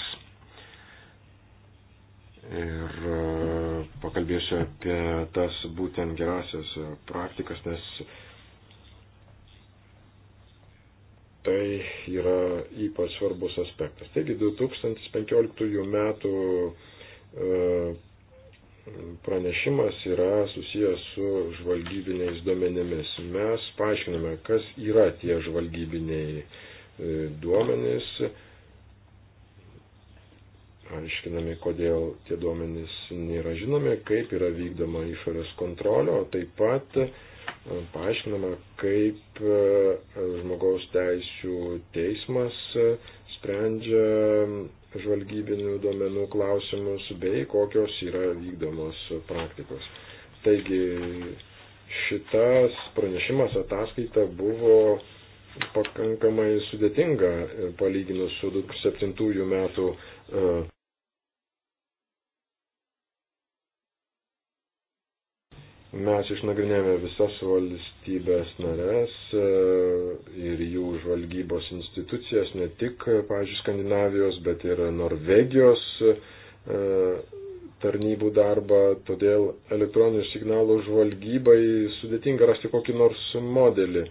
Ir e, pakalbėsiu apie tas būtent gerasias praktikas, nes Tai yra ypač svarbus aspektas. Taigi 2015 metų e, pranešimas yra susijęs su žvalgybiniais duomenėmis. Mes paaiškiname, kas yra tie žvalgybiniai e, duomenys, aiškinami, kodėl tie duomenys nėra žinomi, kaip yra vykdoma išorės kontrolė, o taip pat paaiškinama, kaip e, žmogaus teisų teismas e, sprendžia žvalgybinių duomenų klausimus bei kokios yra vykdomos praktikos. Taigi šitas pranešimas ataskaita buvo pakankamai sudėtinga palyginus su 2007 metų e, Mes išnagrinėjome visas valstybės narės e, ir jų žvalgybos institucijas, ne tik, e, pažiūrėjau, Skandinavijos, bet ir Norvegijos e, tarnybų darbą, todėl elektroninių signalų žvalgybai sudėtinga rasti kokį nors modelį.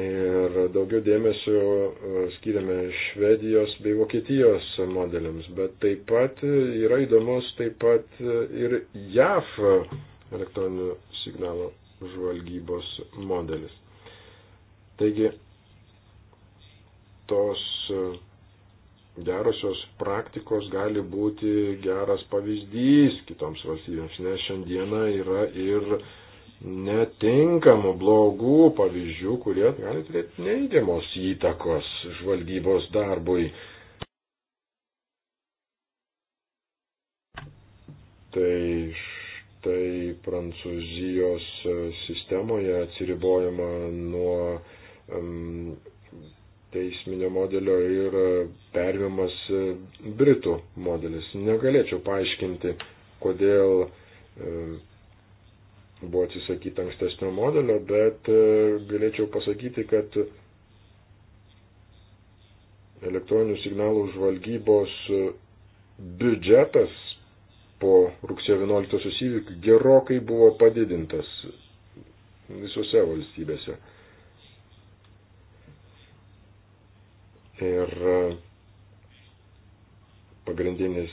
Ir daugiau dėmesio skiriame Švedijos bei Vokietijos modeliams, bet taip pat yra įdomus taip pat ir JAF elektroninio signalo žvalgybos modelis. Taigi, tos e, gerosios praktikos gali būti geras pavyzdys kitoms valstybėms, nes šiandieną yra ir netinkamų blogų pavyzdžių, kurie gali turėti neigiamos įtakos žvalgybos darbui. Tai iš tai Prancūzijos e, sistemoje atsiribojama nuo teisminio modelio ir e, pervimas e, Britų modelis. Negalėčiau paaiškinti, kodėl buvo atsisakyta ankstesnio modelio, bet galėčiau pasakyti, kad elektroninių signalų žvalgybos biudžetas po rugsėjo 11 įvykių gerokai buvo padidintas visose valstybėse. Ir e, pagrindinis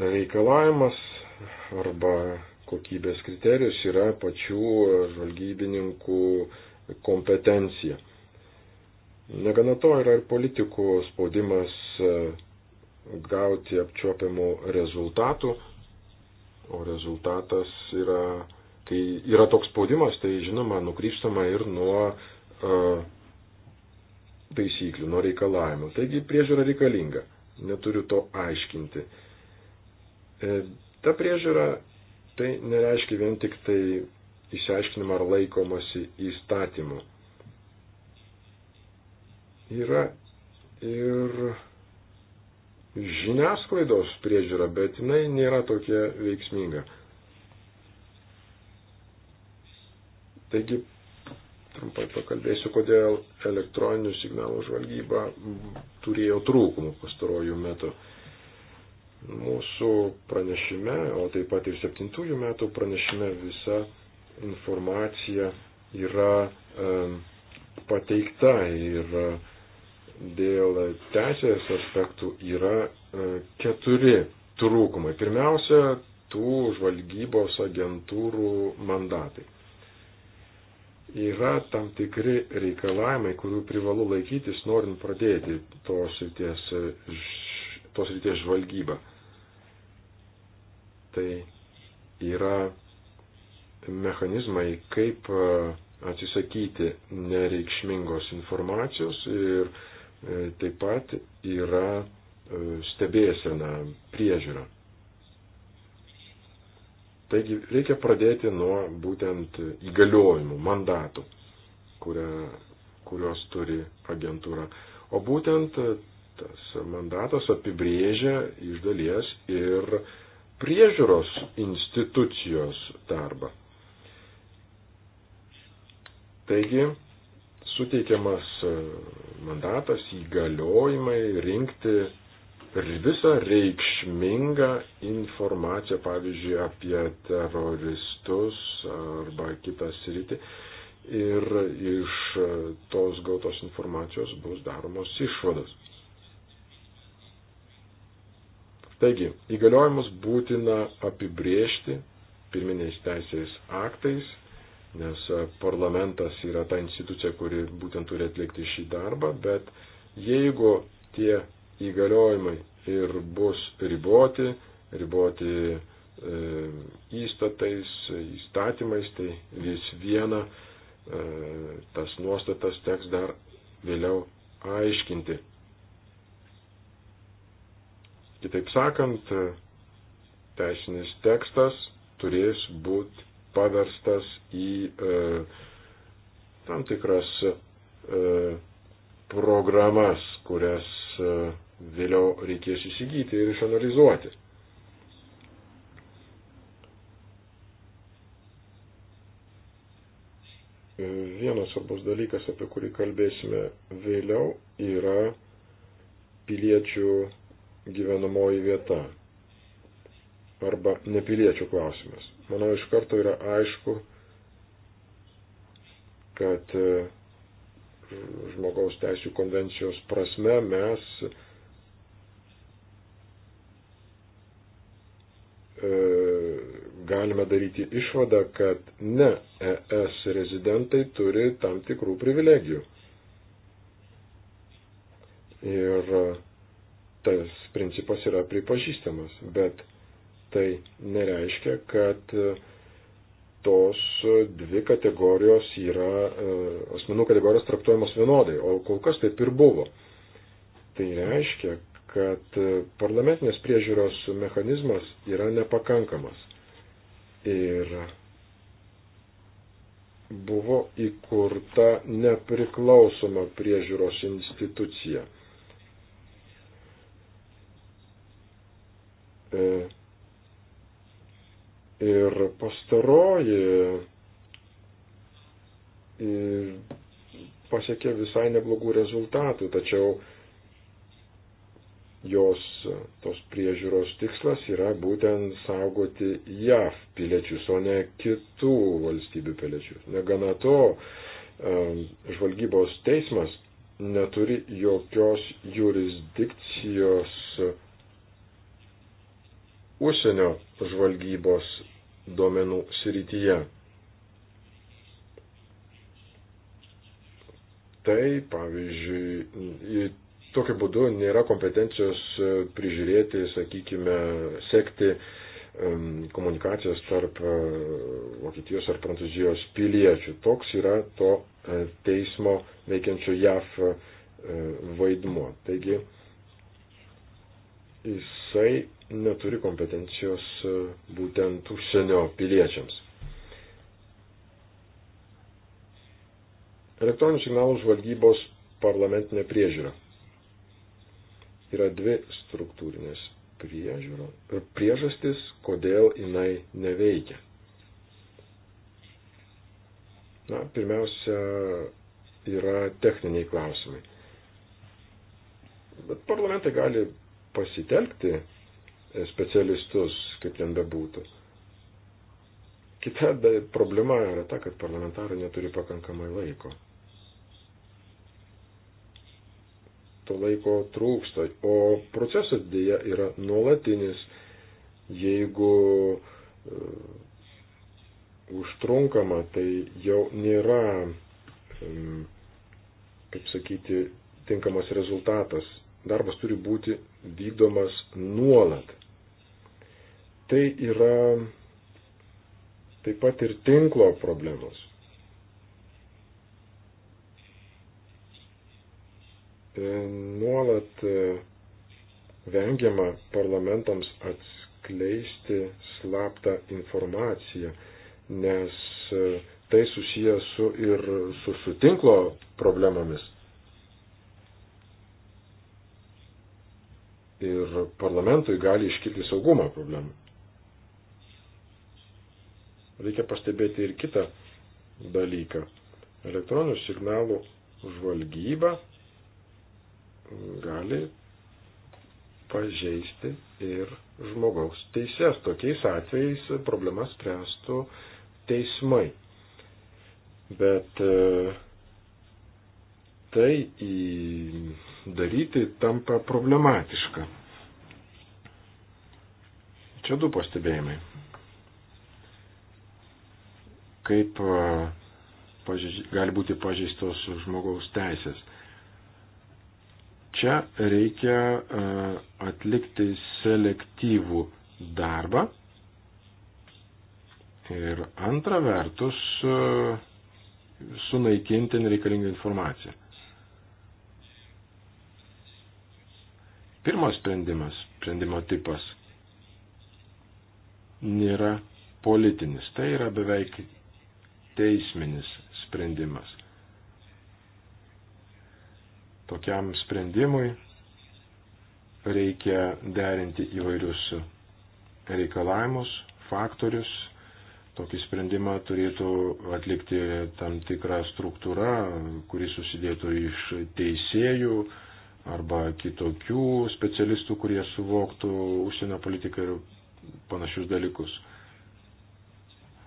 reikalavimas arba kokybės kriterijus yra pačių žvalgybininkų kompetencija. Negana to yra ir politikų spaudimas e, gauti apčiopiamų rezultatų, o rezultatas yra, kai yra toks spaudimas, tai žinoma, nukrypstama ir nuo uh, taisyklių, nuo reikalavimų. Taigi priežiūra reikalinga, neturiu to aiškinti. E, ta priežiūra tai nereiškia vien tik tai išaiškinimą ar laikomasi įstatymu. Yra ir žiniasklaidos priežiūra, bet jinai nėra tokia veiksminga. Taigi, trumpai pakalbėsiu, kodėl elektroninių signalų žvalgyba turėjo trūkumų pastarojų metų. Mūsų pranešime, o taip pat ir septintųjų metų pranešime visa informacija yra e, pateikta ir e, dėl teisės aspektų yra e, keturi trūkumai. Pirmiausia, tų žvalgybos agentūrų mandatai. Yra tam tikri reikalavimai, kurių privalu laikytis, norint pradėti tos ryties, tos ryties žvalgybą. Tai yra mechanizmai, kaip e, atsisakyti nereikšmingos informacijos ir E, taip pat yra e, stebėsena, priežiūra. Taigi reikia pradėti nuo būtent įgaliojimų, mandatų, kuria, kurios turi agentūra. O būtent e, tas mandatas apibrėžia iš dalies ir priežiūros institucijos darbą. Taigi, suteikiamas e, mandatas įgaliojimai rinkti visą reikšmingą informaciją, pavyzdžiui, apie teroristus arba kitą sritį. Ir iš tos gautos informacijos bus daromos išvados. Taigi, įgaliojimus būtina apibriežti pirminiais teisės aktais nes parlamentas yra ta institucija, kuri būtent turi atlikti šį darbą, bet jeigu tie įgaliojimai ir bus riboti, riboti e, įstatais, įstatymais, tai vis viena e, tas nuostatas teks dar vėliau aiškinti. Kitaip sakant, teisinis tekstas turės būti paverstas į e, tam tikras e, programas, kurias e, vėliau reikės įsigyti ir išanalizuoti. E, vienas svarbus dalykas, apie kurį kalbėsime vėliau, yra piliečių gyvenamoji vieta, arba nepiliečių klausimas. Manau, iš karto yra aišku, kad e, žmogaus teisų konvencijos prasme mes e, galime daryti išvadą, kad ne ES rezidentai turi tam tikrų privilegijų. Ir e, tas principas yra pripažįstamas, bet Tai nereiškia, kad e, tos dvi kategorijos yra, e, asmenų kategorijos traktuojamos vienodai, o kol kas taip ir buvo. Tai reiškia, kad e, parlamentinės priežiūros mechanizmas yra nepakankamas. Ir buvo įkurta nepriklausoma priežiūros institucija. Ir pastaroji pasiekė visai neblogų rezultatų, tačiau jos tos priežiūros tikslas yra būtent saugoti JAV piliečius, o ne kitų valstybių piliečius. Negana to, žvalgybos teismas neturi jokios jurisdikcijos užsienio žvalgybos duomenų srityje. Tai, pavyzdžiui, tokiu būdu nėra kompetencijos e, prižiūrėti, sakykime, sekti komunikacijos tarp e, Vokietijos ar Prancūzijos piliečių. Toks yra to e, teismo veikiančio JAF vaidmuo. Taigi, jisai neturi kompetencijos e, būtent užsienio piliečiams. Elektroninių signalų žvalgybos parlamentinė priežiūra. Yra dvi struktūrinės priežiūro, e, priežastis, kodėl jinai neveikia. Na, pirmiausia, yra techniniai klausimai. Bet parlamentai gali pasitelkti e, specialistus, kaip ten bebūtų. Kita problema yra ta, kad parlamentarai neturi pakankamai laiko. To laiko trūksta, o procesas dėja yra nuolatinis. Jeigu e, užtrunkama, tai jau nėra, kaip sakyti, tinkamas rezultatas darbas turi būti vykdomas nuolat. Tai yra taip pat ir tinklo problemos. E, nuolat e, vengiama parlamentams atskleisti slaptą informaciją, nes e, tai susijęs su ir su, su tinklo problemomis. ir parlamentui gali iškilti saugumo problemų. Reikia pastebėti ir kitą dalyką. Elektroninių signalų žvalgyba gali pažeisti ir žmogaus teises. Tokiais atvejais problemas spręstų teismai. Bet e, tai daryti tampa problematiška. Čia du pastebėjimai. Kaip pažež... gali būti pažeistos žmogaus teisės. Čia reikia atlikti selektyvų darbą. Ir antra vertus, sunaikinti nereikalingą informaciją. Pirmas sprendimas, sprendimo tipas nėra politinis, tai yra beveik teisminis sprendimas. Tokiam sprendimui reikia derinti įvairius reikalavimus, faktorius. Tokį sprendimą turėtų atlikti tam tikra struktūra, kuris susidėtų iš teisėjų, arba kitokių specialistų, kurie suvoktų užsienio politiką ir panašius dalykus.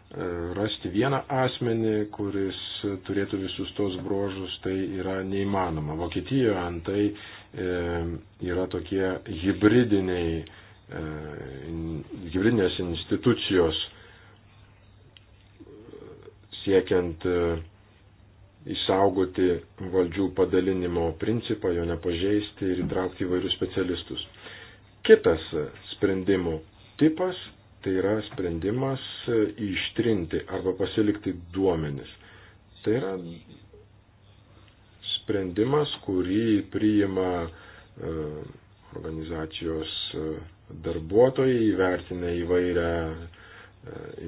E, rasti vieną asmenį, kuris turėtų visus tos brožus, tai yra neįmanoma. Vokietijoje antai e, yra tokie hybridiniai, e, hybridinės institucijos siekiant išsaugoti valdžių padalinimo principą, jo nepažeisti ir įtraukti įvairius specialistus. Kitas sprendimų tipas tai yra sprendimas ištrinti arba pasilikti duomenis. Tai yra sprendimas, kurį priima e, organizacijos e, darbuotojai, įvertina įvairią e,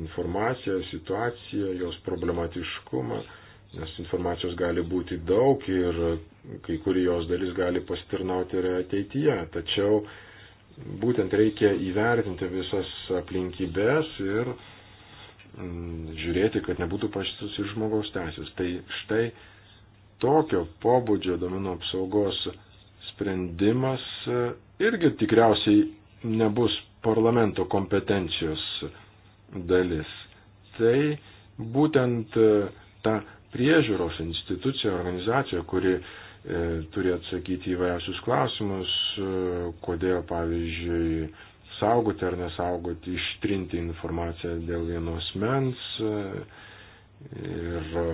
informaciją, situaciją, jos problematiškumą nes informacijos gali būti daug ir kai kuri jos dalis gali pasitarnauti ir ateityje. Tačiau būtent reikia įvertinti visas aplinkybės ir mm, žiūrėti, kad nebūtų pažįstus ir žmogaus teisės. Tai štai tokio pobūdžio domino apsaugos sprendimas irgi tikriausiai nebus parlamento kompetencijos dalis. Tai būtent ta priežiūros institucija, organizacija, kuri e, turi atsakyti įvairiausius klausimus, e, kodėl, pavyzdžiui, saugoti ar nesaugoti, ištrinti informaciją dėl vienos mens e, ir e,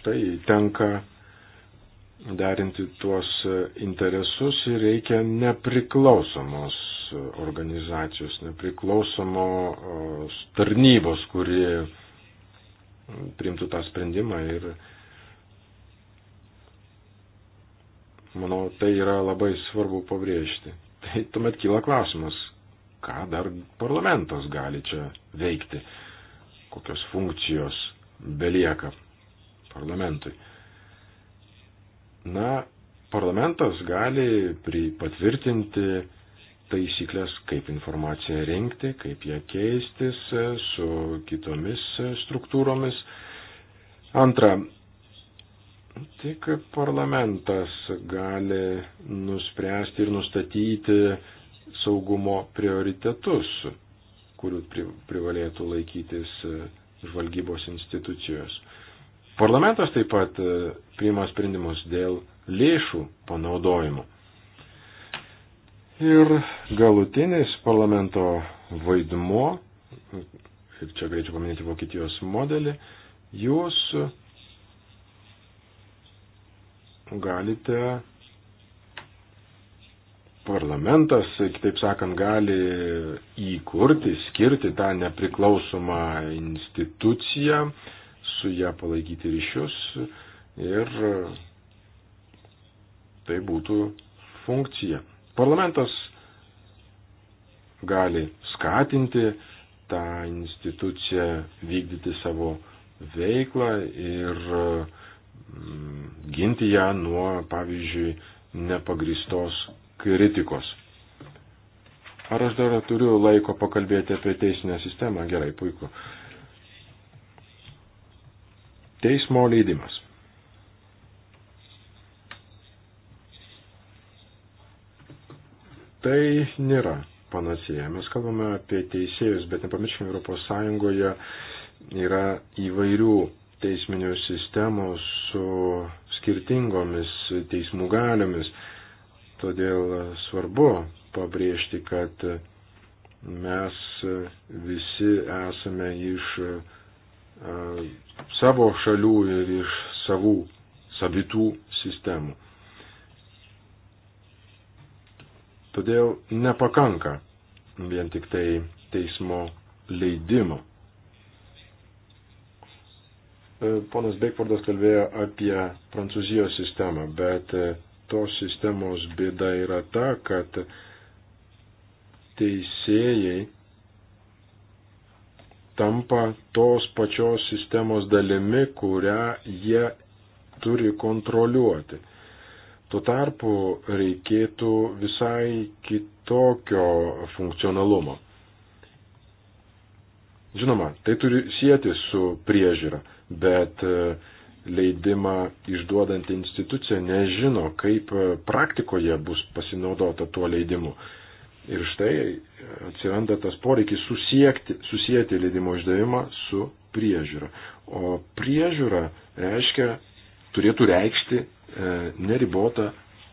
štai tenka derinti tuos interesus ir reikia nepriklausomos organizacijos, nepriklausomos tarnybos, kurie priimtų tą sprendimą ir manau, tai yra labai svarbu pabrėžti. Tai tuomet kyla klausimas, ką dar parlamentas gali čia veikti, kokios funkcijos belieka parlamentui. Na, parlamentas gali patvirtinti taisyklės, kaip informaciją rinkti, kaip ją keistis e, su kitomis e, struktūromis. Antra, tik parlamentas gali nuspręsti ir nustatyti saugumo prioritetus, kurių privalėtų laikytis e, žvalgybos institucijos. Parlamentas taip pat priima sprendimus dėl lėšų panaudojimo. Ir galutinis parlamento vaidmuo, ir čia galėčiau paminėti Vokietijos modelį, jūs galite, parlamentas, kitaip sakant, gali įkurti, skirti tą nepriklausomą instituciją, su ją palaikyti ryšius ir tai būtų funkcija. Parlamentas gali skatinti tą instituciją vykdyti savo veiklą ir mm, ginti ją nuo, pavyzdžiui, nepagristos kritikos. Ar aš dar turiu laiko pakalbėti apie teisinę sistemą? Gerai, puiku. Teismo leidimas. Tai nėra panacėja. Mes kalbame apie teisėjus, bet nepamirškime, ES yra įvairių teisminių sistemų su skirtingomis teismų galiomis. Todėl svarbu pabrėžti, kad mes visi esame iš savo šalių ir iš savų savitų sistemų. Todėl nepakanka vien tik tai teismo leidimo. E, ponas Beikfordas kalbėjo apie Prancūzijos sistemą, bet e, tos sistemos bėda yra ta, kad teisėjai tampa tos pačios sistemos dalimi, kurią jie turi kontroliuoti. Tuo tarpu reikėtų visai kitokio funkcionalumo. Žinoma, tai turi sieti su priežiūra, bet e, leidimą išduodanti institucija nežino, kaip e, praktikoje bus pasinaudota tuo leidimu. Ir štai e, atsiranda tas poreikis susiekti, susijęti leidimo išdavimą su priežiūra. O priežiūra reiškia turėtų reikšti e, neribotą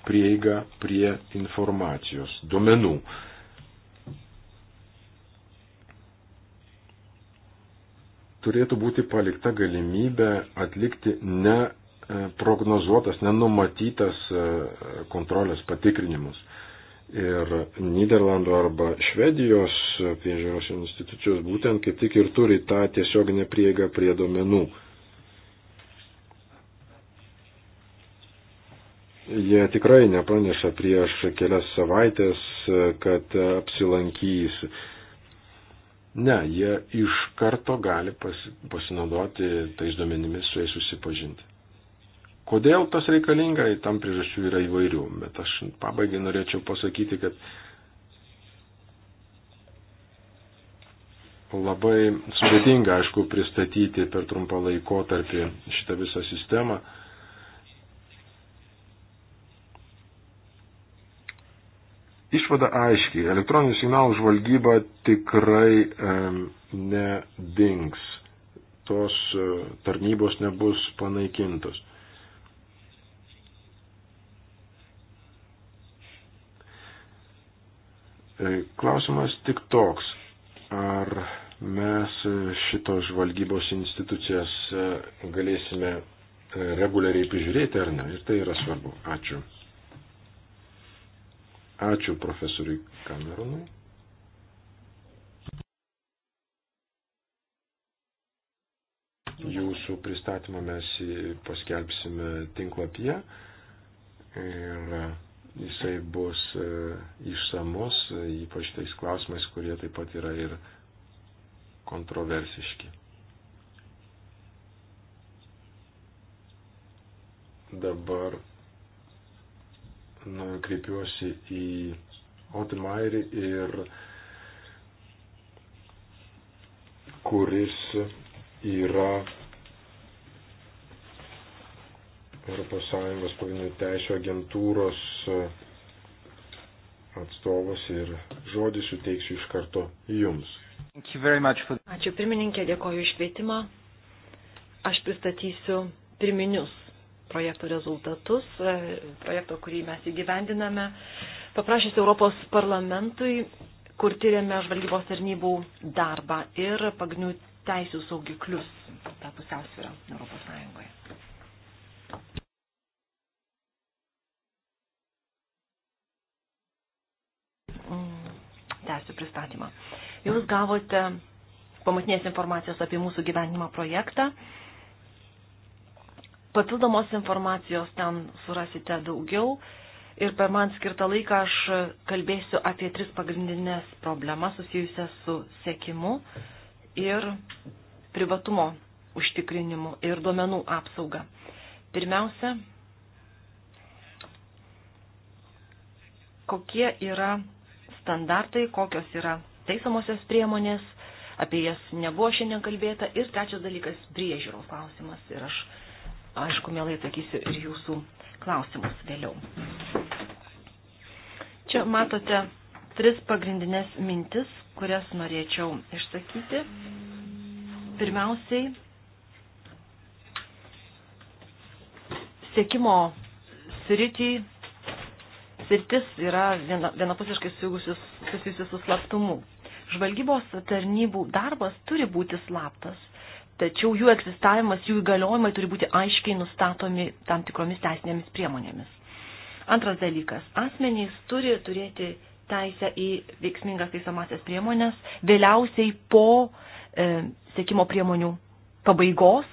prieigą prie informacijos, duomenų. Turėtų būti palikta galimybė atlikti neprognozuotas, e, nenumatytas e, kontrolės patikrinimus. Ir Niderlandų arba Švedijos priežiūros institucijos būtent kaip tik ir turi tą tiesioginę prieigą prie duomenų Jie tikrai nepraneša prieš kelias savaitės, kad apsilankys. Ne, jie iš karto gali pasinaudoti tais duomenimis su jais susipažinti. Kodėl tas reikalinga, tai tam priežasčių yra įvairių, bet aš pabaigai norėčiau pasakyti, kad labai sudėtinga, aišku, pristatyti per trumpą laikotarpį šitą visą sistemą. Išvada aiškiai, elektroninių signalų žvalgyba tikrai e, nedings, tos e, tarnybos nebus panaikintos. E, klausimas tik toks, ar mes šitos žvalgybos institucijas e, galėsime e, reguliariai prižiūrėti ar ne. Ir tai yra svarbu. Ačiū. Ačiū profesoriui Kamerunui. Jūsų pristatymą mes paskelbsime tinklapyje ir jisai bus e, išsamus, ypač tais klausimais, kurie taip pat yra ir kontroversiški. Dabar Nu, kreipiuosi į Otimairį ir kuris yra ES pagrindinių teisų agentūros atstovas ir žodį suteiksiu iš karto jums. For... Ačiū pirmininkė, dėkoju iš kvietimą. Aš pristatysiu pirminius projekto rezultatus, e, projekto, kurį mes įgyvendiname, paprašęs Europos parlamentui, kur tyrėme žvalgybos tarnybų darbą ir pagnių teisų saugiklius, tą pusiausvyrą Europos Sąjungoje. Tęsiu pristatymą. Jūs gavote pamatinės informacijos apie mūsų gyvenimo projektą Papildomos informacijos ten surasite daugiau ir per man skirtą laiką aš kalbėsiu apie tris pagrindinės problemas susijusias su sekimu ir privatumo užtikrinimu ir duomenų apsauga. Pirmiausia, kokie yra standartai, kokios yra teisomosios priemonės, apie jas nebuvo šiandien kalbėta. Ir trečias dalykas - priežiūros klausimas. Ir aš Aišku, mielai atsakysiu ir jūsų klausimus vėliau. Čia matote tris pagrindinės mintis, kurias norėčiau išsakyti. Pirmiausiai, sėkimo sritį, sritis yra viena, vienapusiškai susijusi su slaptumu. Žvalgybos tarnybų darbas turi būti slaptas tačiau jų egzistavimas, jų įgaliojimai turi būti aiškiai nustatomi tam tikromis teisinėmis priemonėmis. Antras dalykas. Asmenys turi turėti teisę į veiksmingas teisamasias priemonės vėliausiai po e, sėkimo priemonių pabaigos.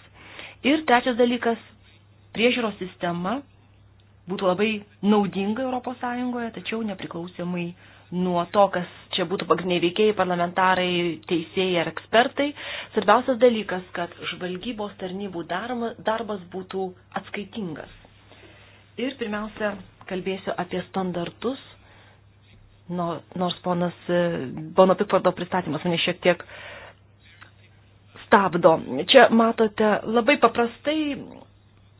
Ir trečias dalykas. Priežiūros sistema būtų labai naudinga ES, tačiau nepriklausomai nuo to, kas čia būtų pagrindiniai veikėjai, parlamentarai, teisėjai ar ekspertai. Svarbiausias dalykas, kad žvalgybos tarnybų darbas būtų atskaitingas. Ir pirmiausia, kalbėsiu apie standartus, nors ponas Bono e, Pikvardo pristatymas mane šiek tiek stabdo. Čia matote labai paprastai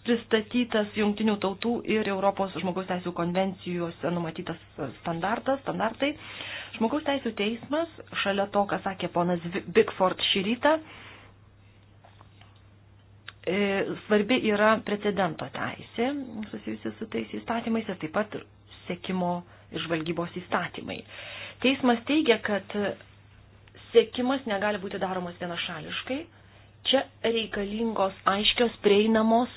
pristatytas jungtinių tautų ir Europos žmogaus teisų konvencijos numatytas standartas, standartai. Žmogaus teisų teismas, šalia to, ką sakė ponas Bigford šį rytą, e, svarbi yra precedento teisė susijusi su tais įstatymais ir taip pat sekimo ir žvalgybos įstatymai. Teismas teigia, kad sekimas negali būti daromas vienašališkai. Čia reikalingos aiškios prieinamos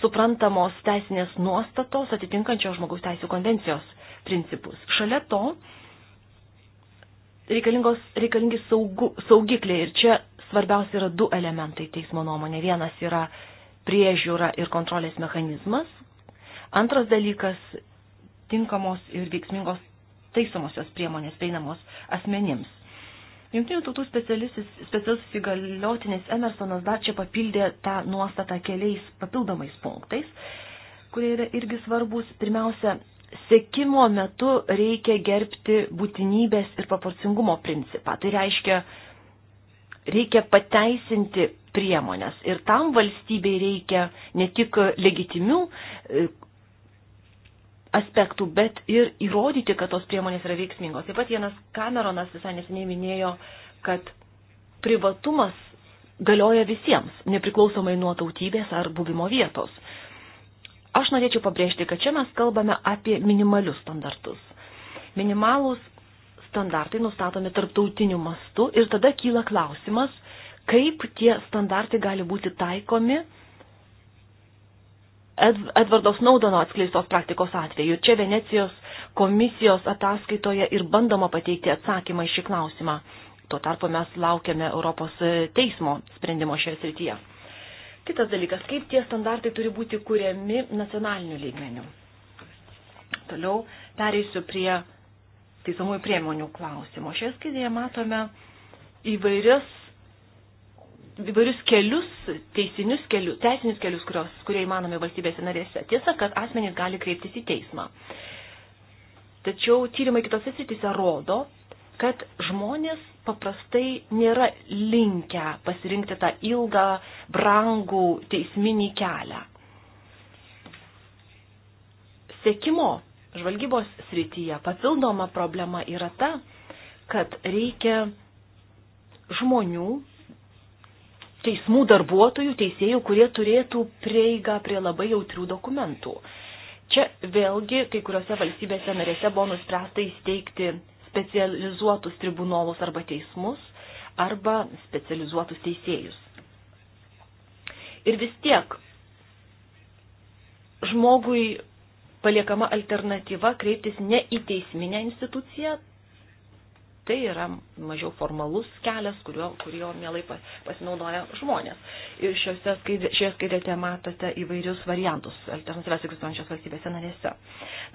suprantamos teisinės nuostatos atitinkančios žmogaus teisų konvencijos principus. Šalia to reikalingi saugu, saugikliai ir čia svarbiausia yra du elementai teismo nuomonė. Vienas yra priežiūra ir kontrolės mechanizmas. Antras dalykas tinkamos ir veiksmingos taisomosios priemonės prieinamos asmenims. Junktinių tautų specialusis įgaliotinis Emersonas dar čia papildė tą nuostatą keliais papildomais punktais, kurie yra irgi svarbus. Pirmiausia, sekimo metu reikia gerbti būtinybės ir proporcingumo principą. Tai reiškia, reikia pateisinti priemonės ir tam valstybei reikia ne tik legitimių aspektų, bet ir įrodyti, kad tos priemonės yra veiksmingos. Taip pat vienas Kameronas visai neseniai minėjo, kad privatumas galioja visiems, nepriklausomai nuo tautybės ar buvimo vietos. Aš norėčiau pabrėžti, kad čia mes kalbame apie minimalius standartus. Minimalūs standartai nustatomi tarptautiniu mastu ir tada kyla klausimas, kaip tie standartai gali būti taikomi Edvardo Snowdono atskleistos praktikos atveju. Čia Venecijos komisijos ataskaitoje ir bandoma pateikti atsakymą į šį klausimą. Tuo tarpu mes laukiame Europos teismo sprendimo šioje srityje. Kitas dalykas, kaip tie standartai turi būti kuriami nacionaliniu lygmeniu. Toliau pereisiu prie teisamųjų priemonių klausimo. Šioje skaidėje matome įvairias įvairius kelius, teisinius kelius, teisinius kelius, kurios, kurie įmanomi valstybėse narėse. Tiesa, kad asmenys gali kreiptis į teismą. Tačiau tyrimai kitose srityse rodo, kad žmonės paprastai nėra linkę pasirinkti tą ilgą, brangų teisminį kelią. Sekimo žvalgybos srityje papildoma problema yra ta, kad reikia žmonių, teismų darbuotojų, teisėjų, kurie turėtų prieigą prie labai jautrių dokumentų. Čia vėlgi kai kuriuose valstybėse narėse buvo nuspręsta įsteigti specializuotus tribunolus arba teismus arba specializuotus teisėjus. Ir vis tiek žmogui paliekama alternatyva kreiptis ne į teisminę instituciją, tai yra mažiau formalus kelias, kurio, kurio mielai pasinaudoja žmonės. Ir šiose skaidrė, šioje skaidrėte matote įvairius variantus alternatyvas egzistuojančios valstybėse narėse.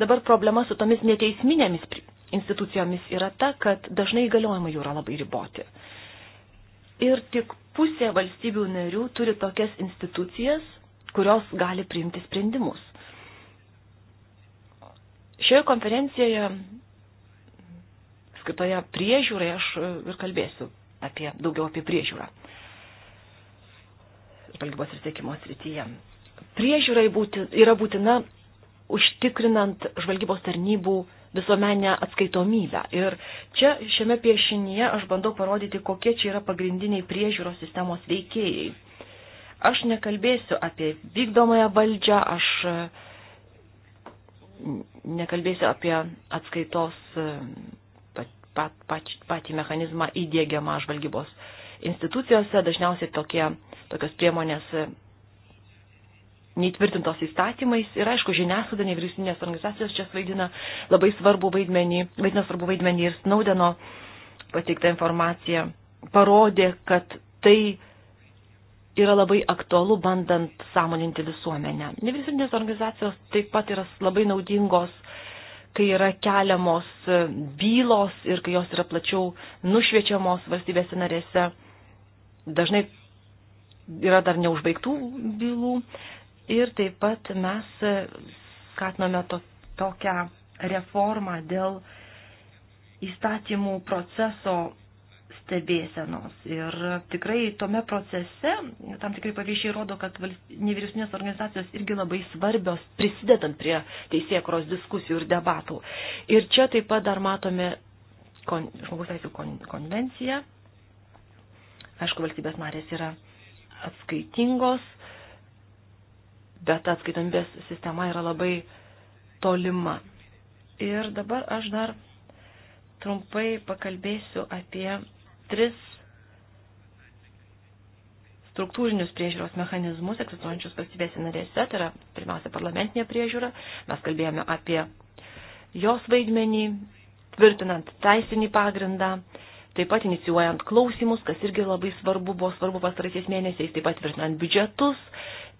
Dabar problema su tomis neteisminėmis institucijomis yra ta, kad dažnai įgaliojimai jų yra labai riboti. Ir tik pusė valstybių narių turi tokias institucijas, kurios gali priimti sprendimus. Šioje konferencijoje skirtoje priežiūrai aš e, ir kalbėsiu apie, daugiau apie priežiūrą. Žvalgybos ir sėkimo srityje. Priežiūra būti, yra būtina užtikrinant žvalgybos tarnybų visuomenę atskaitomybę. Ir čia šiame piešinyje aš bandau parodyti, kokie čia yra pagrindiniai priežiūros sistemos veikėjai. Aš nekalbėsiu apie vykdomąją valdžią, aš e, nekalbėsiu apie atskaitos e, pat, pat, patį mechanizmą įdėgiamą žvalgybos institucijose. Dažniausiai tokie, tokios priemonės e, neįtvirtintos įstatymais ir aišku žiniasklaida nevyriausybinės organizacijos čia vaidina labai svarbu vaidmenį, vaidina svarbu vaidmenį ir Snaudeno pateikta informacija parodė, kad tai yra labai aktualu bandant sąmoninti visuomenę. Nevyriausybinės organizacijos taip pat yra labai naudingos kai yra keliamos e, bylos ir kai jos yra plačiau nušviečiamos valstybėse narėse. Dažnai yra dar neužbaigtų bylų. Ir taip pat mes e, skatiname to, tokią reformą dėl įstatymų proceso stebėsenos. Ir tikrai tome procese tam tikrai pavyzdžiai rodo, kad nevyriausybinės organizacijos irgi labai svarbios prisidedant prie teisėkros diskusijų ir debatų. Ir čia taip pat dar matome kon, žmogus teisų kon, konvenciją. Aišku, valstybės narės yra atskaitingos, bet atskaitomybės sistema yra labai tolima. Ir dabar aš dar trumpai pakalbėsiu apie tris struktūrinius priežiūros mechanizmus egzistuojančius valstybėse narėse, tai yra pirmiausia parlamentinė priežiūra, mes kalbėjome apie jos vaidmenį, tvirtinant teisinį pagrindą, taip pat inicijuojant klausimus, kas irgi labai svarbu, buvo svarbu pastaraisiais mėnesiais, taip pat tvirtinant biudžetus,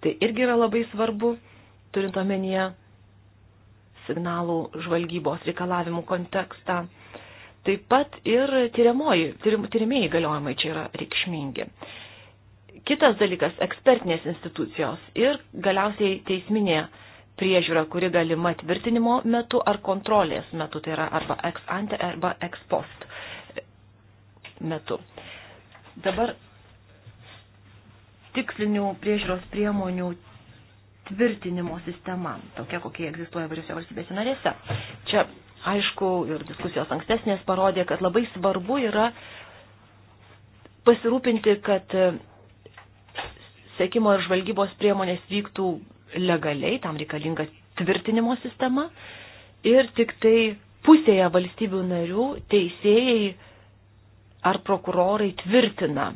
tai irgi yra labai svarbu, turint omenyje signalų žvalgybos reikalavimų kontekstą. Taip pat ir tyrimieji tyrim, galiojimai čia yra reikšmingi. Kitas dalykas - ekspertinės institucijos ir galiausiai teisminė priežiūra, kuri galima tvirtinimo metu ar kontrolės metu, tai yra arba ex ante arba ex post metu. Dabar tikslinių priežiūros priemonių tvirtinimo sistema, tokia kokia egzistuoja variose valstybėse narėse. Čia aišku, ir diskusijos ankstesnės parodė, kad labai svarbu yra pasirūpinti, kad sėkimo ir žvalgybos priemonės vyktų legaliai, tam reikalinga tvirtinimo sistema ir tik tai pusėje valstybių narių teisėjai ar prokurorai tvirtina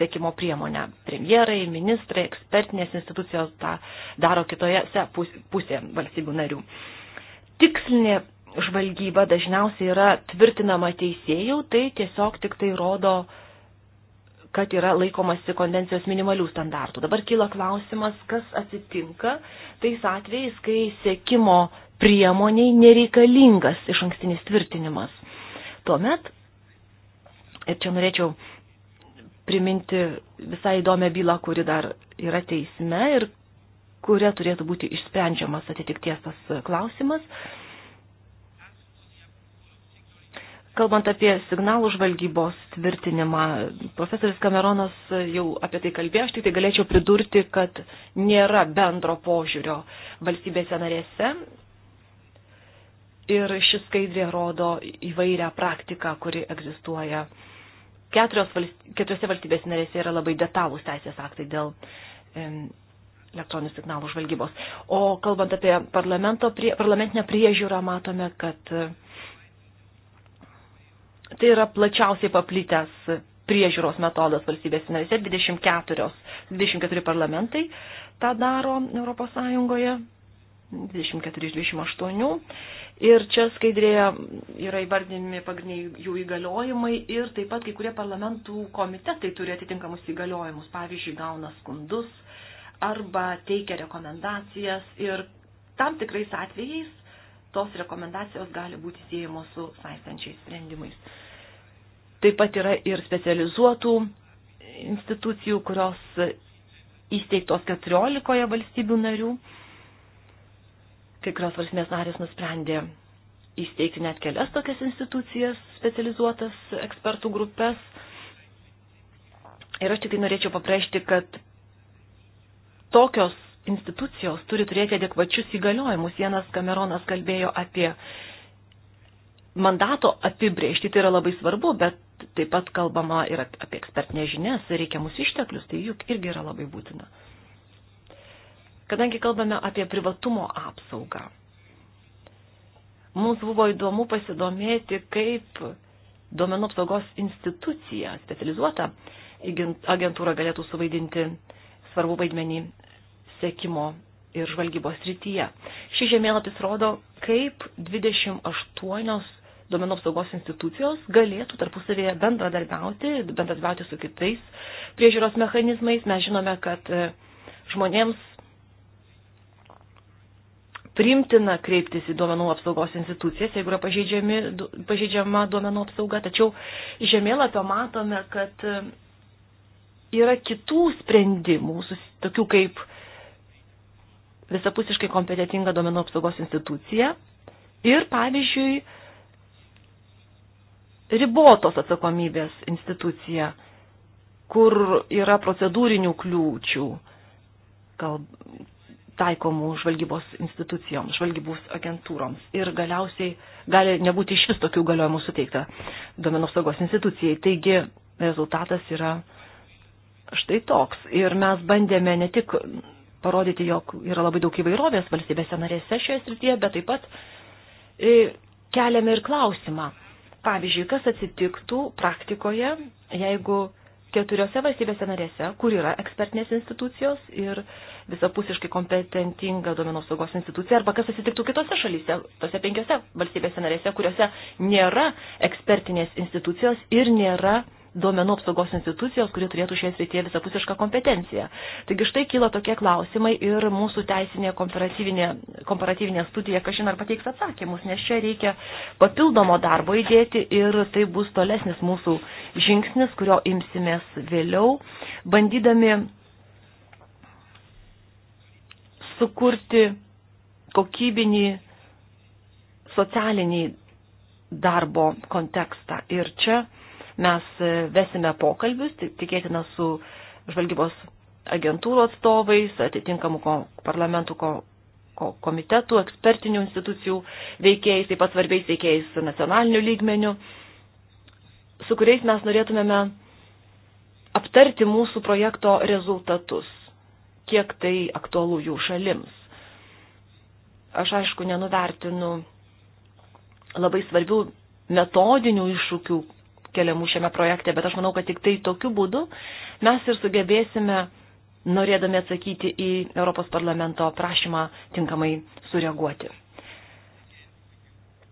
sėkimo priemonę. Premjerai, ministrai, ekspertinės institucijos tą daro kitoje pusėje valstybių narių. Tikslinė žvalgyba dažniausiai yra tvirtinama teisėjų, tai tiesiog tik tai rodo, kad yra laikomasi konvencijos minimalių standartų. Dabar kyla klausimas, kas atsitinka tais atvejais, kai sėkimo priemoniai nereikalingas iš ankstinis tvirtinimas. Tuomet, ir čia norėčiau priminti visai įdomią bylą, kuri dar yra teisme ir kuria turėtų būti išsprendžiamas atitikties tas klausimas. Kalbant apie signalų žvalgybos tvirtinimą, profesorius Kameronas jau apie tai kalbėjo, aš tik tai galėčiau pridurti, kad nėra bendro požiūrio valstybėse narėse ir ši skaidrė rodo įvairią praktiką, kuri egzistuoja. Keturios valstybės, keturiose valstybės narėse yra labai detalūs teisės aktai dėl elektroninių signalų žvalgybos. O kalbant apie parlamentinę priežiūrą, matome, kad tai yra plačiausiai paplitęs priežiūros metodas valstybės narėse, 24, 24 parlamentai tą daro Europos Sąjungoje, 24 iš 28. Ir čia skaidrėje yra įvardinimi pagrindiniai jų įgaliojimai ir taip pat kai kurie parlamentų komitetai turi atitinkamus įgaliojimus, pavyzdžiui, gauna skundus arba teikia rekomendacijas ir tam tikrais atvejais tos rekomendacijos gali būti siejamos su saistančiais sprendimais. Taip pat yra ir specializuotų institucijų, kurios įsteigtos 14 valstybių narių. Kai kurios valstybės narės nusprendė įsteigti net kelias tokias institucijas, specializuotas ekspertų grupės. Ir aš tik tai norėčiau paprašyti, kad tokios institucijos turi turėti adekvačius įgaliojimus. Vienas Kameronas kalbėjo apie mandato apibrėžti, tai yra labai svarbu, bet taip pat kalbama ir apie ekspertinės žinias, reikiamus išteklius, tai juk irgi yra labai būtina. Kadangi kalbame apie privatumo apsaugą, mums buvo įdomu pasidomėti, kaip duomenų apsaugos institucija, specializuota agentūra galėtų suvaidinti svarbu vaidmenį sekimo ir žvalgybos rytyje. Šis žemėlapis rodo, kaip 28 duomenų apsaugos institucijos galėtų tarpusavėje bendradarbiauti, bendradarbiauti su kitais priežiūros mechanizmais. Mes žinome, kad e, žmonėms primtina kreiptis į duomenų apsaugos institucijas, jeigu yra du, pažeidžiama duomenų apsauga, tačiau žemėlapio matome, kad e, yra kitų sprendimų, tokių kaip visapusiškai kompetitinga duomenų apsaugos institucija ir, pavyzdžiui, ribotos atsakomybės institucija, kur yra procedūrinių kliūčių kalb, taikomų žvalgybos institucijoms, žvalgybos agentūroms. Ir galiausiai gali nebūti iš vis tokių galiojimų suteikta duomenų saugos institucijai. Taigi rezultatas yra štai toks. Ir mes bandėme ne tik parodyti, jog yra labai daug įvairovės valstybėse narėse šioje srityje, bet taip pat e, keliame ir klausimą, Pavyzdžiui, kas atsitiktų praktikoje, jeigu keturiose valstybėse narėse, kur yra ekspertinės institucijos ir visapusiškai kompetentinga duomenų saugos institucija, arba kas atsitiktų kitose šalyse, tose penkiose valstybėse narėse, kuriuose nėra ekspertinės institucijos ir nėra uh, duomenų apsaugos institucijos, kuri turėtų šioje srityje visapusišką kompetenciją. Taigi štai kyla tokie klausimai ir mūsų teisinė komparatyvinė, komparatyvinė studija kažin ar pateiks atsakymus, nes čia reikia papildomo darbo įdėti ir tai bus tolesnis mūsų žingsnis, kurio imsimės vėliau, bandydami sukurti kokybinį socialinį darbo kontekstą. Ir čia Mes e, vesime pokalbius, tikėtina su žvalgybos agentūrų atstovais, atitinkamų parlamentų komitetų, ekspertinių institucijų veikėjais, taip pat svarbiais veikėjais nacionalinių lygmenių, su kuriais mes norėtumėme aptarti mūsų projekto rezultatus, kiek tai aktualu jų šalims. Aš aišku nenuvertinu labai svarbių metodinių iššūkių, keliamų šiame projekte, bet aš manau, kad tik tai tokiu būdu mes ir sugebėsime, norėdami atsakyti į Europos parlamento prašymą, tinkamai sureaguoti.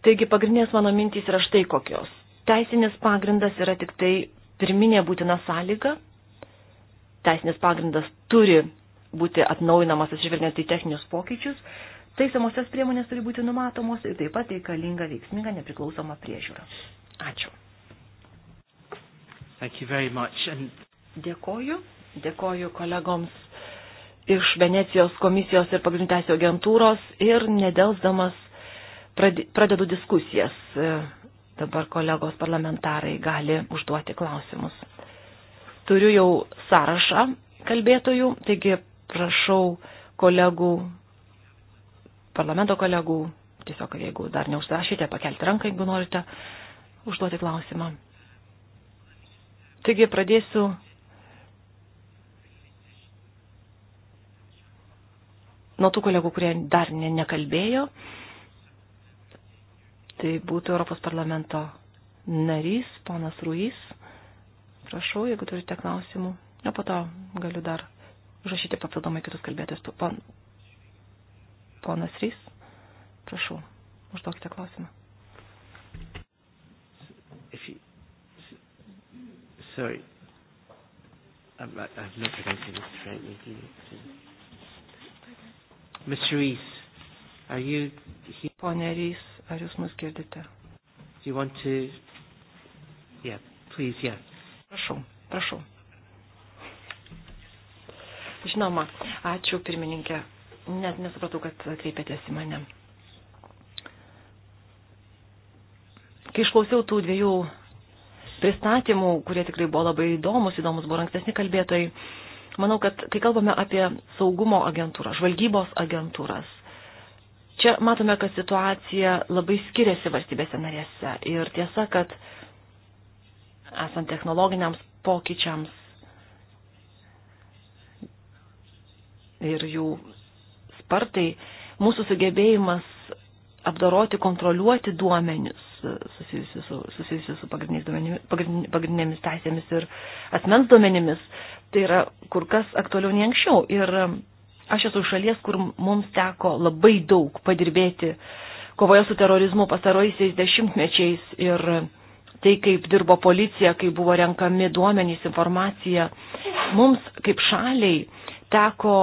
Taigi pagrindinės mano mintys yra štai kokios. Teisinis pagrindas yra tik tai pirminė būtina sąlyga. Teisinis pagrindas turi būti atnaujinamas atsižvelgiant į techninius pokyčius. Taisomosios priemonės turi būti numatomos ir taip pat reikalinga veiksminga nepriklausoma priežiūra. Ačiū. And... Dėkoju. Dėkoju kolegoms iš Venecijos komisijos ir pagrindinės agentūros ir nedelsdamas pradedu diskusijas. Dabar kolegos parlamentarai gali užduoti klausimus. Turiu jau sąrašą kalbėtojų, taigi prašau kolegų, parlamento kolegų, tiesiog jeigu dar neužsirašyte, pakelti ranką, jeigu norite užduoti klausimą. Taigi pradėsiu nuo tų kolegų, kurie dar ne, nekalbėjo. Tai būtų Europos parlamento narys, ponas Ruiz. Prašau, jeigu turite klausimų. Na, po to galiu dar užrašyti papildomai kitus kalbėtojus. Pon... Ponas Rys, prašau, užduokite klausimą. Sorry. I'm, I'm not pronouncing this correctly. Do you, Ms. Reese, are you here? Pone Reese, ar jūs mus girdite? Do you want to... Yeah, please, yeah. Prašau, prašau. Žinoma, ačiū pirmininkė. Net nesupratau, kad kreipėtės į mane. Kai išklausiau tų dviejų pristatymų, kurie tikrai buvo labai įdomus, įdomus buvo ankstesni kalbėtojai. Manau, kad kai kalbame apie saugumo agentūrą, žvalgybos agentūras, čia matome, kad situacija labai skiriasi valstybėse narėse. Ir tiesa, kad esant technologiniams pokyčiams ir jų spartai, mūsų sugebėjimas apdoroti, kontroliuoti duomenius susijusius su, susijusiu su pagrindinėmis teisėmis ir asmens duomenimis, tai yra kur kas aktualiau nei anksčiau. Ir aš esu šalies, kur mums teko labai daug padirbėti kovoje su terorizmu pastaroisiais dešimtmečiais ir tai, kaip dirbo policija, kaip buvo renkami duomenys, informacija. Mums kaip šaliai teko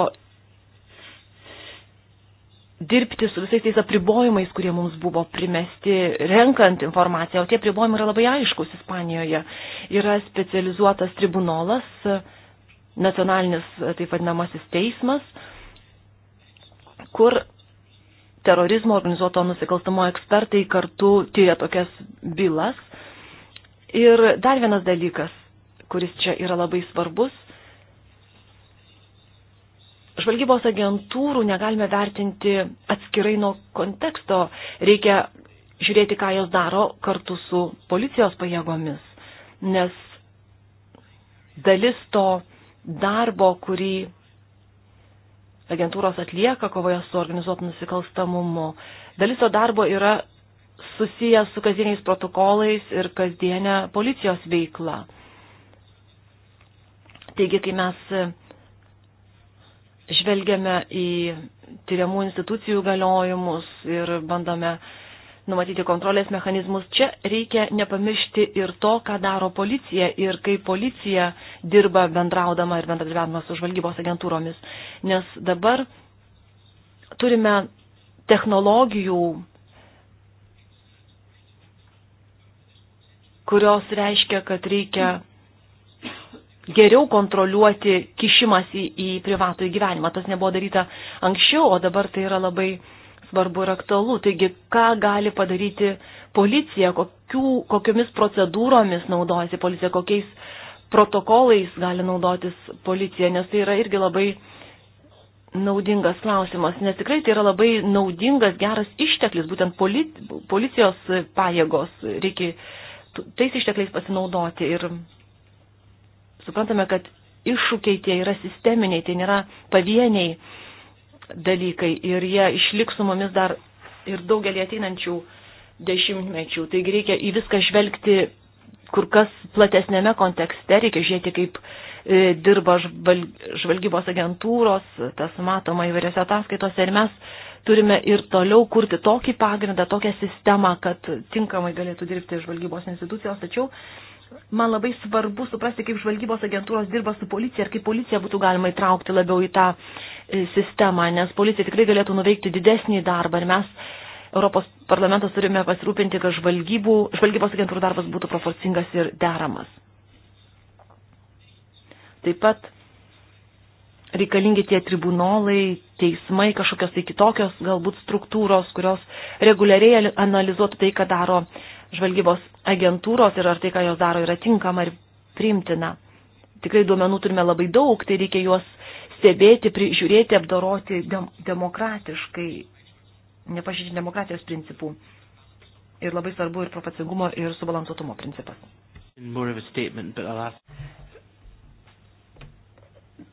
dirbti su visais tais apribojimais, kurie mums buvo primesti, renkant informaciją, o tie apribojimai yra labai aiškus Ispanijoje. Yra specializuotas tribunolas, nacionalinis taip vadinamasis teismas, kur terorizmo organizuoto nusikalstamo ekspertai kartu tyria tokias bylas. Ir dar vienas dalykas, kuris čia yra labai svarbus – žvalgybos agentūrų negalime vertinti atskirai nuo konteksto. Reikia žiūrėti, ką jos daro kartu su policijos pajėgomis, nes dalis to darbo, kurį agentūros atlieka kovoje su organizuotu nusikalstamumu, dalis to darbo yra susijęs su kasdieniais protokolais ir kasdienė policijos veikla. Taigi, kai mes žvelgiame į tyriamų institucijų galiojimus ir bandome numatyti kontrolės mechanizmus. Čia reikia nepamiršti ir to, ką daro policija ir kaip policija dirba bendraudama ir bendradarbiavama su žvalgybos agentūromis. Nes dabar turime technologijų, kurios reiškia, kad reikia geriau kontroliuoti kišimasi į, į privatų įgyvenimą. Tas nebuvo daryta anksčiau, o dabar tai yra labai svarbu ir aktualu. Taigi, ką gali padaryti policija, kokių, kokiomis procedūromis naudojasi policija, kokiais protokolais gali naudotis policija, nes tai yra irgi labai naudingas klausimas, nes tikrai tai yra labai naudingas, geras išteklis, būtent policijos pajėgos reikia tais ištekliais pasinaudoti ir Suprantame, kad iššūkiai tie yra sisteminiai, tai nėra pavieniai dalykai ir jie išliks su mumis dar ir daugelį ateinančių dešimtmečių. Taigi reikia į viską žvelgti kur kas platesnėme kontekste, reikia žiūrėti, kaip e, dirba žvalgybos agentūros, tas matoma įvairiose ataskaitose ir mes turime ir toliau kurti tokį pagrindą, tokią sistemą, kad tinkamai galėtų dirbti žvalgybos institucijos, tačiau man labai svarbu suprasti, kaip žvalgybos agentūros dirba su policija ir kaip policija būtų galima įtraukti labiau į tą e, sistemą, nes policija tikrai galėtų nuveikti didesnį darbą ir mes Europos parlamentas turime pasirūpinti, kad žvalgybų, žvalgybos agentūrų darbas būtų proporcingas ir deramas. Taip pat reikalingi tie tribunolai, teismai, kažkokios tai kitokios galbūt struktūros, kurios reguliariai analizuotų tai, ką daro žvalgybos agentūros ir ar tai, ką jos daro, yra tinkama ir priimtina. Tikrai duomenų turime labai daug, tai reikia juos stebėti, prižiūrėti, apdoroti dem demokratiškai, nepažydžiant demokratijos principų. Ir labai svarbu ir proporcingumo, ir subalansuotumo principas.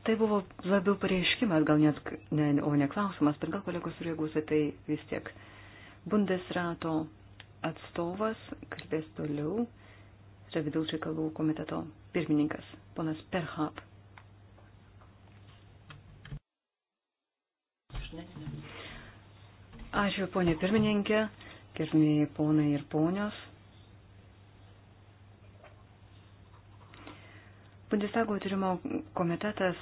Tai buvo labiau pareiškimas, gal net, ne, o ne klausimas, bet gal kolegos sureaguosi tai vis tiek. Bundesrato atstovas kalbės toliau, yra vidaus reikalų komiteto pirmininkas, ponas Perhap. Ačiū, ponė pirmininkė, gerbėjai ponai ir ponios. Bundestago tyrimo komitetas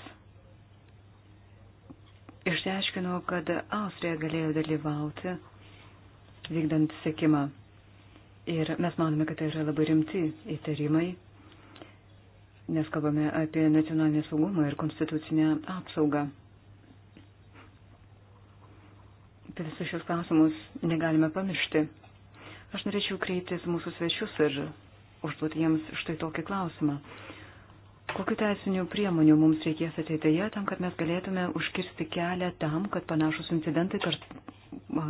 išsiaiškino, kad Austrija galėjo dalyvauti vykdant sekimą. Ir mes manome, kad tai yra labai rimti įtarimai, nes kalbame apie nacionalinį saugumą ir konstitucinę apsaugą. Apie visus šios klausimus negalime pamiršti. Aš norėčiau kreiptis mūsų svečius ir užduoti jiems štai tokį klausimą. Kokiu teisiniu priemoniu mums reikės ateityje tam, kad mes galėtume užkirsti kelią tam, kad panašus incidentai kart, a,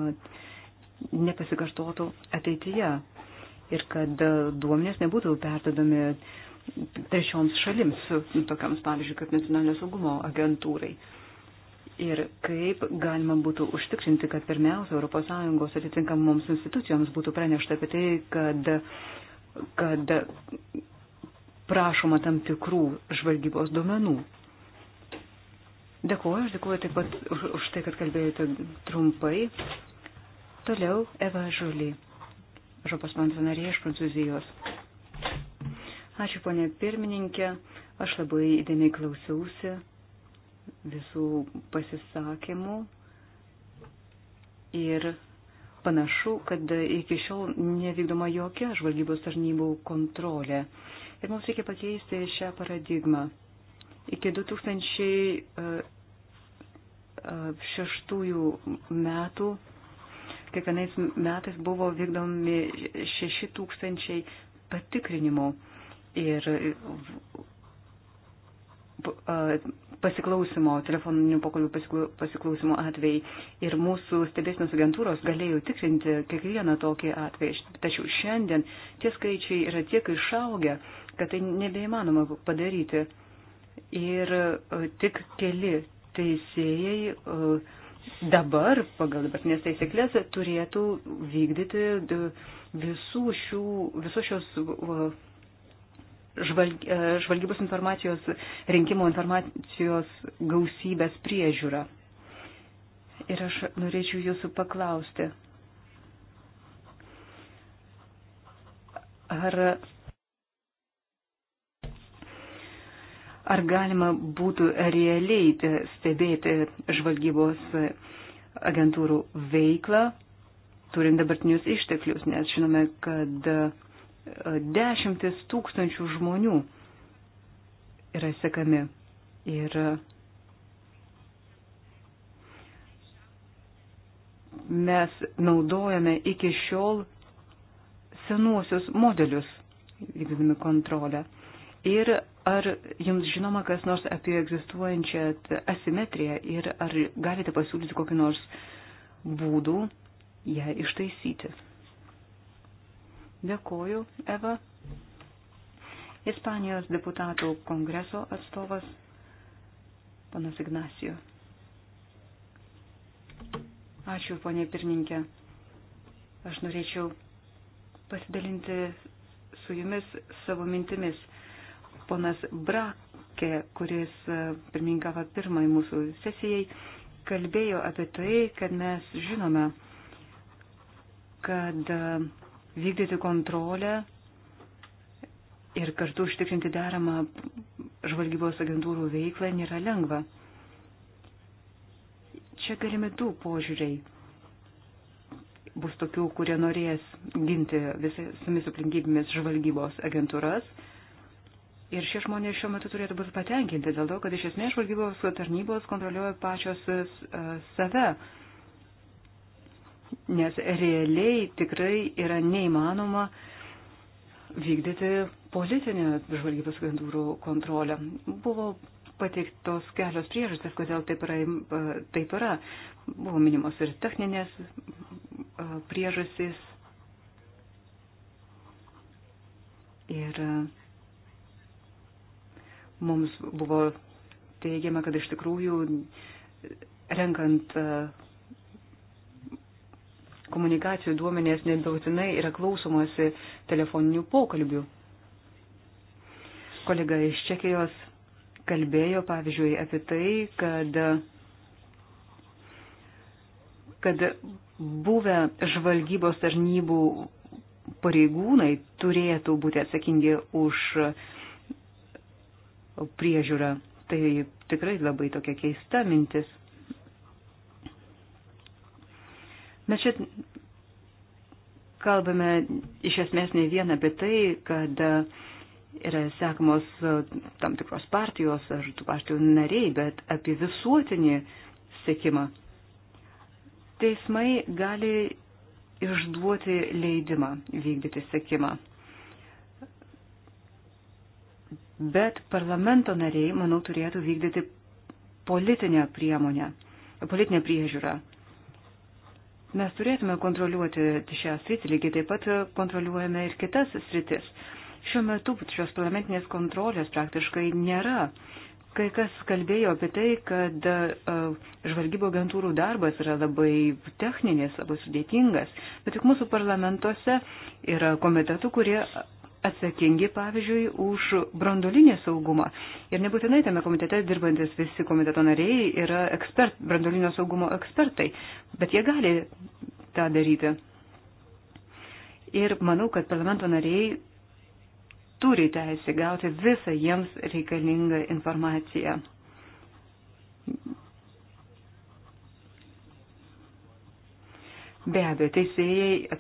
nepasikartotų ateityje? ir kad e, duomenės nebūtų perdodami trečioms šalims, tokiams pavyzdžiui, kaip nacionalinio saugumo agentūrai. Ir kaip galima būtų užtikrinti, kad pirmiausia ES atitinkamoms institucijoms būtų pranešta apie tai, kad, kad prašoma tam tikrų žvalgybos duomenų. Dėkuoju, aš dėkuoju taip pat už, už tai, kad kalbėjote trumpai. Toliau Eva Žuly. Europos parlamento narė iš Prancūzijos. Ačiū, ponė pirmininkė. Aš labai įdėmiai klausiausi visų pasisakymų ir panašu, kad iki šiol nevykdoma jokia žvalgybos tarnybų kontrolė. Ir mums reikia pakeisti šią paradigmą. Iki 2006 e, e, metų kiekvienais metais buvo vykdomi 6 tūkstančiai patikrinimų ir pasiklausimo, telefoninių pokalbių pasiklausimo atvejai. Ir mūsų stebėsinos agentūros galėjo tikrinti kiekvieną tokį atvejį. Tačiau šiandien tie skaičiai yra tiek išaugę, kad tai nebeįmanoma padaryti. Ir tik keli teisėjai uh, dabar pagal dabartinės taisyklės turėtų vykdyti visų šių, visos šios žvalg, e, žvalgybos informacijos, rinkimo informacijos gausybės priežiūrą. Ir aš norėčiau jūsų paklausti, ar Ar galima būtų realiai stebėti žvalgybos agentūrų veiklą, turint dabartinius išteklius, nes žinome, kad e, dešimtis tūkstančių žmonių yra sekami. Ir mes naudojame iki šiol senuosius modelius, vykdami kontrolę. Ir ar jums žinoma kas nors apie egzistuojančią asimetriją ir ar galite pasiūlyti kokį nors būdų ją ištaisyti? Dėkoju, Eva. Ispanijos deputatų kongreso atstovas panas Ignacijo. Ačiū, ponė pirmininkė. Aš norėčiau pasidalinti su jumis savo mintimis ponas Brakė, kuris e, pirmininkavo pirmai mūsų sesijai, kalbėjo apie tai, kad mes žinome, kad e, vykdyti kontrolę ir kartu užtikrinti deramą žvalgybos agentūrų veiklą nėra lengva. Čia galime du požiūriai. Bus tokių, kurie norės ginti visomis aplinkybėmis žvalgybos agentūras Ir šie žmonės šiuo metu turėtų būti patenkinti dėl to, kad iš esmės žvalgybos tarnybos kontroliuoja pačios e, save. Nes realiai tikrai yra neįmanoma vykdyti politinę žvalgybos agentūrų kontrolę. Buvo pateiktos kelios priežastys, kodėl taip yra, e, taip yra. Buvo minimos ir techninės e, priežastys. Ir uh, Mums buvo teigiama, kad iš tikrųjų renkant e, komunikacijų duomenės nebautinai yra klausomasi telefoninių pokalbių. Kolega iš Čekijos kalbėjo, pavyzdžiui, apie tai, kad, kad buvę žvalgybos tarnybų pareigūnai turėtų būti atsakingi už uh, priežiūrą. Tai tikrai labai tokia keista mintis. Mes čia kalbame iš esmės ne vien apie tai, kad yra sekamos tam tikros partijos ar tų partijų nariai, bet apie visuotinį sekimą. Teismai gali išduoti leidimą vykdyti sekimą bet parlamento nariai, manau, turėtų vykdyti politinę priemonę, politinę priežiūrą. Mes turėtume kontroliuoti šią sritį, lygiai taip pat kontroliuojame ir kitas sritis. Šiuo metu šios parlamentinės kontrolės praktiškai nėra. Kai kas kalbėjo apie tai, kad žvalgybo agentūrų darbas yra labai techninis, labai sudėtingas, bet tik mūsų parlamentuose yra komitetų, kurie atsakingi, pavyzdžiui, už brandolinį saugumą. Ir nebūtinai tame komitete dirbantis visi komiteto nariai yra ekspert, brandolinio saugumo ekspertai, bet jie gali tą daryti. Ir manau, kad parlamento nariai turi teisę gauti visą jiems reikalingą informaciją. Be abejo, teisėjai,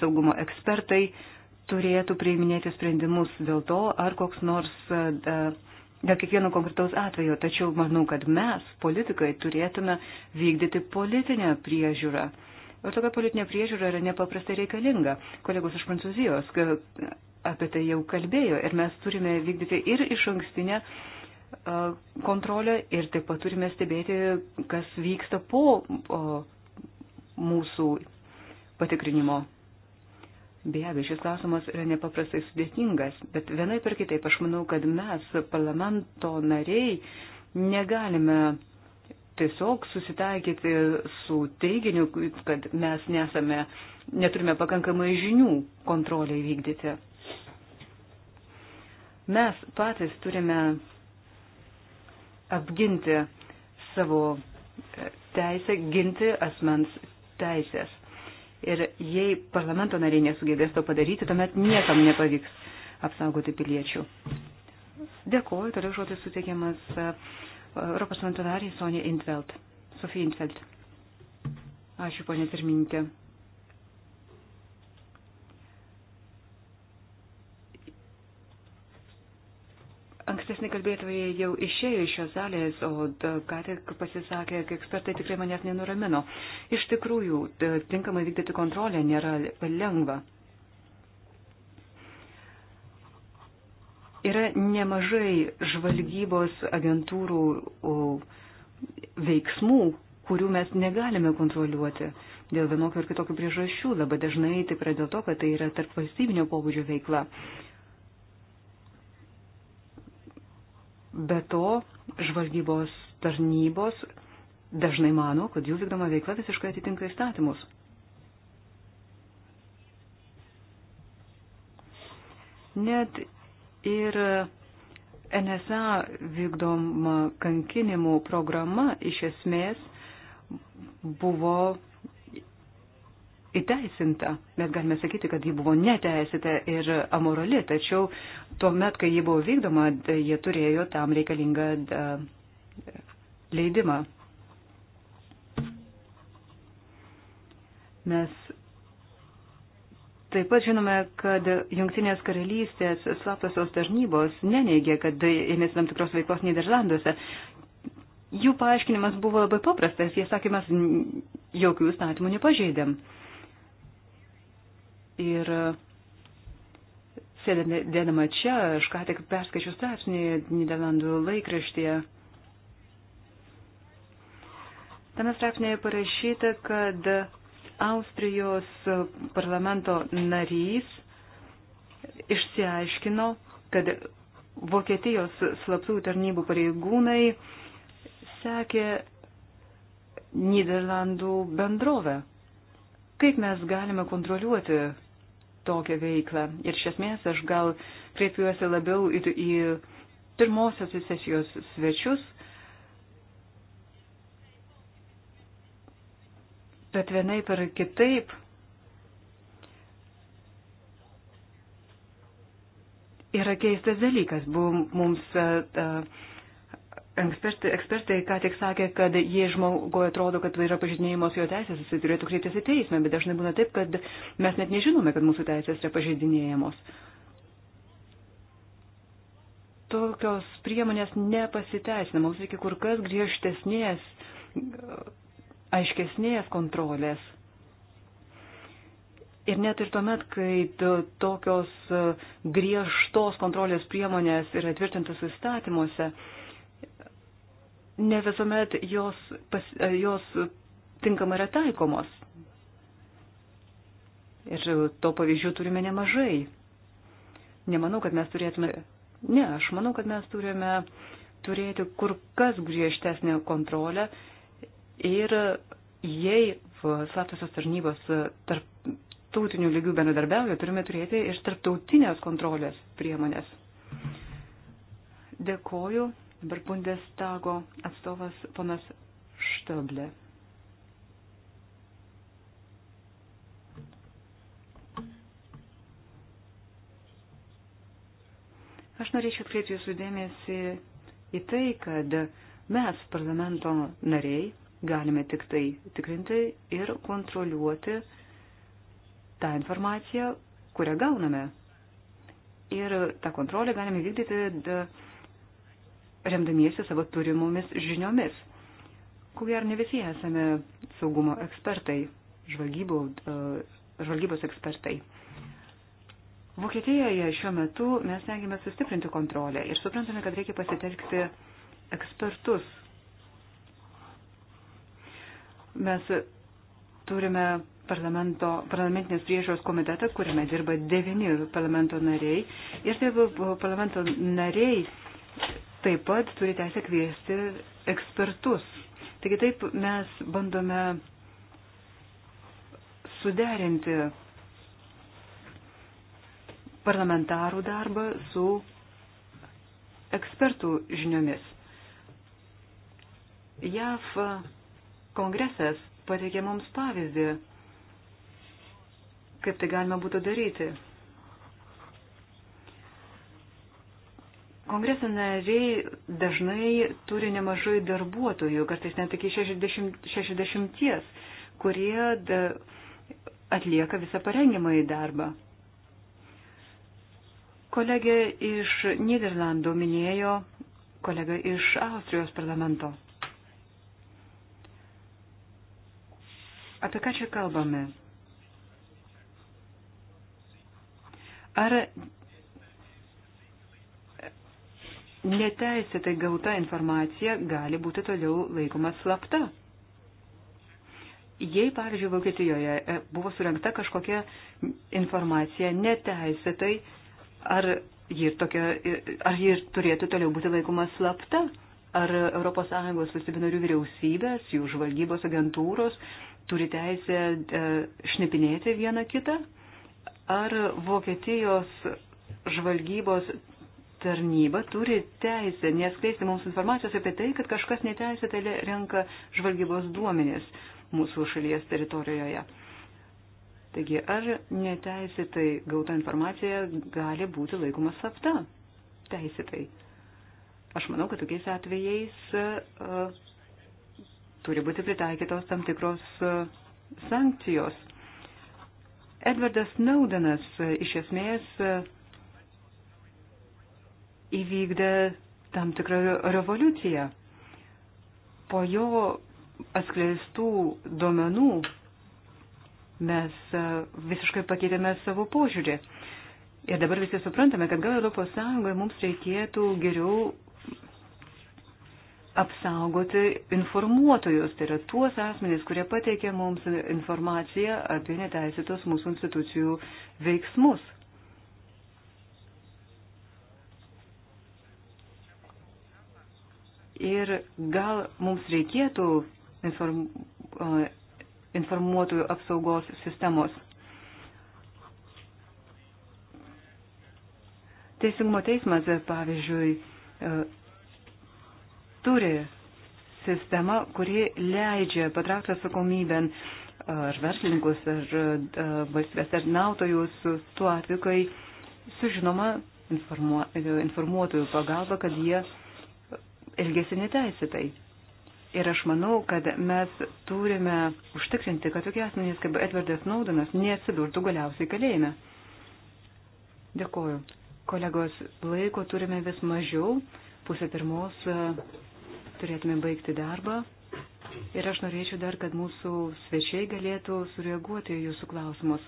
saugumo ekspertai, turėtų priiminėti sprendimus dėl to, ar koks nors, e, e, dėl kiekvieno konkretaus atvejo. Tačiau manau, kad mes, politikai, turėtume vykdyti politinę priežiūrą. Ir tokia politinė priežiūra yra nepaprastai reikalinga. Kolegos iš Prancūzijos e, apie tai jau kalbėjo ir mes turime vykdyti ir iš ankstinę kontrolę ir taip pat turime stebėti, kas vyksta po mūsų patikrinimo. Be abejo, šis klausimas yra nepaprastai sudėtingas, bet vienai per kitaip aš manau, kad mes, parlamento nariai, negalime tiesiog susitaikyti su teiginiu, kad mes nesame, neturime pakankamai žinių kontroliai vykdyti. Mes patys turime apginti savo teisę, ginti asmens teisės. Ir jei parlamento nariai nesugebės to padaryti, tuomet niekam nepavyks apsaugoti piliečių. Dėkuoju, toliau žodis suteikiamas e, Europos parlamento nariai Sonija Intveld. Sofija Intveld. Ačiū, ponė pirmininkė. Ankstesni kalbėtojai jau išėjo iš šios salės, o ką tik pasisakė, kad ekspertai tikrai manęs nenuramino. Iš tikrųjų, tinkamai vykdyti kontrolę nėra lengva. Yra nemažai žvalgybos agentūrų veiksmų, kurių mes negalime kontroliuoti dėl vienokio ir kitokio priežasčių. Labai dažnai taip yra dėl to, kad tai yra tarp valstybinio pobūdžio veikla. Be to, žvalgybos tarnybos dažnai mano, kad jų vykdoma veikla visiškai atitinka įstatymus. Net ir NSA vykdoma kankinimų programa iš esmės buvo įteisinta. Mes galime sakyti, kad ji buvo neteisėta ir amorali, tačiau tuo met, kai ji buvo vykdoma, jie turėjo tam reikalingą leidimą. Mes taip pat žinome, kad Junktinės karalystės slaptosios tarnybos neneigia, kad ėmėsi tam tikros veiklos Niderlanduose. Jų paaiškinimas buvo labai paprastas. Jie sakė, mes jokių įstatymų nepažeidėm. Ir e, sėdėdama čia, aš ką tik perskaičiu straipsnį Niderlandų laikraštyje. Tame straipsnėje parašyta, kad Austrijos parlamento narys išsiaiškino, kad Vokietijos slaptų tarnybų pareigūnai sekė Niderlandų bendrovę. Kaip mes galime kontroliuoti tokią veiklą. Ir iš esmės aš gal kreipiuosi labiau ir į pirmosios sesijos svečius, bet vienai per kitaip yra keistas dalykas. Buvo mums. Uh, uh, Ekspertai, ekspertai ką tik sakė, kad jei žmogui atrodo, kad yra pažydinėjimos jo teisės, jis turėtų kreiptis į teismą, bet dažnai būna taip, kad mes net nežinome, kad mūsų teisės yra pažydinėjamos. Tokios priemonės nepasiteisina, mums reikia kur kas griežtesnės, aiškesnės kontrolės. Ir net ir tuomet, kai tokios e, griežtos kontrolės priemonės yra tvirtintos įstatymuose, ne visuomet jos, pas, e, jos tinkamai yra taikomos. Ir to pavyzdžių turime nemažai. Nemanau, kad mes turėtume. Ne, aš manau, kad mes turime turėti kur kas griežtesnę kontrolę ir jei slaptosios tarnybos tarptautinių lygių bendradarbiauja, turime turėti ir tarptautinės kontrolės priemonės. Dėkoju. Dabar Bundestago atstovas ponas Štoblė. Aš norėčiau atkreipti jūsų dėmesį į tai, kad mes, parlamento nariai, galime tik tai tikrinti ir kontroliuoti tą informaciją, kurią gauname. Ir tą kontrolę galime vykdyti remdamiesi savo turimomis žiniomis. Ko gero ne visi esame saugumo ekspertai, žvalgybų, e, žvalgybos ekspertai. Vokietijoje šiuo metu mes tengiame sustiprinti kontrolę ir suprantame, kad reikia pasitelkti ekspertus. Mes turime parlamentinės priežiūros komitetą, kuriame dirba devini parlamento nariai. Ir tai parlamento nariai taip pat turi teisę kviesti ekspertus. Taigi taip mes bandome suderinti parlamentarų darbą su ekspertų žiniomis. JAV kongresas pateikė mums pavyzdį, kaip tai galima būtų daryti. Kongreso nariai dažnai turi nemažai darbuotojų, kartais net iki 60, 60 kurie da, atlieka visą parengimą į darbą. Kolegė iš Niderlandų minėjo kolega iš Austrijos parlamento. Apie ką čia kalbame? Ar neteisėtai gauta informacija gali būti toliau laikoma slapta. Jei, pavyzdžiui, Vokietijoje e, buvo surinkta kažkokia informacija neteisėtai, ar ji, tokia, e, ar ji turėtų toliau būti laikoma slapta, ar ES valstybinarių vyriausybės, jų žvalgybos agentūros turi teisę e, šnipinėti vieną kitą, ar Vokietijos žvalgybos tarnyba turi teisę neskleisti mums informacijos apie tai, kad kažkas neteisėtai renka žvalgybos duomenės mūsų šalies teritorijoje. Taigi, ar neteisėtai gauta informacija gali būti laikoma slapta? Teisėtai. Aš manau, kad tokiais atvejais uh, turi būti pritaikytos tam tikros uh, sankcijos. Edvardas Naudenas uh, e, iš esmės uh, įvykdė tam tikrą revoliuciją. Po jo atskleistų duomenų mes e, visiškai pakeitėme savo požiūrį. Ir dabar visi suprantame, kad gal Europos Sąjungoje mums reikėtų geriau apsaugoti informuotojus, tai yra tuos asmenys, kurie pateikia mums informaciją apie neteisėtos mūsų institucijų veiksmus. Ir gal mums reikėtų inform, informuotojų apsaugos sistemos. Teisingumo teismas, pavyzdžiui, turi sistemą, kuri leidžia patraukti atsakomybę ar verslininkus, ar valstybės tarnautojus tuo atveju, kai sužinoma informuotojų pagalba, kad jie elgesi neteisėtai. Ir aš manau, kad mes turime užtikrinti, kad tokie asmenys kaip Edvardas Naudonas neatsidurtų galiausiai kalėjime. Dėkuoju. Kolegos, laiko turime vis mažiau. Pusė pirmos e, turėtume baigti darbą. Ir aš norėčiau dar, kad mūsų svečiai galėtų sureaguoti į jūsų klausimus.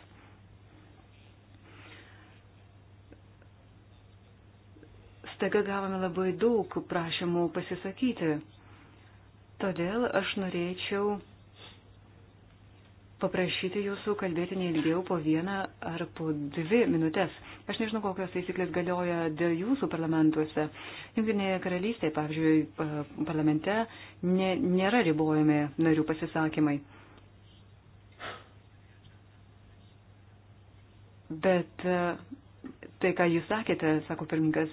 staiga gavome labai daug prašymų pasisakyti. Todėl aš norėčiau paprašyti jūsų kalbėti neilgiau po vieną ar po dvi minutės. Aš nežinau, kokios taisyklės galioja dėl jūsų parlamentuose. Junginėje karalystėje, pavyzdžiui, parlamente ne, nėra ribojami narių pasisakymai. Bet tai, ką jūs sakėte, sako pirmininkas,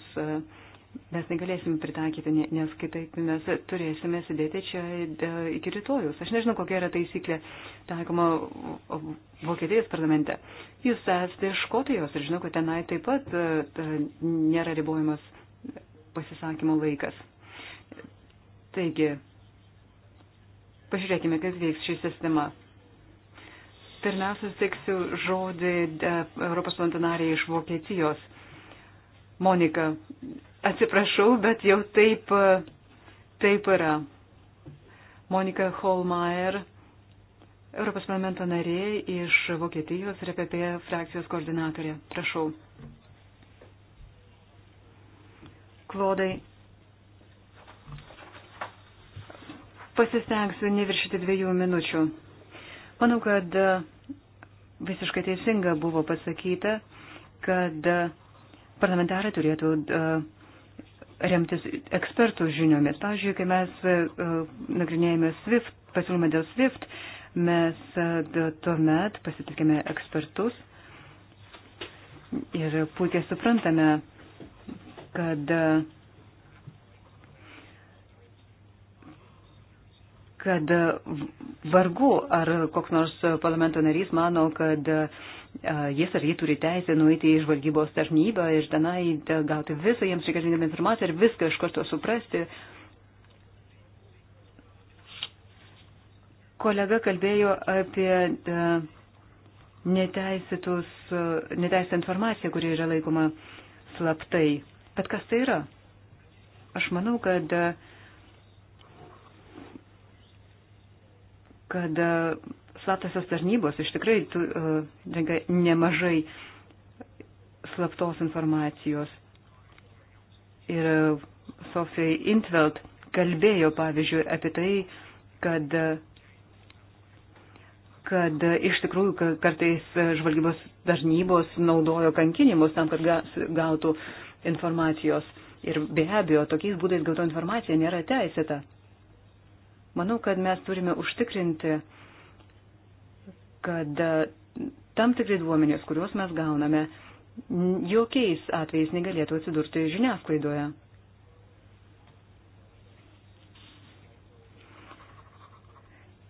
mes negalėsim pritaikyti, nes kitaip mes turėsime sėdėti čia e, iki rytojus. Aš nežinau, kokia yra taisyklė taikoma Vokietijos parlamente. Jūs esate iš Škotijos ir žinau, kad tenai taip pat e, nėra ribojamas pasisakymo laikas. Taigi, pažiūrėkime, kas veiks ši sistema. Pirmiausia, suteiksiu žodį e, Europos parlamentarė iš Vokietijos. Monika, atsiprašau, bet jau taip, e, taip yra. Monika Holmeier, Europos parlamento narė iš Vokietijos ir EPP frakcijos koordinatorė. Prašau. Klodai, pasistengsiu neviršyti dviejų minučių. Manau, kad e, visiškai teisinga buvo pasakyta, kad e, parlamentarai turėtų e, remtis ekspertų žiniomis. Pavyzdžiui, kai mes e, nagrinėjame SWIFT, pasiūlymą dėl SWIFT, mes tuomet pasitikėme ekspertus ir puikiai suprantame, kad kad vargu ar koks nors parlamento narys mano, kad jis ar jį turi teisę nueiti į žvalgybos tarnybą ir tenai gauti visą jiems reikalingą informaciją ir viską iš karto suprasti. Kolega kalbėjo apie neteisę informaciją, kuri yra laikoma slaptai. Bet kas tai yra? Aš manau, kad uh, kad e, slaptosios tarnybos iš tikrai e, rengia nemažai slaptos informacijos. Ir e, Sofija Intveld kalbėjo, pavyzdžiui, apie tai, kad, kad iš tikrųjų kartais žvalgybos tarnybos naudojo kankinimus tam, kad gautų informacijos. Ir be abejo, tokiais būdais gauta informacija nėra teisėta. Manau, kad mes turime užtikrinti, kad tam tikri duomenės, kuriuos mes gauname, jokiais atvejais negalėtų atsidurti žiniasklaidoje.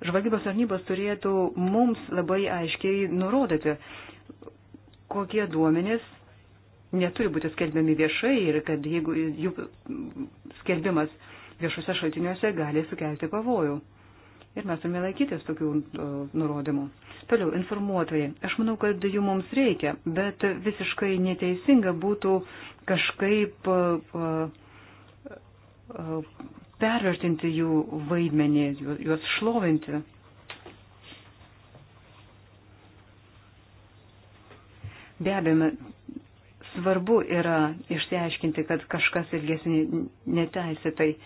Žvalgybos tarnybos turėtų mums labai aiškiai nurodyti, kokie duomenys neturi būti skelbiami viešai ir kad jeigu jų skelbimas uh, viešuose šaltiniuose gali sukelti pavojų. Ir mes turime laikytis tokių o, nurodymų. Toliau, informuotojai. Aš manau, kad jų mums reikia, bet visiškai neteisinga būtų kažkaip o, o, pervertinti jų vaidmenį, juos šlovinti. Be abejo, svarbu yra išsiaiškinti, kad kažkas elgesi neteisėtai. Ne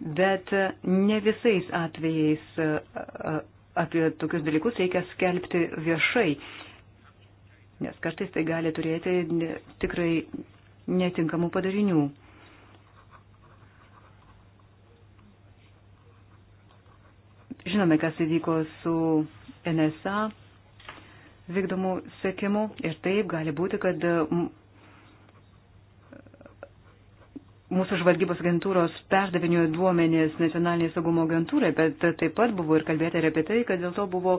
bet e, ne visais atvejais e, apie tokius dalykus reikia skelbti viešai, nes kartais tai gali turėti tikrai netinkamų padarinių. Žinome, kas įvyko su NSA vykdomų sekimų ir taip gali būti, kad mūsų žvalgybos agentūros perdavinėjo duomenės nacionalinės saugumo agentūrai, bet taip pat buvo ir kalbėta ir apie tai, kad dėl to buvo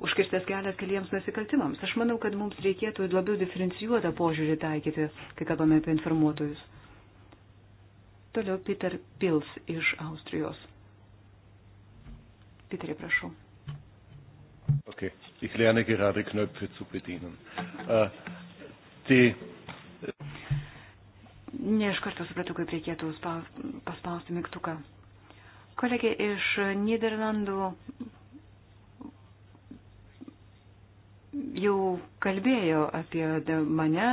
užkirstas kelias keliems nusikaltimams. Aš manau, kad mums reikėtų labiau diferencijuotą požiūrį taikyti, kai kalbame apie informuotojus. Toliau Peter Pils iš Austrijos. Peterį, prašau. Okay. Ich lerne gerade Knöpfe zu bedienen. Uh, die ne iš karto supratau, kaip reikėtų paspausti mygtuką. Kolegė iš Niderlandų jau kalbėjo apie mane.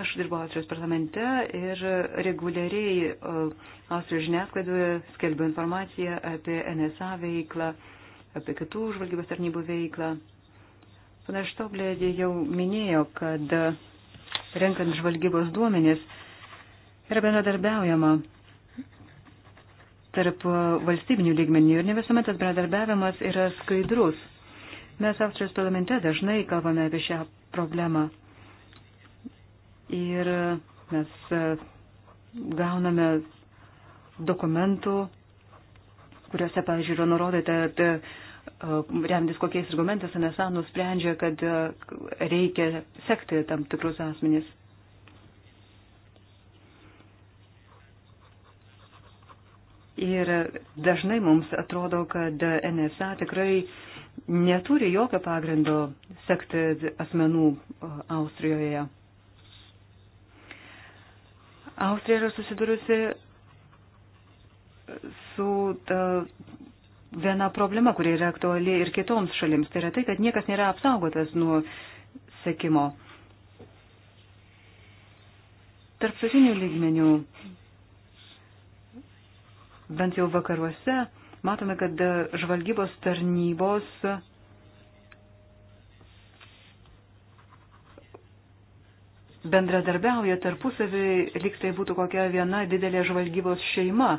Aš dirbau Austrijos parlamente ir reguliariai e, Austrijos žiniasklaidoje skelbiu informaciją apie NSA veiklą, apie kitų žvalgybos tarnybų veiklą. Pana Štoblėdė jau minėjo, kad renkant žvalgybos duomenis, yra bendradarbiaujama tarp valstybinių lygmenių ir ne visuomet tas bendradarbiavimas yra skaidrus. Mes Austrijos parlamente dažnai kalbame apie šią problemą ir mes e, gauname dokumentų, kuriuose, pavyzdžiui, yra nurodyta, e, e, remdis kokiais argumentais NSA nusprendžia, kad reikia sekti tam tikrus asmenys. Ir dažnai mums atrodo, kad NSA tikrai neturi jokio pagrindo sekti asmenų Austrijoje. Austrija yra susidūrusi su ta viena problema, kuri yra aktuali ir kitoms šalims. Tai yra tai, kad niekas nėra apsaugotas nuo sekimo. Tarptautinių lygmenių bent jau vakaruose, matome, kad žvalgybos tarnybos bendradarbiauja tarpusavį, lyg tai būtų kokia viena didelė žvalgybos šeima.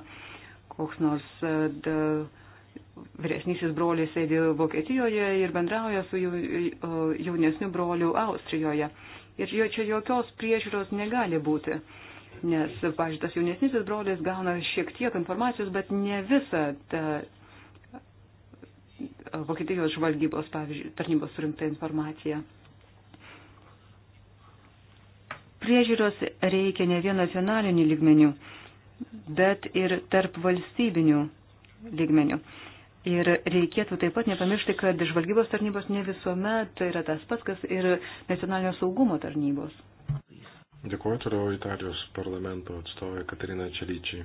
Koks nors e, da, vyresnysis brolis sėdi Vokietijoje ir bendrauja su e, jaunesniu broliu Austrijoje. Ir jo čia jokios priežiūros negali būti nes, pažiūrėjau, tas jaunesnysis brolis gauna šiek tiek informacijos, bet ne visą tą e, Vokietijos žvalgybos, pavyzdžiui, tarnybos surinktą informaciją. Priežiūros reikia ne vien nacionalinių lygmenių, bet ir tarp valstybinių lygmenių. Ir reikėtų taip pat nepamiršti, kad žvalgybos tarnybos ne visuomet tai yra tas pats, kas ir nacionalinio saugumo tarnybos. Dėkuoju toliau Italijos parlamento atstovė Katarina Čelyčiai.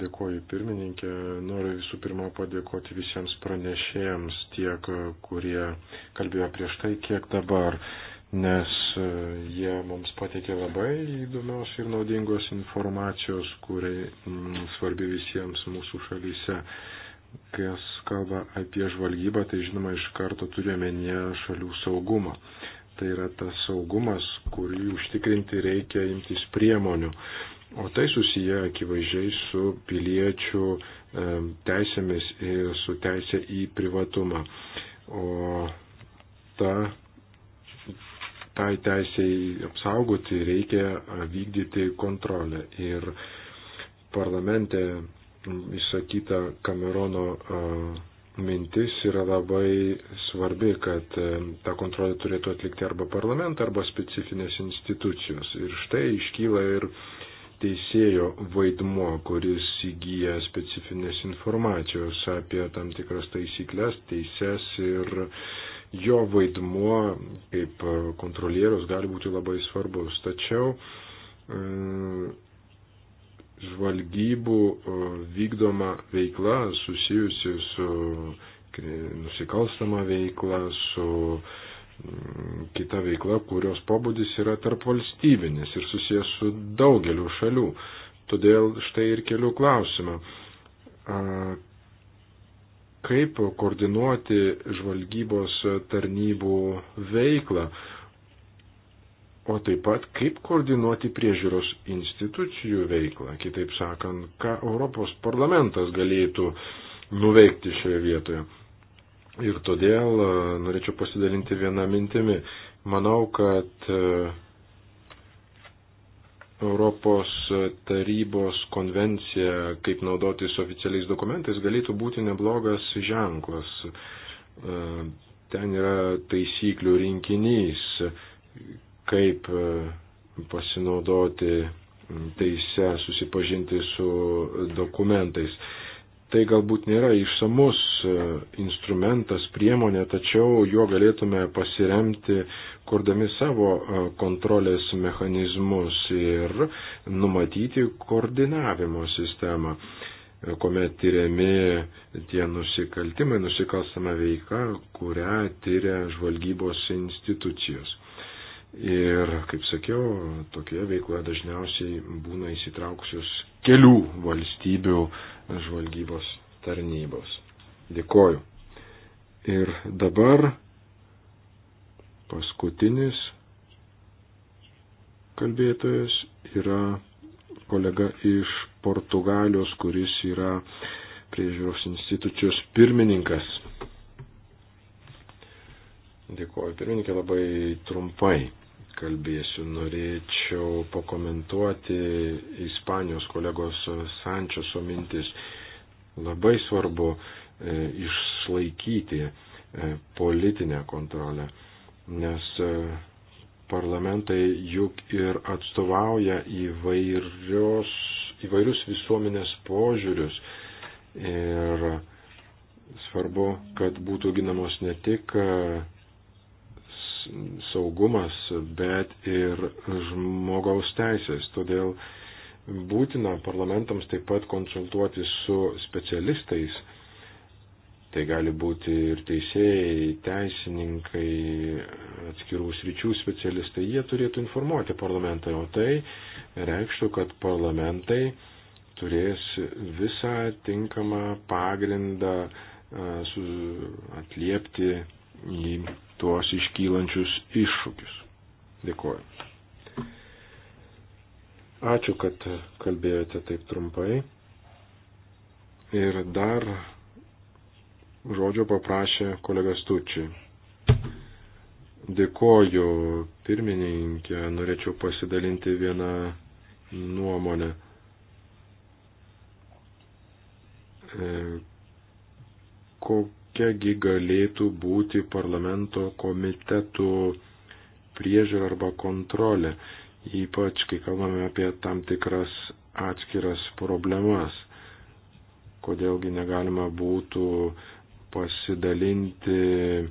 Dėkuoju pirmininkė. Noriu visų pirma padėkoti visiems pranešėjams, tiek kurie kalbėjo prieš tai, kiek dabar, nes e, jie mums pateikė labai įdomios ir naudingos informacijos, kuriai m, mm, svarbi visiems mūsų šalyse. Kas kalba apie žvalgybą, tai žinoma iš karto turime nie šalių saugumą. Tai yra tas saugumas, kurį užtikrinti reikia imtis priemonių. O tai susiję akivaizdžiai su piliečių e, teisėmis ir su teisė į privatumą. O ta, tai teisėjai apsaugoti reikia vykdyti kontrolę. Ir parlamente išsakyta Kamerono mintis yra labai svarbi, kad e, tą kontrolę turėtų atlikti arba parlamentą, arba specifinės institucijos. Ir štai iškyla ir teisėjo vaidmuo, kuris įgyja specifinės informacijos apie tam tikras taisyklės, teises ir jo vaidmuo kaip kontrolieriaus gali būti labai svarbus. Tačiau e, žvalgybų vykdoma veikla susijusi su nusikalstama veikla, su mm, kita veikla, kurios pobūdis yra tarp valstybinis ir susijęs su daugeliu šalių. Todėl štai ir kelių klausimą. Kaip koordinuoti žvalgybos tarnybų veiklą? o taip pat kaip koordinuoti priežiūros institucijų veiklą, kitaip sakant, ką Europos parlamentas galėtų nuveikti šioje vietoje. Ir todėl e, norėčiau pasidalinti vieną mintimį. Manau, kad e, Europos tarybos konvencija, kaip naudotis oficialiais dokumentais, galėtų būti neblogas ženklas. E, ten yra taisyklių rinkinys, kaip e, pasinaudoti teise susipažinti su dokumentais. Tai galbūt nėra išsamus e, instrumentas, priemonė, tačiau juo galėtume pasiremti, kurdami savo e, kontrolės mechanizmus ir numatyti koordinavimo sistemą kuomet tyriami tie nusikaltimai, nusikalstama veika, kurią tyria žvalgybos institucijos. Ir, kaip sakiau, tokioje veikloje dažniausiai būna įsitraukusios kelių valstybių žvalgybos tarnybos. Dėkoju. Ir dabar paskutinis kalbėtojas yra kolega iš Portugalijos, kuris yra priežiūros institucijos pirmininkas. Dėkoju, pirmininkė, labai trumpai kalbėsiu. Norėčiau pakomentuoti Ispanijos kolegos Sančioso mintis. Labai svarbu e, išlaikyti e, politinę kontrolę, nes e, parlamentai juk ir atstovauja įvairios, įvairius visuomenės požiūrius. Ir svarbu, kad būtų ginamos ne tik e, saugumas, bet ir žmogaus teisės. Todėl būtina parlamentams taip pat konsultuoti su specialistais. Tai gali būti ir teisėjai, teisininkai, atskirų sričių specialistai. Jie turėtų informuoti parlamentą, o tai reikštų, kad parlamentai turės visą tinkamą pagrindą atliepti į tuos iškylančius iššūkius. Dėkuoju. Ačiū, kad kalbėjote taip trumpai. Ir dar žodžio paprašė kolega Stučiai. Dėkoju pirmininkė, norėčiau pasidalinti vieną nuomonę. E, ko kokiagi galėtų būti parlamento komitetų priežiūra arba kontrolė, ypač kai kalbame apie tam tikras atskiras problemas. Kodėlgi negalima būtų pasidalinti e,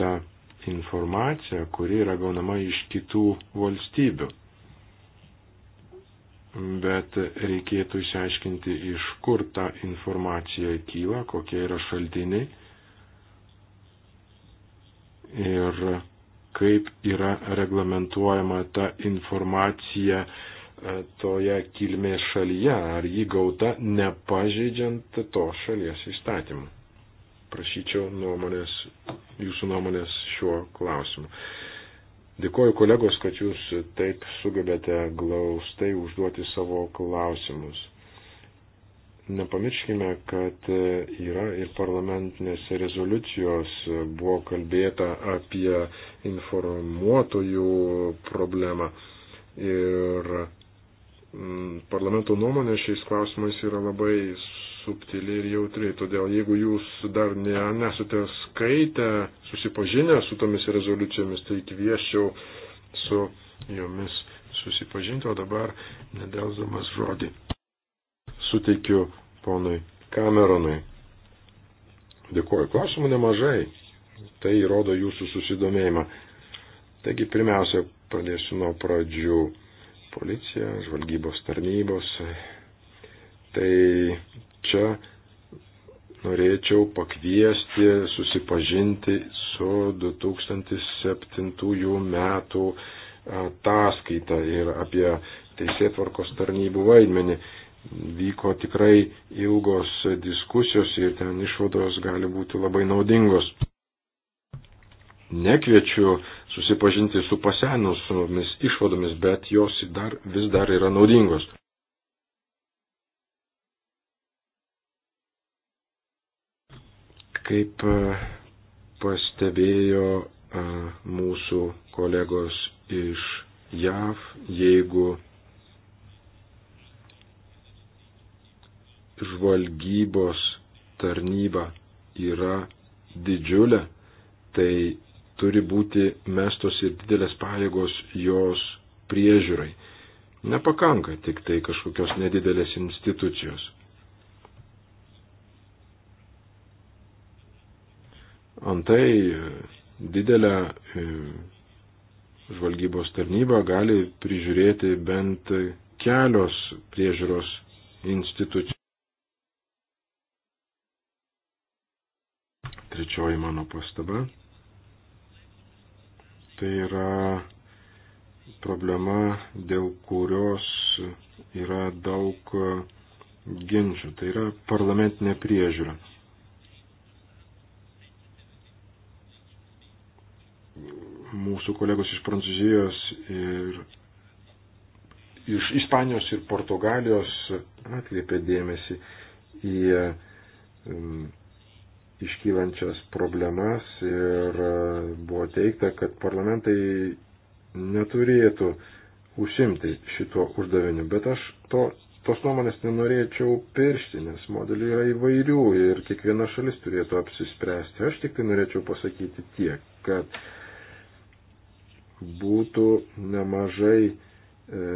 tą informaciją, kuri yra gaunama iš kitų valstybių bet reikėtų išsiaiškinti, iš kur ta informacija kyla, kokie yra šaltiniai ir kaip yra reglamentuojama ta informacija e, toje kilmės šalyje, ar jį gauta nepažeidžiant to šalies įstatymų. Prašyčiau nuomonės, jūsų nuomonės šiuo klausimu. Dėkoju kolegos, kad jūs taip sugebėte glaustai užduoti savo klausimus. Nepamirškime, kad yra ir parlamentinėse rezoliucijos buvo kalbėta apie informuotojų problemą. Ir mm, parlamento nuomonė šiais klausimais yra labai subtiliai ir jautriai. Todėl jeigu jūs dar ne, nesate skaitę, susipažinę su tomis rezoliucijomis, tai kvieščiau su jomis susipažinti, o dabar nedelzamas žodį. Suteikiu ponui Kameronui. Dėkuoju, klausimų nemažai. Tai įrodo jūsų susidomėjimą. Taigi pirmiausia, pradėsiu nuo pradžių. Policija, žvalgybos tarnybos. Tai čia norėčiau pakviesti susipažinti su 2007 metų ataskaita ir apie teisėtvarkos tarnybų vaidmenį. Vyko tikrai ilgos diskusijos ir ten išvados gali būti labai naudingos. Nekviečiu susipažinti su pasenusiomis išvadomis, bet jos dar, vis dar yra naudingos. Kaip e, pastebėjo e, mūsų kolegos iš JAV, jeigu žvalgybos tarnyba yra didžiulė, tai turi būti mestos ir didelės pajėgos jos priežiūrai. Nepakanka tik tai kažkokios nedidelės institucijos. Antai e, didelę e, žvalgybos tarnybą gali prižiūrėti bent kelios priežiūros institucijos. Trečioji mano pastaba. Tai yra problema, dėl kurios yra daug ginčių. Tai yra parlamentinė priežiūra. mūsų kolegos iš Prancūzijos ir iš Ispanijos ir Portugalijos atkreipė dėmesį į iškylančias problemas ir e, buvo teikta, kad parlamentai neturėtų užsimti šituo uždaviniu. Bet aš to, tos nuomonės nenorėčiau piršti, nes modelių yra įvairių ir kiekviena šalis turėtų apsispręsti. Aš tik tai norėčiau pasakyti tiek, kad būtų nemažai, e,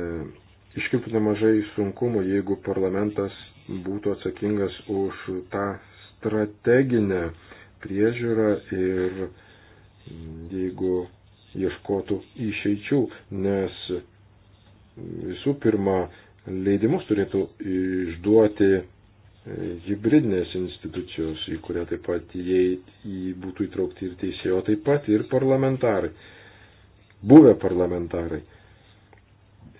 iškiltų nemažai sunkumų, jeigu parlamentas būtų atsakingas už tą strateginę priežiūrą ir jeigu ieškotų išeičių, nes visų pirma, leidimus turėtų išduoti hybridinės institucijos, į kurią taip pat įeit, į būtų įtraukti ir teisėjo, taip pat ir parlamentarai buvę parlamentarai.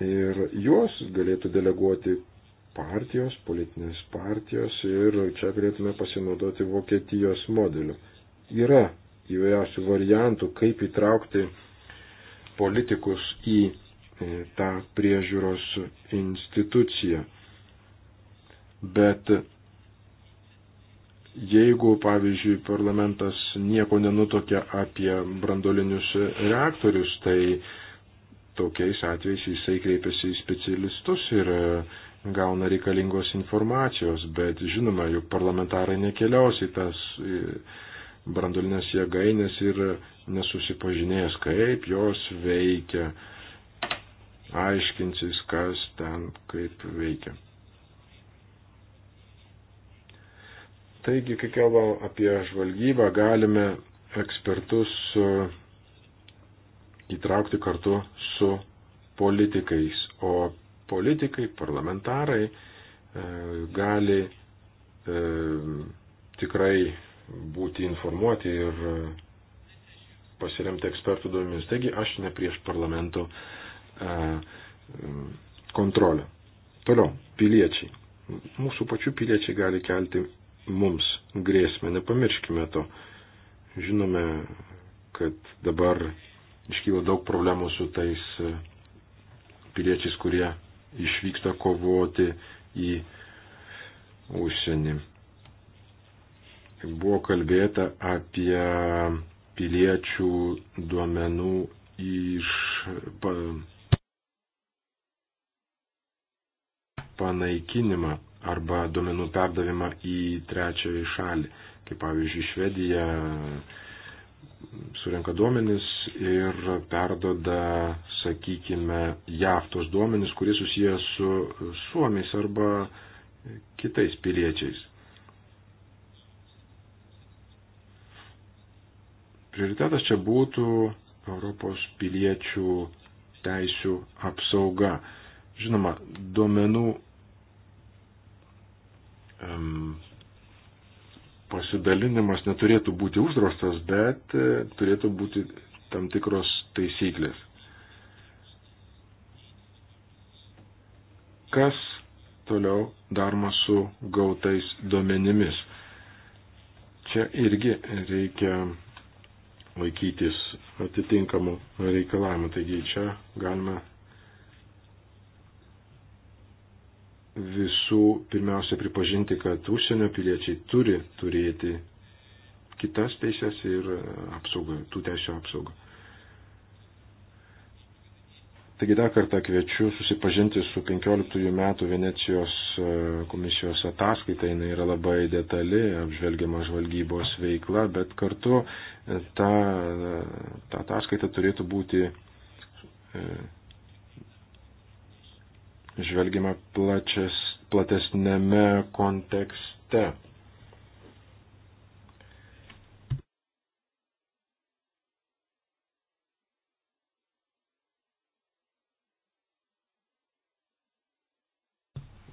Ir juos galėtų deleguoti partijos, politinės partijos ir čia galėtume pasinaudoti Vokietijos modeliu. Yra įvairiausių variantų, kaip įtraukti politikus į e, tą priežiūros instituciją. Bet Jeigu, pavyzdžiui, parlamentas nieko nenutokia apie brandolinius reaktorius, tai tokiais atvejais jisai kreipiasi į specialistus ir e, gauna reikalingos informacijos, bet žinoma, juk parlamentarai nekeliaus į tas brandolinės jėgainės ir nesusipažinės, kaip jos veikia, aiškinsis, kas ten kaip veikia. Taigi, kai kalbam apie žvalgybą, galime ekspertus e, įtraukti kartu su politikais, o politikai, parlamentarai e, gali e, tikrai būti informuoti ir pasiremti ekspertų duomenimis. Taigi aš ne prieš parlamento kontrolę. Toliau, piliečiai. Mūsų pačių piliečiai gali kelti mums grėsmę, nepamirškime to. Žinome, kad dabar iškyla daug problemų su tais e, piliečiais, kurie išvyksta kovoti į užsienį. Buvo kalbėta apie piliečių duomenų iš panaikinimą arba duomenų perdavimą į trečiąją šalį, kaip pavyzdžiui Švedija surenka duomenis ir perdoda, sakykime, JAV tos duomenis, kurie susiję su Suomiais arba kitais piliečiais. Prioritetas čia būtų Europos piliečių teisių apsauga. Žinoma, duomenų pasidalinimas neturėtų būti uždraustas, bet e, turėtų būti tam tikros taisyklės. Kas toliau daroma su gautais duomenimis? Čia irgi reikia laikytis atitinkamų reikalavimų, taigi čia galima visų pirmiausia pripažinti, kad užsienio piliečiai turi turėti kitas teisės ir e, apsaugą, tų teisų apsaugą. Taigi dar kartą kviečiu susipažinti su 15 metų Venecijos e, komisijos ataskaita, jinai yra labai detali, apžvelgiama žvalgybos veikla, bet kartu e, ta, ta ataskaita turėtų būti žvelgiama plačias, platesnėme kontekste.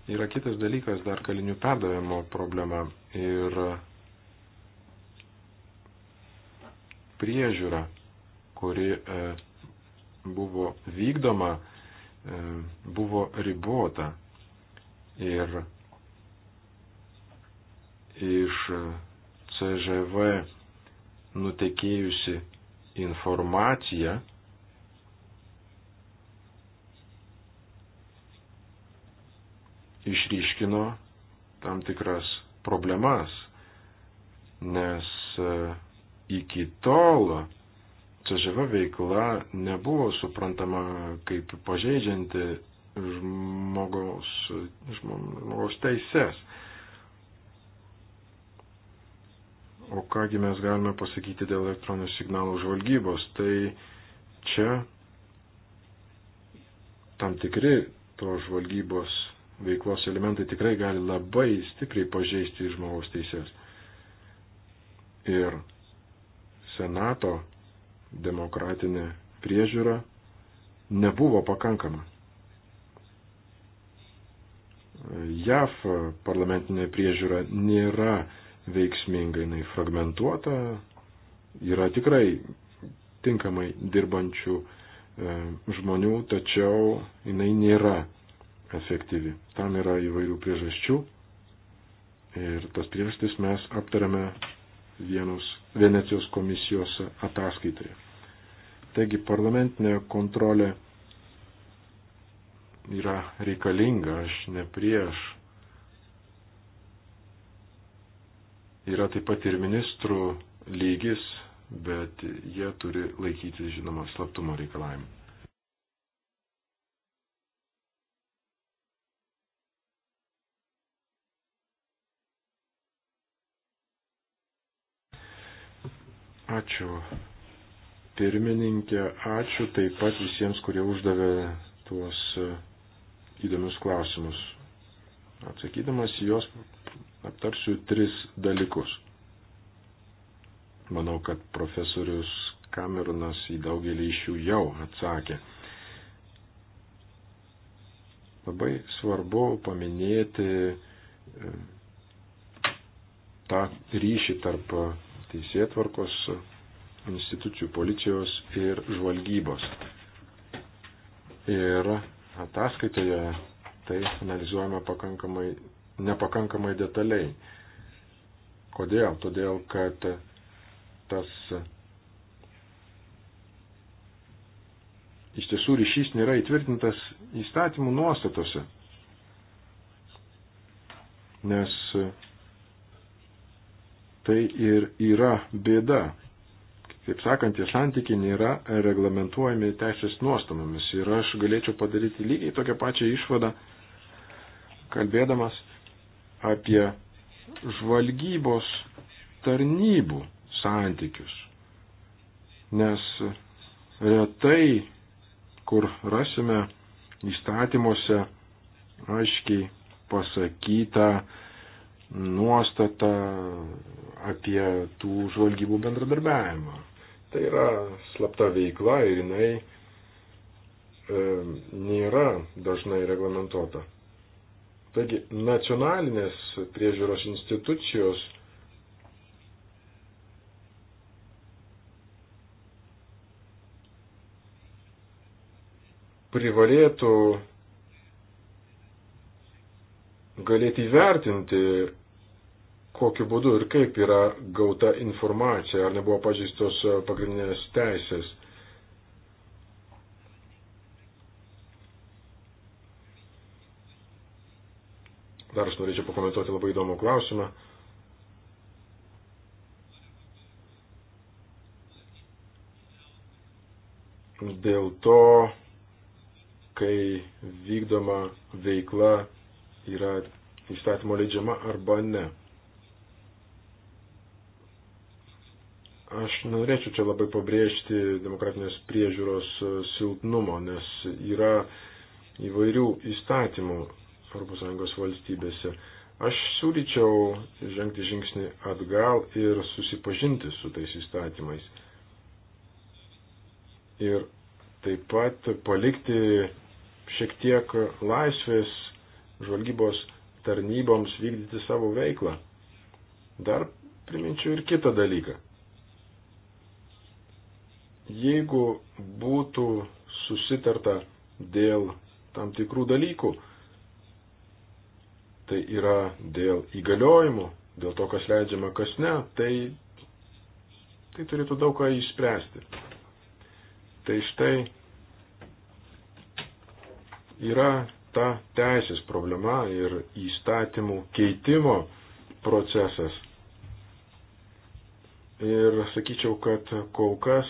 Yra kitas dalykas dar kalinių perdavimo problema ir priežiūra, kuri e, buvo vykdoma E, buvo ribota ir iš CŽV nutekėjusi informacija išryškino tam tikras problemas, nes e, iki tol CŽV veikla nebuvo suprantama kaip pažeidžianti žmogaus, žmogaus teises. O kągi mes galime pasakyti dėl elektroninių signalų žvalgybos, tai čia tam tikri to žvalgybos veiklos elementai tikrai gali labai stipriai pažeisti žmogaus teises. Ir Senato demokratinė priežiūra nebuvo pakankama. JAV parlamentinė priežiūra nėra veiksminga, jinai fragmentuota, yra tikrai tinkamai dirbančių e, žmonių, tačiau jinai nėra efektyvi. Tam yra įvairių priežasčių ir tas priežastis mes aptariame vienos Venecijos komisijos ataskaitoje. Taigi parlamentinė kontrolė yra reikalinga, aš ne prieš. Yra taip pat ir ministrų lygis, bet jie turi laikyti, žinoma, slaptumo reikalavimą. Ačiū pirmininkė, ačiū taip pat visiems, kurie uždavė tuos e, įdomius klausimus. Atsakydamas į juos aptarsiu tris dalykus. Manau, kad profesorius Kameronas į daugelį iš jų jau atsakė. Labai svarbu paminėti e, tą ryšį tarp teisėtvarkos institucijų policijos ir žvalgybos. Ir ataskaitoje tai analizuojama pakankamai, nepakankamai detaliai. Kodėl? Todėl, kad tas iš tiesų ryšys nėra įtvirtintas įstatymų nuostatose. Nes tai ir yra bėda. Kaip sakant, tie santykiai nėra reglamentuojami teisės nuostamomis. Ir aš galėčiau padaryti lygiai tokią pačią išvadą, kalbėdamas apie žvalgybos tarnybų santykius. Nes retai, kur rasime įstatymuose aiškiai pasakytą nuostatą apie tų žvalgybų bendradarbiavimą. Tai yra slapta veikla ir jinai e, nėra dažnai reglamentuota. Taigi nacionalinės priežiūros institucijos privalėtų galėti įvertinti kokiu būdu ir kaip yra gauta informacija, ar nebuvo pažįstos e, pagrindinės teisės. Dar aš norėčiau pakomentuoti labai įdomų klausimą. Dėl to, kai vykdoma veikla yra įstatymo leidžiama arba ne. Aš norėčiau čia labai pabrėžti demokratinės priežiūros e, silpnumo, nes yra įvairių įstatymų ES valstybėse. Aš siūlyčiau žengti žingsnį atgal ir susipažinti su tais įstatymais. Ir taip pat palikti šiek tiek laisvės žvalgybos tarnyboms vykdyti savo veiklą. Dar priminčiau ir kitą dalyką. Jeigu būtų susitarta dėl tam tikrų dalykų, tai yra dėl įgaliojimų, dėl to, kas leidžiama, kas ne, tai, tai turėtų daug ką išspręsti. Tai štai yra ta teisės problema ir įstatymų keitimo procesas. Ir sakyčiau, kad kol kas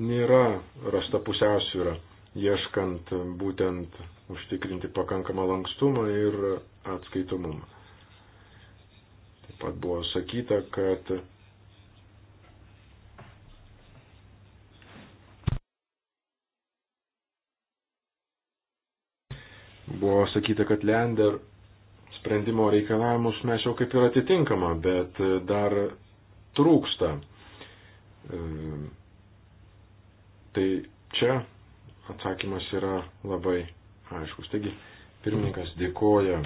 nėra rasta pusiausvyra, ieškant būtent užtikrinti pakankamą lankstumą ir atskaitomumą. Taip pat buvo sakyta, kad buvo sakyta, kad lender sprendimo reikalavimus mes jau kaip ir atitinkama, bet dar trūksta e, Tai čia atsakymas yra labai aiškus. Taigi, pirmininkas dėkoja.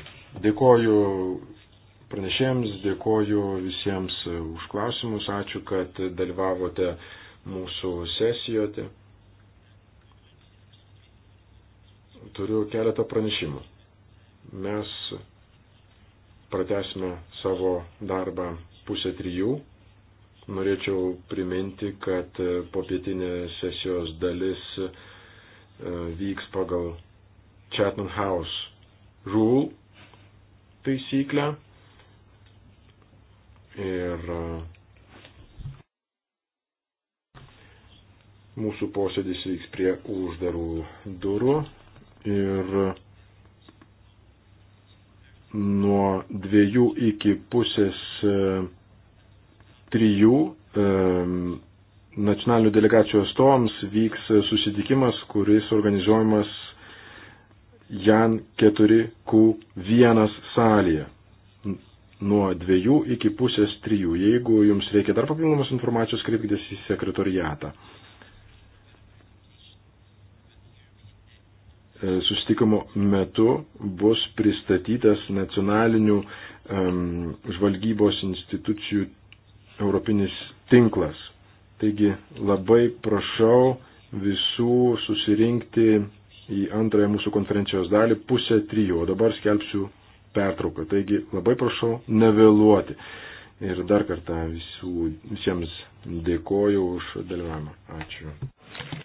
Dėkoju pranešėjams, dėkoju visiems už klausimus, ačiū, kad dalyvavote mūsų sesijote. Turiu keletą pranešimų. Mes pratesime savo darbą pusę trijų. Norėčiau priminti, kad e, popietinė sesijos dalis e, vyks pagal Chatham House rule taisyklę ir e, mūsų posėdis vyks prie uždarų durų ir nuo dviejų iki pusės trijų e, nacionalinių delegacijų atstovams vyks susitikimas, kuris organizuojamas Jan 4Q1 salėje nuo dviejų iki pusės trijų. Jeigu jums reikia dar papildomos informacijos, kreipkitės į sekretoriatą. E, susitikimo metu bus pristatytas nacionalinių um, žvalgybos institucijų europinis tinklas. Taigi labai prašau visų susirinkti į antrąją mūsų konferencijos dalį pusę trijų, o dabar skelbsiu pertrauką. Taigi labai prašau nevėluoti. Ir dar kartą visų, visiems dėkoju už dalyvavimą. Ačiū.